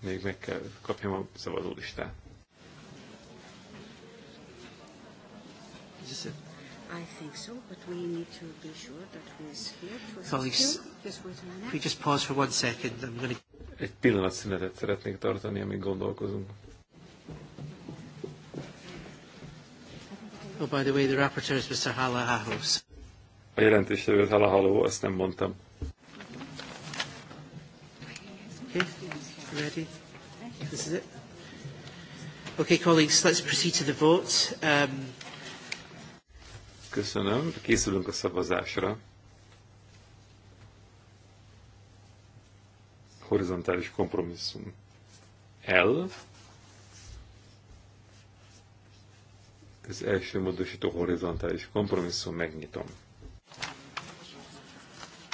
még meg kell kapjam a szavazólistát. I think so, but we need to be sure that is here. we just pause for one second. I'm going to... Egy pillanat szünetet szeretnék tartani, amíg gondolkozunk. Oh, by the way, the rapporteur is Mr. Halahahos. A jelentéstevőt Halahaló, azt nem mondtam. Okay, ready? This is it. Okay, colleagues, let's proceed to the vote. Um... Köszönöm. Készülünk a szavazásra. Horizontális kompromisszum. L. Az első módosító horizontális kompromisszum, megnyitom.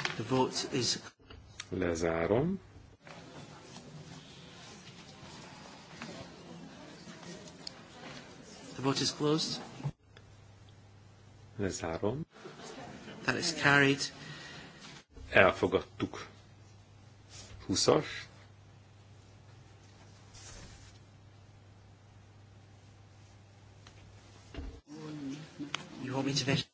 The vote is... Lezárom. The vote is closed. Lezárom. That is carried. Elfogadtuk. 20-as. you want me to finish?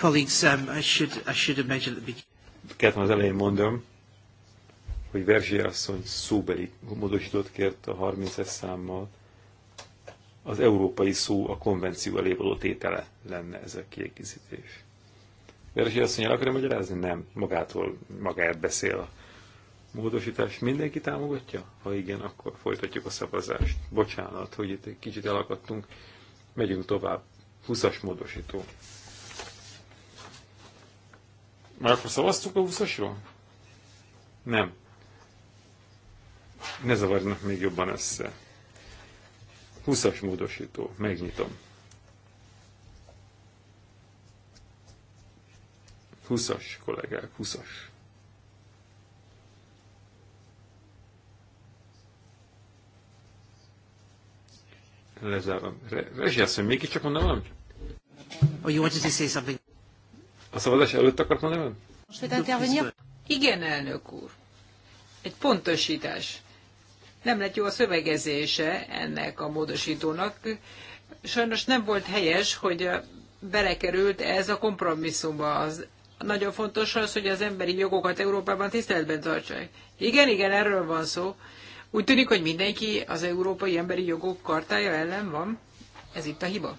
Colleagues, um, az elején mondom, hogy Verzsi asszony szóbeli módosítót kért a 30-es számmal az európai szó a konvenció elé való tétele lenne ez a kiegészítés. Veresi azt mondja, akarom magyarázni? Nem, magától magáért beszél a módosítás. Mindenki támogatja? Ha igen, akkor folytatjuk a szavazást. Bocsánat, hogy itt egy kicsit elakadtunk. Megyünk tovább. 20-as módosító. Már akkor szavaztuk a 20-asról? Nem. Ne zavarnak még jobban össze. 20-as módosító, megnyitom. 20-as, kollégák, 20-as. Lezárom. Rezsi azt mondja, mégiscsak mondom valamit? Oh, you wanted to say something. A szavazás előtt akart mondani Igen, elnök úr. Egy pontosítás nem lett jó a szövegezése ennek a módosítónak. Sajnos nem volt helyes, hogy belekerült ez a kompromisszumba. Az nagyon fontos az, hogy az emberi jogokat Európában tiszteletben tartsák. Igen, igen, erről van szó. Úgy tűnik, hogy mindenki az európai emberi jogok kartája ellen van. Ez itt a hiba.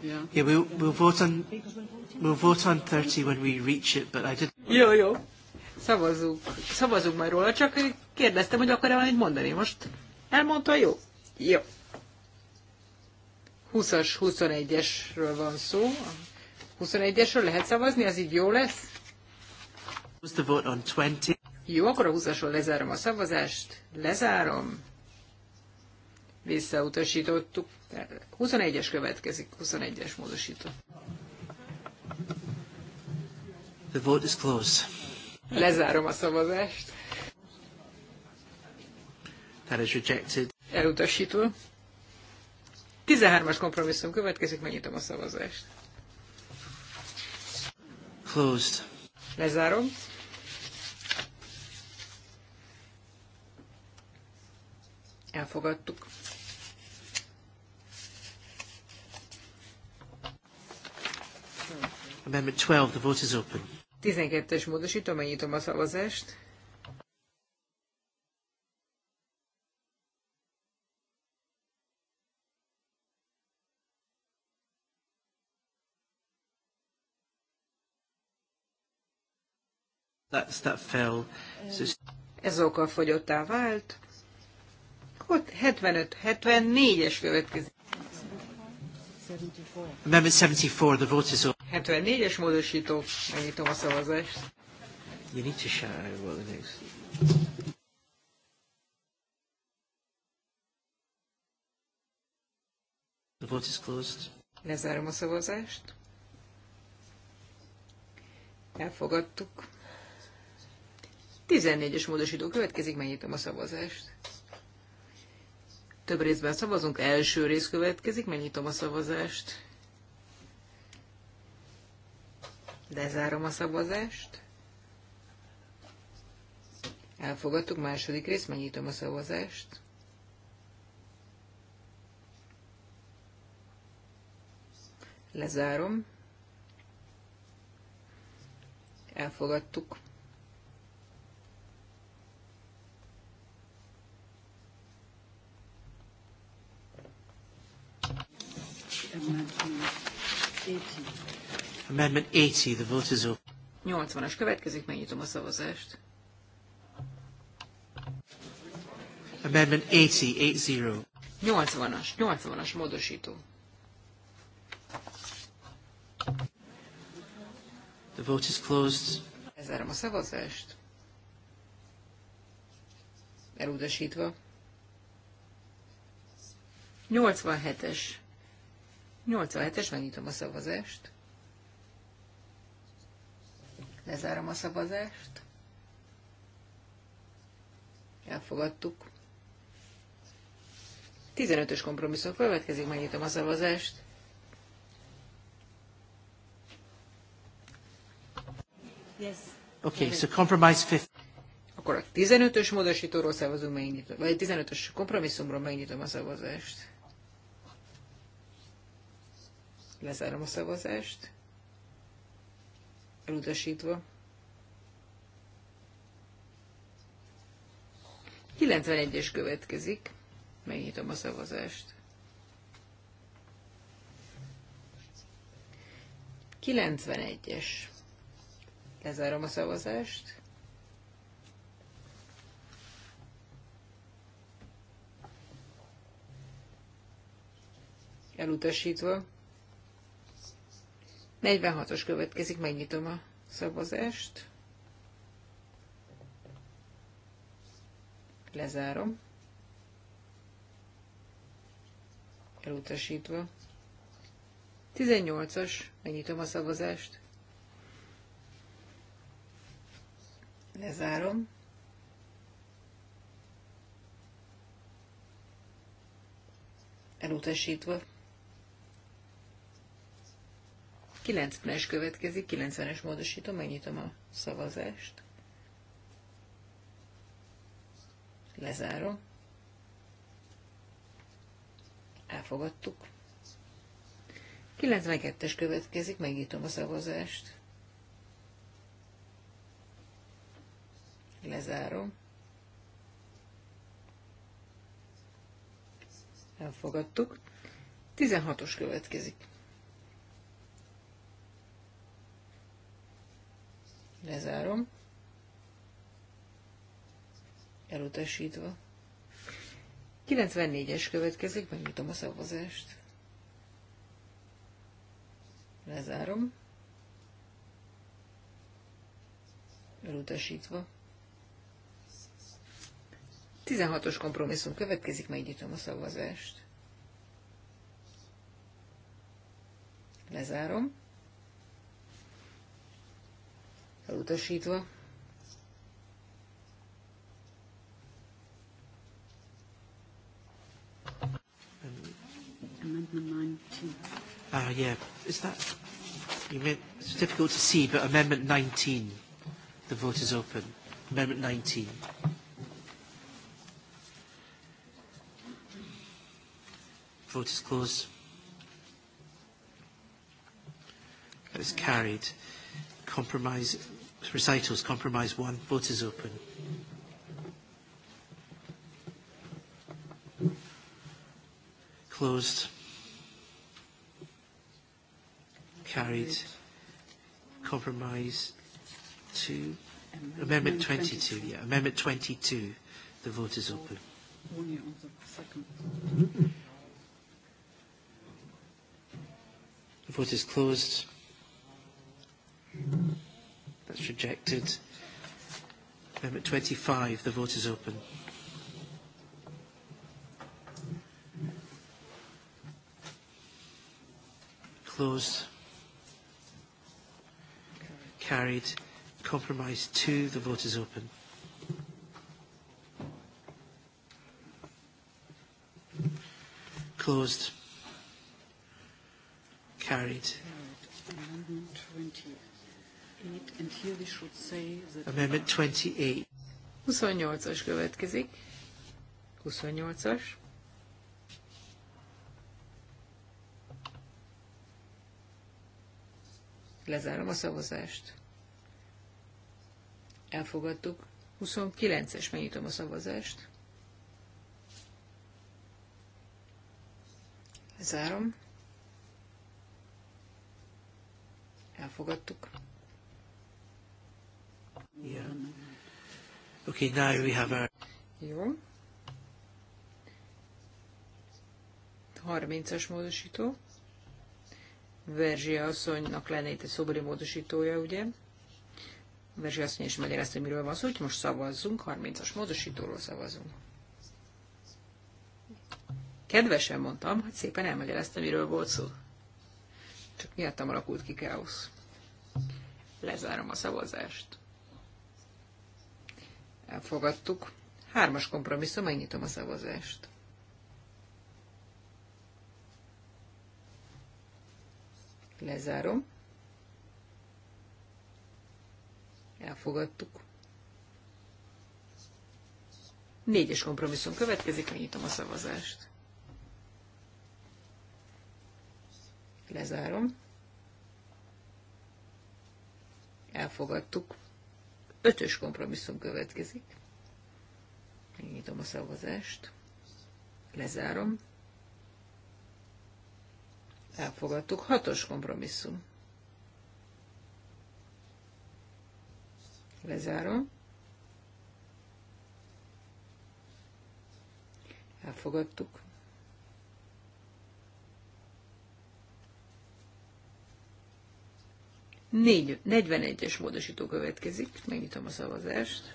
Yeah, we'll, we'll vote on we'll vote on 30 when we reach it, but I didn't. Jó, jó szavazzunk, szavazzunk majd róla, csak kérdeztem, hogy akar-e valamit mondani. Most elmondta, jó? Jó. 20-as, 21-esről van szó. 21-esről lehet szavazni, az így jó lesz? Jó, akkor a 20-asról lezárom a szavazást. Lezárom. Visszautasítottuk. 21-es következik, 21-es módosító. The vote is closed. Lezárom a szavazást. That is rejected. Elutasítva. 13-as kompromisszum következik, megnyitom a szavazást. Closed. Lezárom. Elfogadtuk. Amendment 12, the vote is open. 12-es módosítom, megnyitom a szavazást. That's, that fell. Ez oka fogyottá vált. Ott 75, 74-es következik. 74, the vote is 74-es módosító, megnyitom a szavazást. You need to shout out the The vote is closed. Lezárom a szavazást. Elfogadtuk. 14-es módosító következik, megnyitom a szavazást. Több részben szavazunk, első rész következik, megnyitom a szavazást. Lezárom a szavazást. Elfogadtuk. Második rész. Megnyitom a szavazást. Lezárom. Elfogadtuk. Thank you. Amendment 80, the vote is open. 80-as következik, megnyitom a szavazást. Amendment 80, 80. 80-as, 80-as módosító. The vote is closed. Ezárom a szavazást. Elutasítva. 87-es. 87-es, megnyitom a szavazást. Lezárom a szavazást. Elfogadtuk. 15-ös kompromisszum következik, megnyitom a szavazást. Yes. Okay, so compromise fifth. Akkor a 15-ös módosítóról szavazunk, megnyitom, vagy 15-ös kompromisszumról megnyitom a szavazást. Lezárom a szavazást elutasítva. 91-es következik. Megnyitom a szavazást. 91-es. Lezárom a szavazást. Elutasítva. 46-os következik, megnyitom a szavazást. Lezárom. Elutasítva. 18-as, megnyitom a szavazást. Lezárom. Elutasítva. 90-es következik, 90-es módosítom, megnyitom a szavazást. Lezárom. Elfogadtuk. 92-es következik, megnyitom a szavazást. Lezárom. Elfogadtuk. 16-os következik. Lezárom. Elutasítva. 94-es következik, megnyitom a szavazást. Lezárom. Elutasítva. 16-os kompromisszum következik, megnyitom a szavazást. Lezárom. elutasítva. Ah, uh, Ah, yeah. Is that... You meant, it's difficult to see, but Amendment 19. The vote is open. Amendment 19. Vote is closed. That is carried. Compromise recitals, compromise one. Vote is open. Closed. Carried. Compromise two. Amendment 22, yeah. Amendment 22. The vote is open. The vote is closed. That's rejected. Amendment 25, the vote is open. Closed. Carried. Compromise 2, the vote is open. Closed. Carried. Amendment 28. Amendment 28. 28-as következik. 28-as. Lezárom a szavazást. Elfogadtuk. 29-es, megnyitom a szavazást. Lezárom. Elfogadtuk. Yeah. Okay, now we have our... Jó. 30-as módosító. Verzsia asszonynak lenne itt egy szobori módosítója, ugye? Verzsia asszony is megjelezte, hogy miről van szó, hogy most szavazzunk, 30-as módosítóról szavazunk. Kedvesen mondtam, hogy szépen elmagyarázta, miről volt szó. Csak miattam alakult ki káosz. Lezárom a szavazást elfogadtuk. Hármas kompromisszum, megnyitom a szavazást. Lezárom. Elfogadtuk. Négyes kompromisszum következik, megnyitom a szavazást. Lezárom. Elfogadtuk. Ötös kompromisszum következik. Megnyitom a szavazást. Lezárom. Elfogadtuk. Hatos kompromisszum. Lezárom. Elfogadtuk. 41-es módosító következik. Megnyitom a szavazást.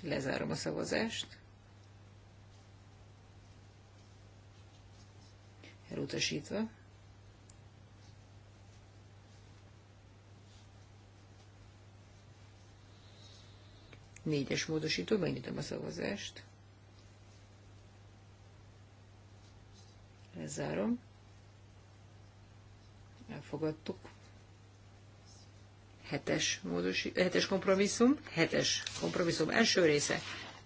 Lezárom a szavazást. Elutasítva. Négyes módosító, megnyitom a szavazást. Lezárom elfogadtuk. Hetes, módos, eh, hetes kompromisszum, hetes kompromisszum első része.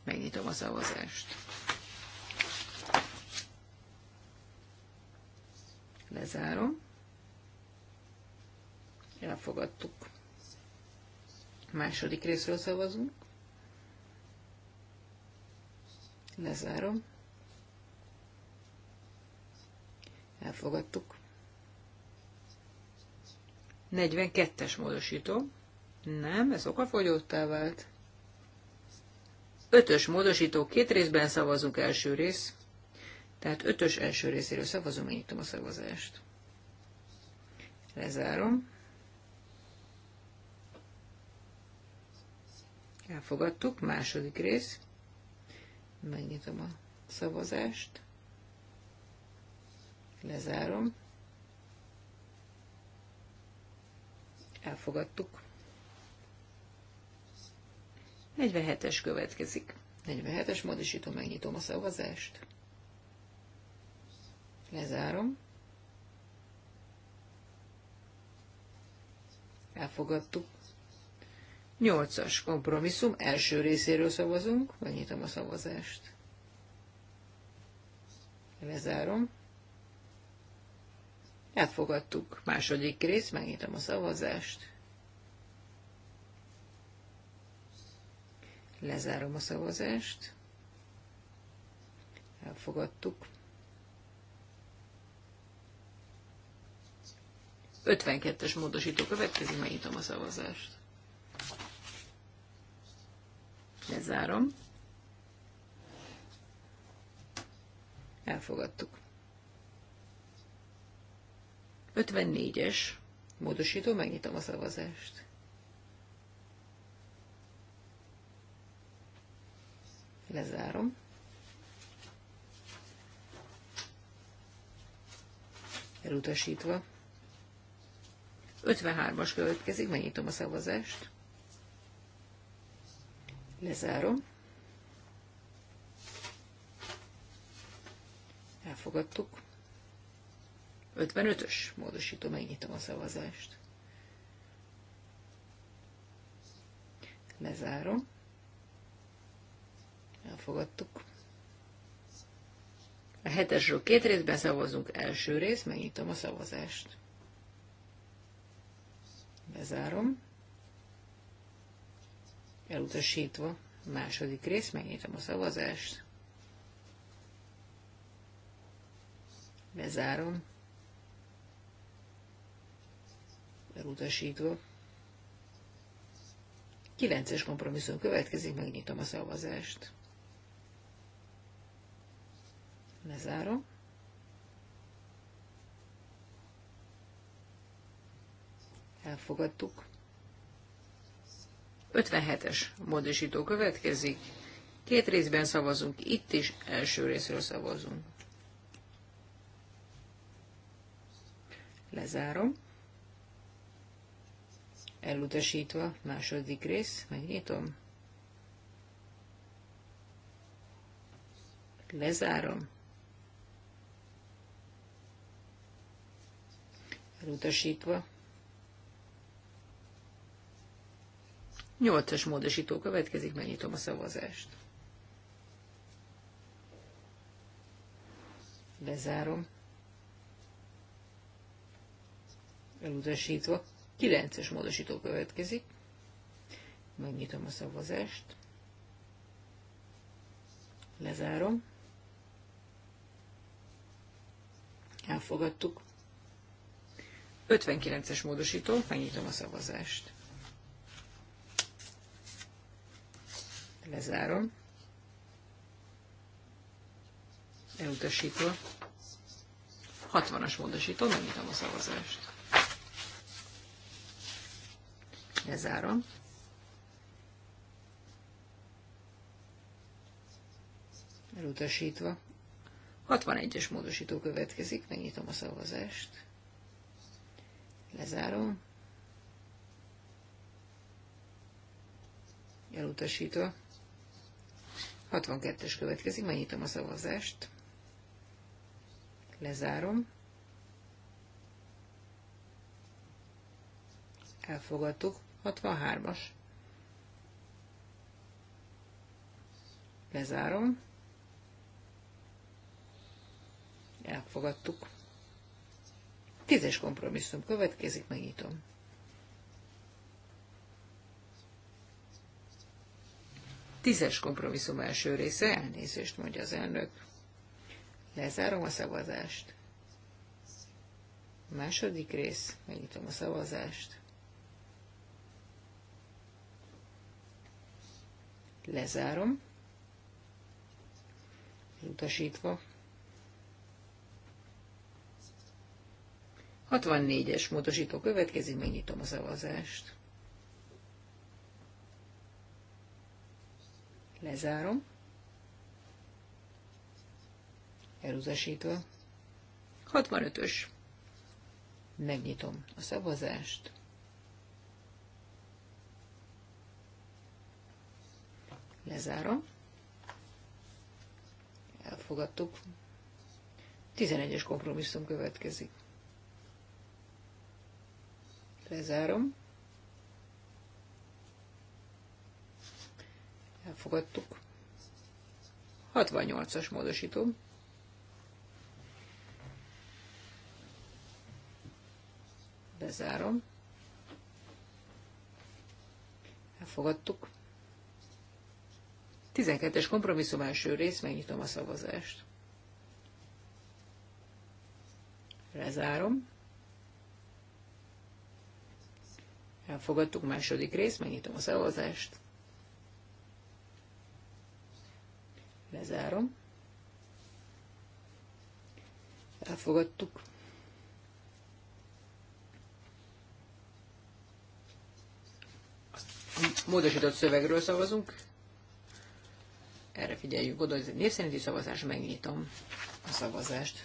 Megnyitom a szavazást. Lezárom. Elfogadtuk. Második részről szavazunk. Lezárom. Elfogadtuk. 42-es módosító. Nem, ez okafogyottá vált. 5-ös módosító, két részben szavazunk első rész. Tehát 5-ös első részéről szavazom, nyitom a szavazást. Lezárom. Elfogadtuk, második rész. Megnyitom a szavazást. Lezárom. Elfogadtuk. 47-es következik. 47-es módosítom, megnyitom a szavazást. Lezárom. Elfogadtuk. 8-as kompromisszum, első részéről szavazunk, megnyitom a szavazást. Lezárom. Elfogadtuk. Második rész, megnyitom a szavazást. Lezárom a szavazást. Elfogadtuk. 52-es módosító következik, megnyitom a szavazást. Lezárom. Elfogadtuk. 54-es módosító, megnyitom a szavazást. Lezárom. Elutasítva. 53-as következik, megnyitom a szavazást. Lezárom. Elfogadtuk. 55-ös módosító, megnyitom a szavazást. Lezárom. Elfogadtuk. A hetesről két részben szavazunk. Első rész, megnyitom a szavazást. Bezárom. Elutasítva. Második rész, megnyitom a szavazást. Bezárom. elutasítva. 9-es kompromisszum következik, megnyitom a szavazást. Lezárom. Elfogadtuk. 57-es módosító következik. Két részben szavazunk, itt is első részről szavazunk. Lezárom elutasítva, második rész, megnyitom, lezárom, elutasítva, nyolcas módosító következik, megnyitom a szavazást. Lezárom. Elutasítva. 9-es módosító következik. Megnyitom a szavazást. Lezárom. Elfogadtuk. 59-es módosító, megnyitom a szavazást. Lezárom. Elutasítva. 60-as módosító, megnyitom a szavazást. Lezárom. Elutasítva. 61-es módosító következik, megnyitom a szavazást. Lezárom. Elutasítva. 62-es következik, megnyitom a szavazást. Lezárom. Elfogadtuk. 63-as. Lezárom. Elfogadtuk. Tízes kompromisszum következik, megnyitom. Tízes kompromisszum első része, elnézést mondja az elnök. Lezárom a szavazást. Második rész, megnyitom a szavazást. Lezárom. Utasítva. 64-es módosító következik, megnyitom a szavazást. Lezárom. Elutasítva. 65-ös. Megnyitom a szavazást. Lezárom. Elfogadtuk. 11-es kompromisszum következik. Lezárom. Elfogadtuk. 68-as módosító. Bezárom. Elfogadtuk. 12-es kompromisszum első rész, megnyitom a szavazást. Lezárom. Elfogadtuk második rész, megnyitom a szavazást. Lezárom. Elfogadtuk. A módosított szövegről szavazunk erre figyeljünk oda, hogy név szerinti szavazás, megnyitom a szavazást,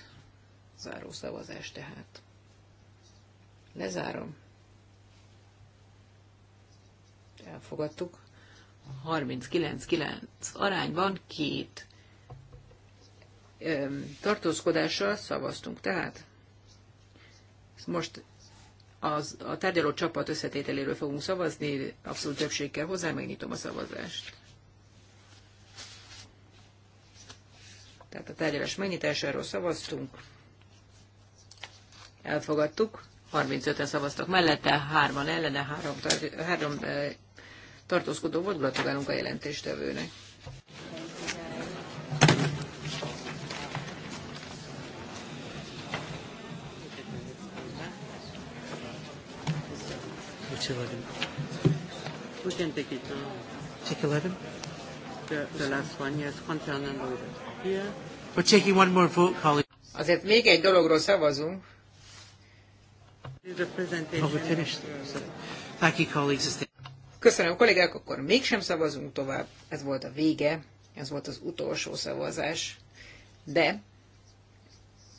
záró szavazást tehát. Lezárom. Elfogadtuk. 39-9 arányban két tartózkodással szavaztunk. Tehát most az, a tárgyaló csapat összetételéről fogunk szavazni, abszolút többséggel hozzá, megnyitom a szavazást. Tehát a tárgyalás megnyitásáról szavaztunk. Elfogadtuk. 35-en szavaztak mellette, 3-an ellene, 3, tar- 3 tartózkodó volt. Gratulálunk a jelentéstevőnek. Which 11? We can take it Take 11? The, the last one, yes, Hunter and Lloyd. Yeah. taking one more vote, colleague. Azért még egy dologról szavazunk. Oh, Köszönöm, kollégák, akkor mégsem szavazunk tovább. Ez volt a vége, ez volt az utolsó szavazás. De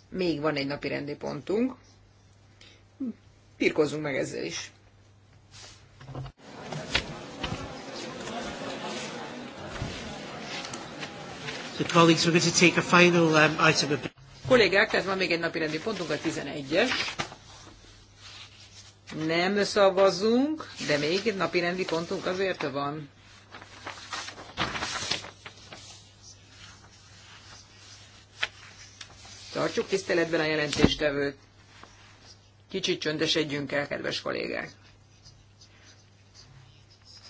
még van egy napi rendi pontunk. Pirkozzunk hm, meg ezzel is. The colleagues are going to take a final um, item of... Kollégák, ez van még egy napi rendi pontunk, a 11-es. Nem szavazunk, de még egy napi rendi pontunk azért van. Tartsuk tiszteletben a jelentéstevőt. Kicsit csöndesedjünk el, kedves kollégák.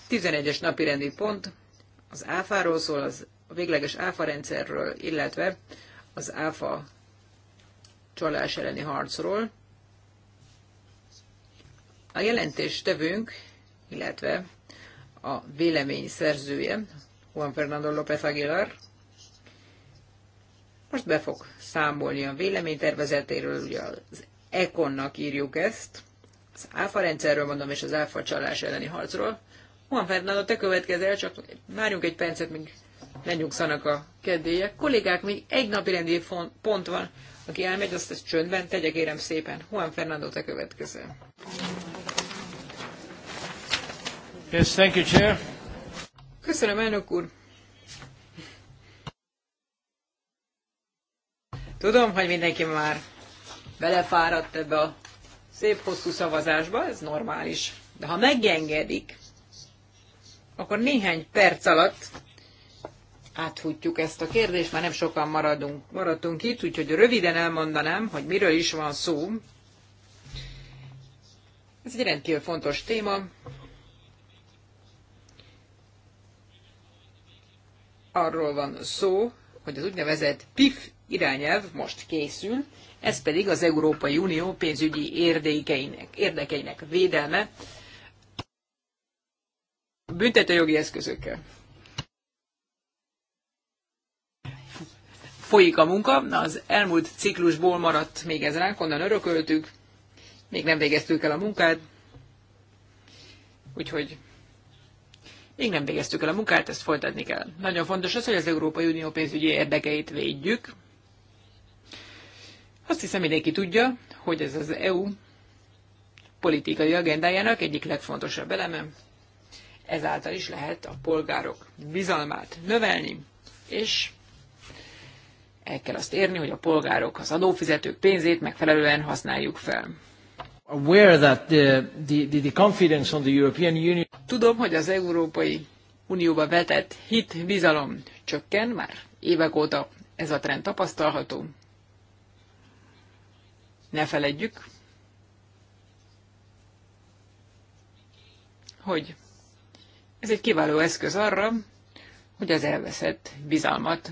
11-es napi rendi pont, az áfáról szól, az a végleges áfa rendszerről, illetve az áfa csalás elleni harcról. A jelentéstevőnk, illetve a vélemény szerzője, Juan Fernando López Aguilar, most be fog számolni a véleménytervezetéről, ugye az Econnak írjuk ezt, az áfa rendszerről mondom, és az áfa csalás elleni harcról. Juan Fernando, te következel, csak várjunk egy percet, még ne nyugszanak a kedélyek. Kollégák, még egy napi rendi pont van, aki elmegy, azt ezt csöndben tegye, kérem szépen. Juan Fernando, te következő. Yes, thank you, Chair. Köszönöm, elnök úr. Tudom, hogy mindenki már belefáradt ebbe a szép hosszú szavazásba, ez normális. De ha megengedik, akkor néhány perc alatt áthutjuk ezt a kérdést, már nem sokan maradunk, maradtunk itt, úgyhogy röviden elmondanám, hogy miről is van szó. Ez egy rendkívül fontos téma. Arról van szó, hogy az úgynevezett PIF irányelv most készül, ez pedig az Európai Unió pénzügyi érdekeinek, érdekeinek védelme büntetőjogi eszközökkel. folyik a munka, na az elmúlt ciklusból maradt még ez ránk, onnan örököltük, még nem végeztük el a munkát, úgyhogy még nem végeztük el a munkát, ezt folytatni kell. Nagyon fontos az, hogy az Európai Unió pénzügyi érdekeit védjük. Azt hiszem mindenki tudja, hogy ez az EU politikai agendájának egyik legfontosabb eleme. Ezáltal is lehet a polgárok bizalmát növelni, és el kell azt érni, hogy a polgárok, az adófizetők pénzét megfelelően használjuk fel. Tudom, hogy az Európai Unióba vetett hit, bizalom csökken, már évek óta ez a trend tapasztalható. Ne feledjük, hogy ez egy kiváló eszköz arra, hogy az elveszett bizalmat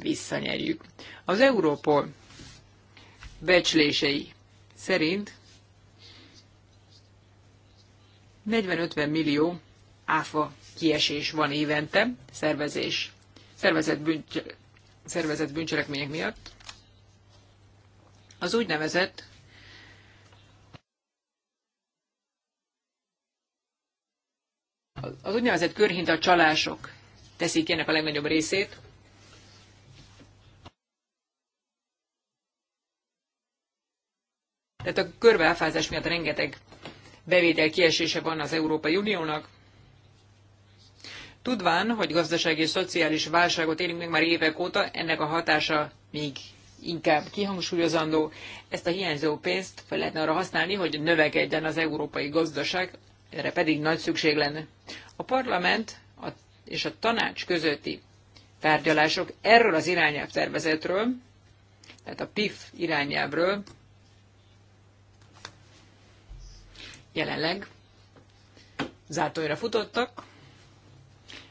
visszanyerjük. Az Európol becslései szerint 40-50 millió áfa kiesés van évente szervezés, szervezett, bűncse, szervezett bűncselekmények miatt. Az úgynevezett az úgynevezett körhinta csalások teszik ennek a legnagyobb részét. Tehát a körbeáfázás miatt rengeteg bevétel kiesése van az Európai Uniónak. Tudván, hogy gazdasági és szociális válságot élünk még már évek óta, ennek a hatása még inkább kihangsúlyozandó. Ezt a hiányzó pénzt fel lehetne arra használni, hogy növekedjen az európai gazdaság, erre pedig nagy szükség lenne. A parlament és a tanács közötti tárgyalások erről az irányelv tervezetről, tehát a PIF irányelvről jelenleg zátonyra futottak,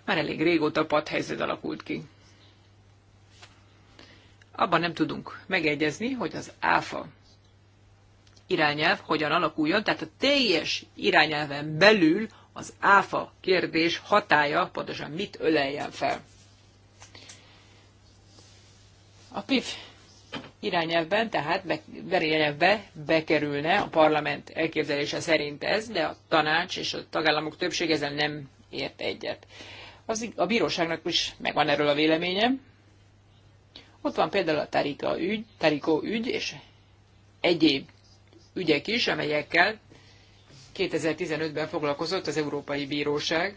már elég régóta padhelyzet alakult ki. Abban nem tudunk megegyezni, hogy az áfa irányelv hogyan alakuljon, tehát a teljes irányelven belül az áfa kérdés hatája pontosan mit öleljen fel. A PIF irányelvben, tehát be, bekerülne a parlament elképzelése szerint ez, de a tanács és a tagállamok többség ezzel nem ért egyet. Az, a bíróságnak is megvan erről a véleménye. Ott van például a Tarika ügy, Tarikó ügy és egyéb ügyek is, amelyekkel 2015-ben foglalkozott az Európai Bíróság.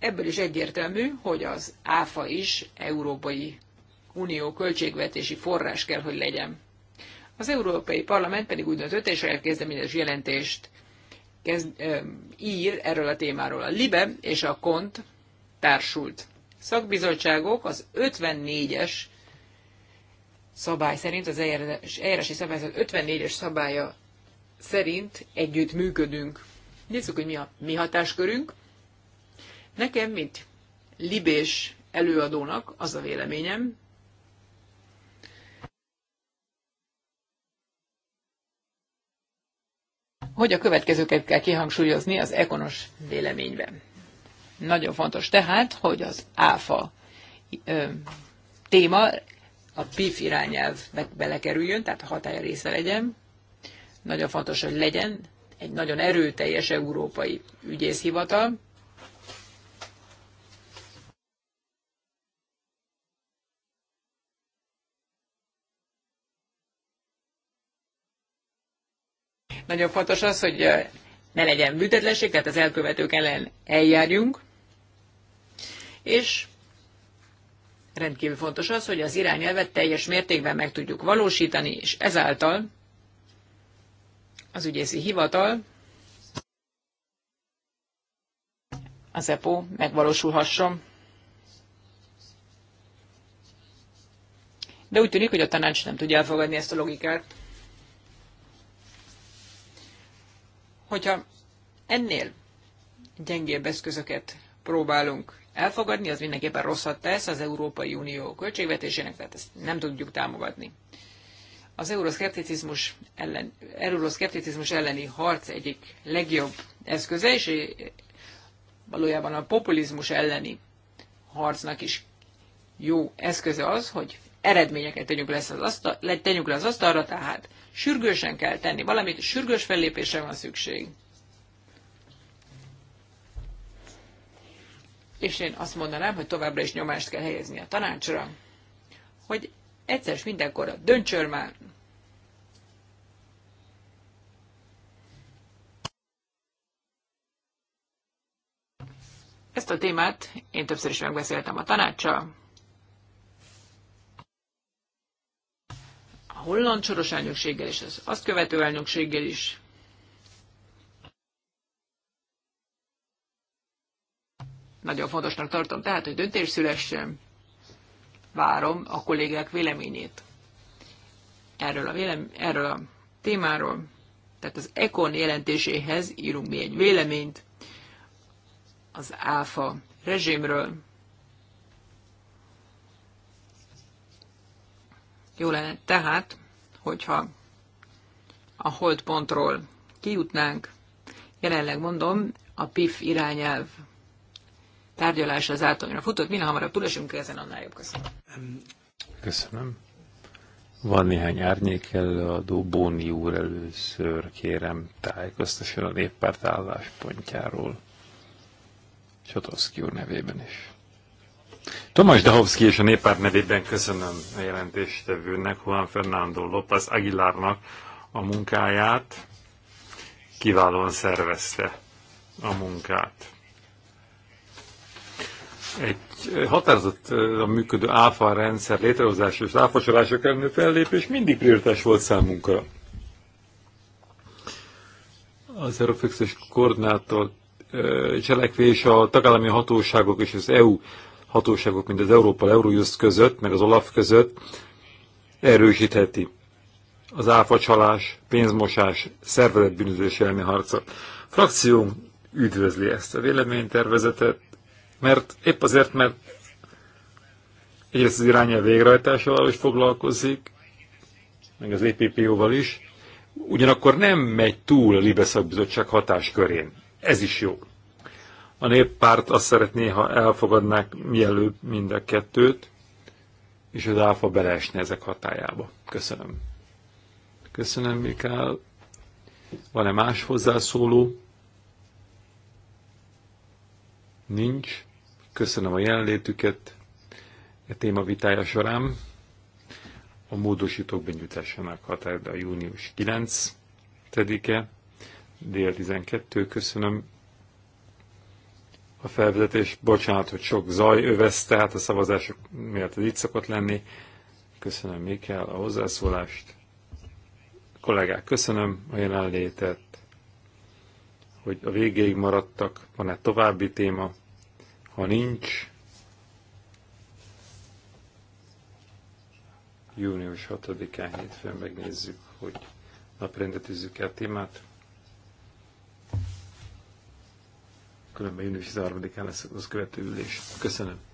Ebből is egyértelmű, hogy az ÁFA is Európai Unió költségvetési forrás kell, hogy legyen. Az Európai Parlament pedig úgy döntött, és elkezdeményes jelentést kezd, ír erről a témáról. A LIBE és a KONT társult szakbizottságok az 54-es szabály szerint, az eljárási szabályzat 54-es szabálya szerint együtt működünk. Nézzük, hogy mi a mi hatáskörünk. Nekem, mint libés előadónak az a véleményem, hogy a következőket kell kihangsúlyozni az ekonos véleményben. Nagyon fontos tehát, hogy az áfa ö, téma a PIF irányelv belekerüljön, tehát a hatája része legyen. Nagyon fontos, hogy legyen egy nagyon erőteljes európai ügyészhivatal, Nagyon fontos az, hogy eh, ne legyen büntetlenség, tehát az elkövetők ellen eljárjunk. És rendkívül fontos az, hogy az irányelvet teljes mértékben meg tudjuk valósítani, és ezáltal az ügyészi hivatal, az EPO megvalósulhasson. De úgy tűnik, hogy a tanács nem tudja elfogadni ezt a logikát. Hogyha ennél gyengébb eszközöket próbálunk elfogadni, az mindenképpen rosszat tesz az Európai Unió költségvetésének, tehát ezt nem tudjuk támogatni. Az euroszkepticizmus, ellen, euroszkepticizmus elleni harc egyik legjobb eszköze, és valójában a populizmus elleni harcnak is jó eszköze az, hogy eredményeket tegyünk, lesz az asztal, tegyünk le az asztalra, tehát Sürgősen kell tenni valamit, sürgős fellépésre van szükség. És én azt mondanám, hogy továbbra is nyomást kell helyezni a tanácsra, hogy egyszer és mindenkorra döntsön már, Ezt a témát én többször is megbeszéltem a tanácsra. a holland soros elnökséggel és az azt követő elnökséggel is. Nagyon fontosnak tartom tehát, hogy döntés szülessen. Várom a kollégák véleményét erről a, vélem, erről a témáról. Tehát az ECON jelentéséhez írunk mi egy véleményt az ÁFA rezsimről. Jó lenne tehát, hogyha a holdpontról kijutnánk. Jelenleg mondom, a PIF irányelv tárgyalás az általányra futott, minél hamarabb túlesünk ezen, annál jobb. Köszönöm. Köszönöm. Van néhány árnyék előadó, Bóni úr először kérem tájékoztasson a néppárt álláspontjáról. Csotoszki úr nevében is. Tomás Dahovszki és a néppárt nevében köszönöm a jelentéstevőnek, Juan Fernando López Aguilarnak a munkáját. Kiválóan szervezte a munkát. Egy határozott a működő áfa rendszer létrehozás és áfasolások elleni fellépés mindig prioritás volt számunkra. Az Eurofixes koordinátor cselekvés a tagállami hatóságok és az EU hatóságok, mint az Európa Eurojust között, meg az Olaf között erősítheti az áfacsalás, pénzmosás, szervezetbűnözés elleni harca. Frakcióm üdvözli ezt a véleménytervezetet, mert épp azért, mert egyrészt az a végrehajtásával is foglalkozik, meg az EPPO-val is, ugyanakkor nem megy túl a Libeszak Bizottság hatáskörén. Ez is jó. A néppárt azt szeretné, ha elfogadnák mielőbb mind a kettőt, és az áfa beleesne ezek hatájába. Köszönöm. Köszönöm, Mikál. Van-e más hozzászóló? Nincs. Köszönöm a jelenlétüket a e téma vitája során. A módosítók benyújtásának határa a június 9-e, dél 12. Köszönöm a felvezetés. Bocsánat, hogy sok zaj övezte, hát a szavazások miatt ez így szokott lenni. Köszönöm, Mikkel, a hozzászólást. Kollégák, köszönöm a jelenlétet, hogy a végéig maradtak. Van-e további téma? Ha nincs, június 6-án hétfőn megnézzük, hogy naprendetűzzük el témát. különben június 13-án lesz az követő ülés. Köszönöm.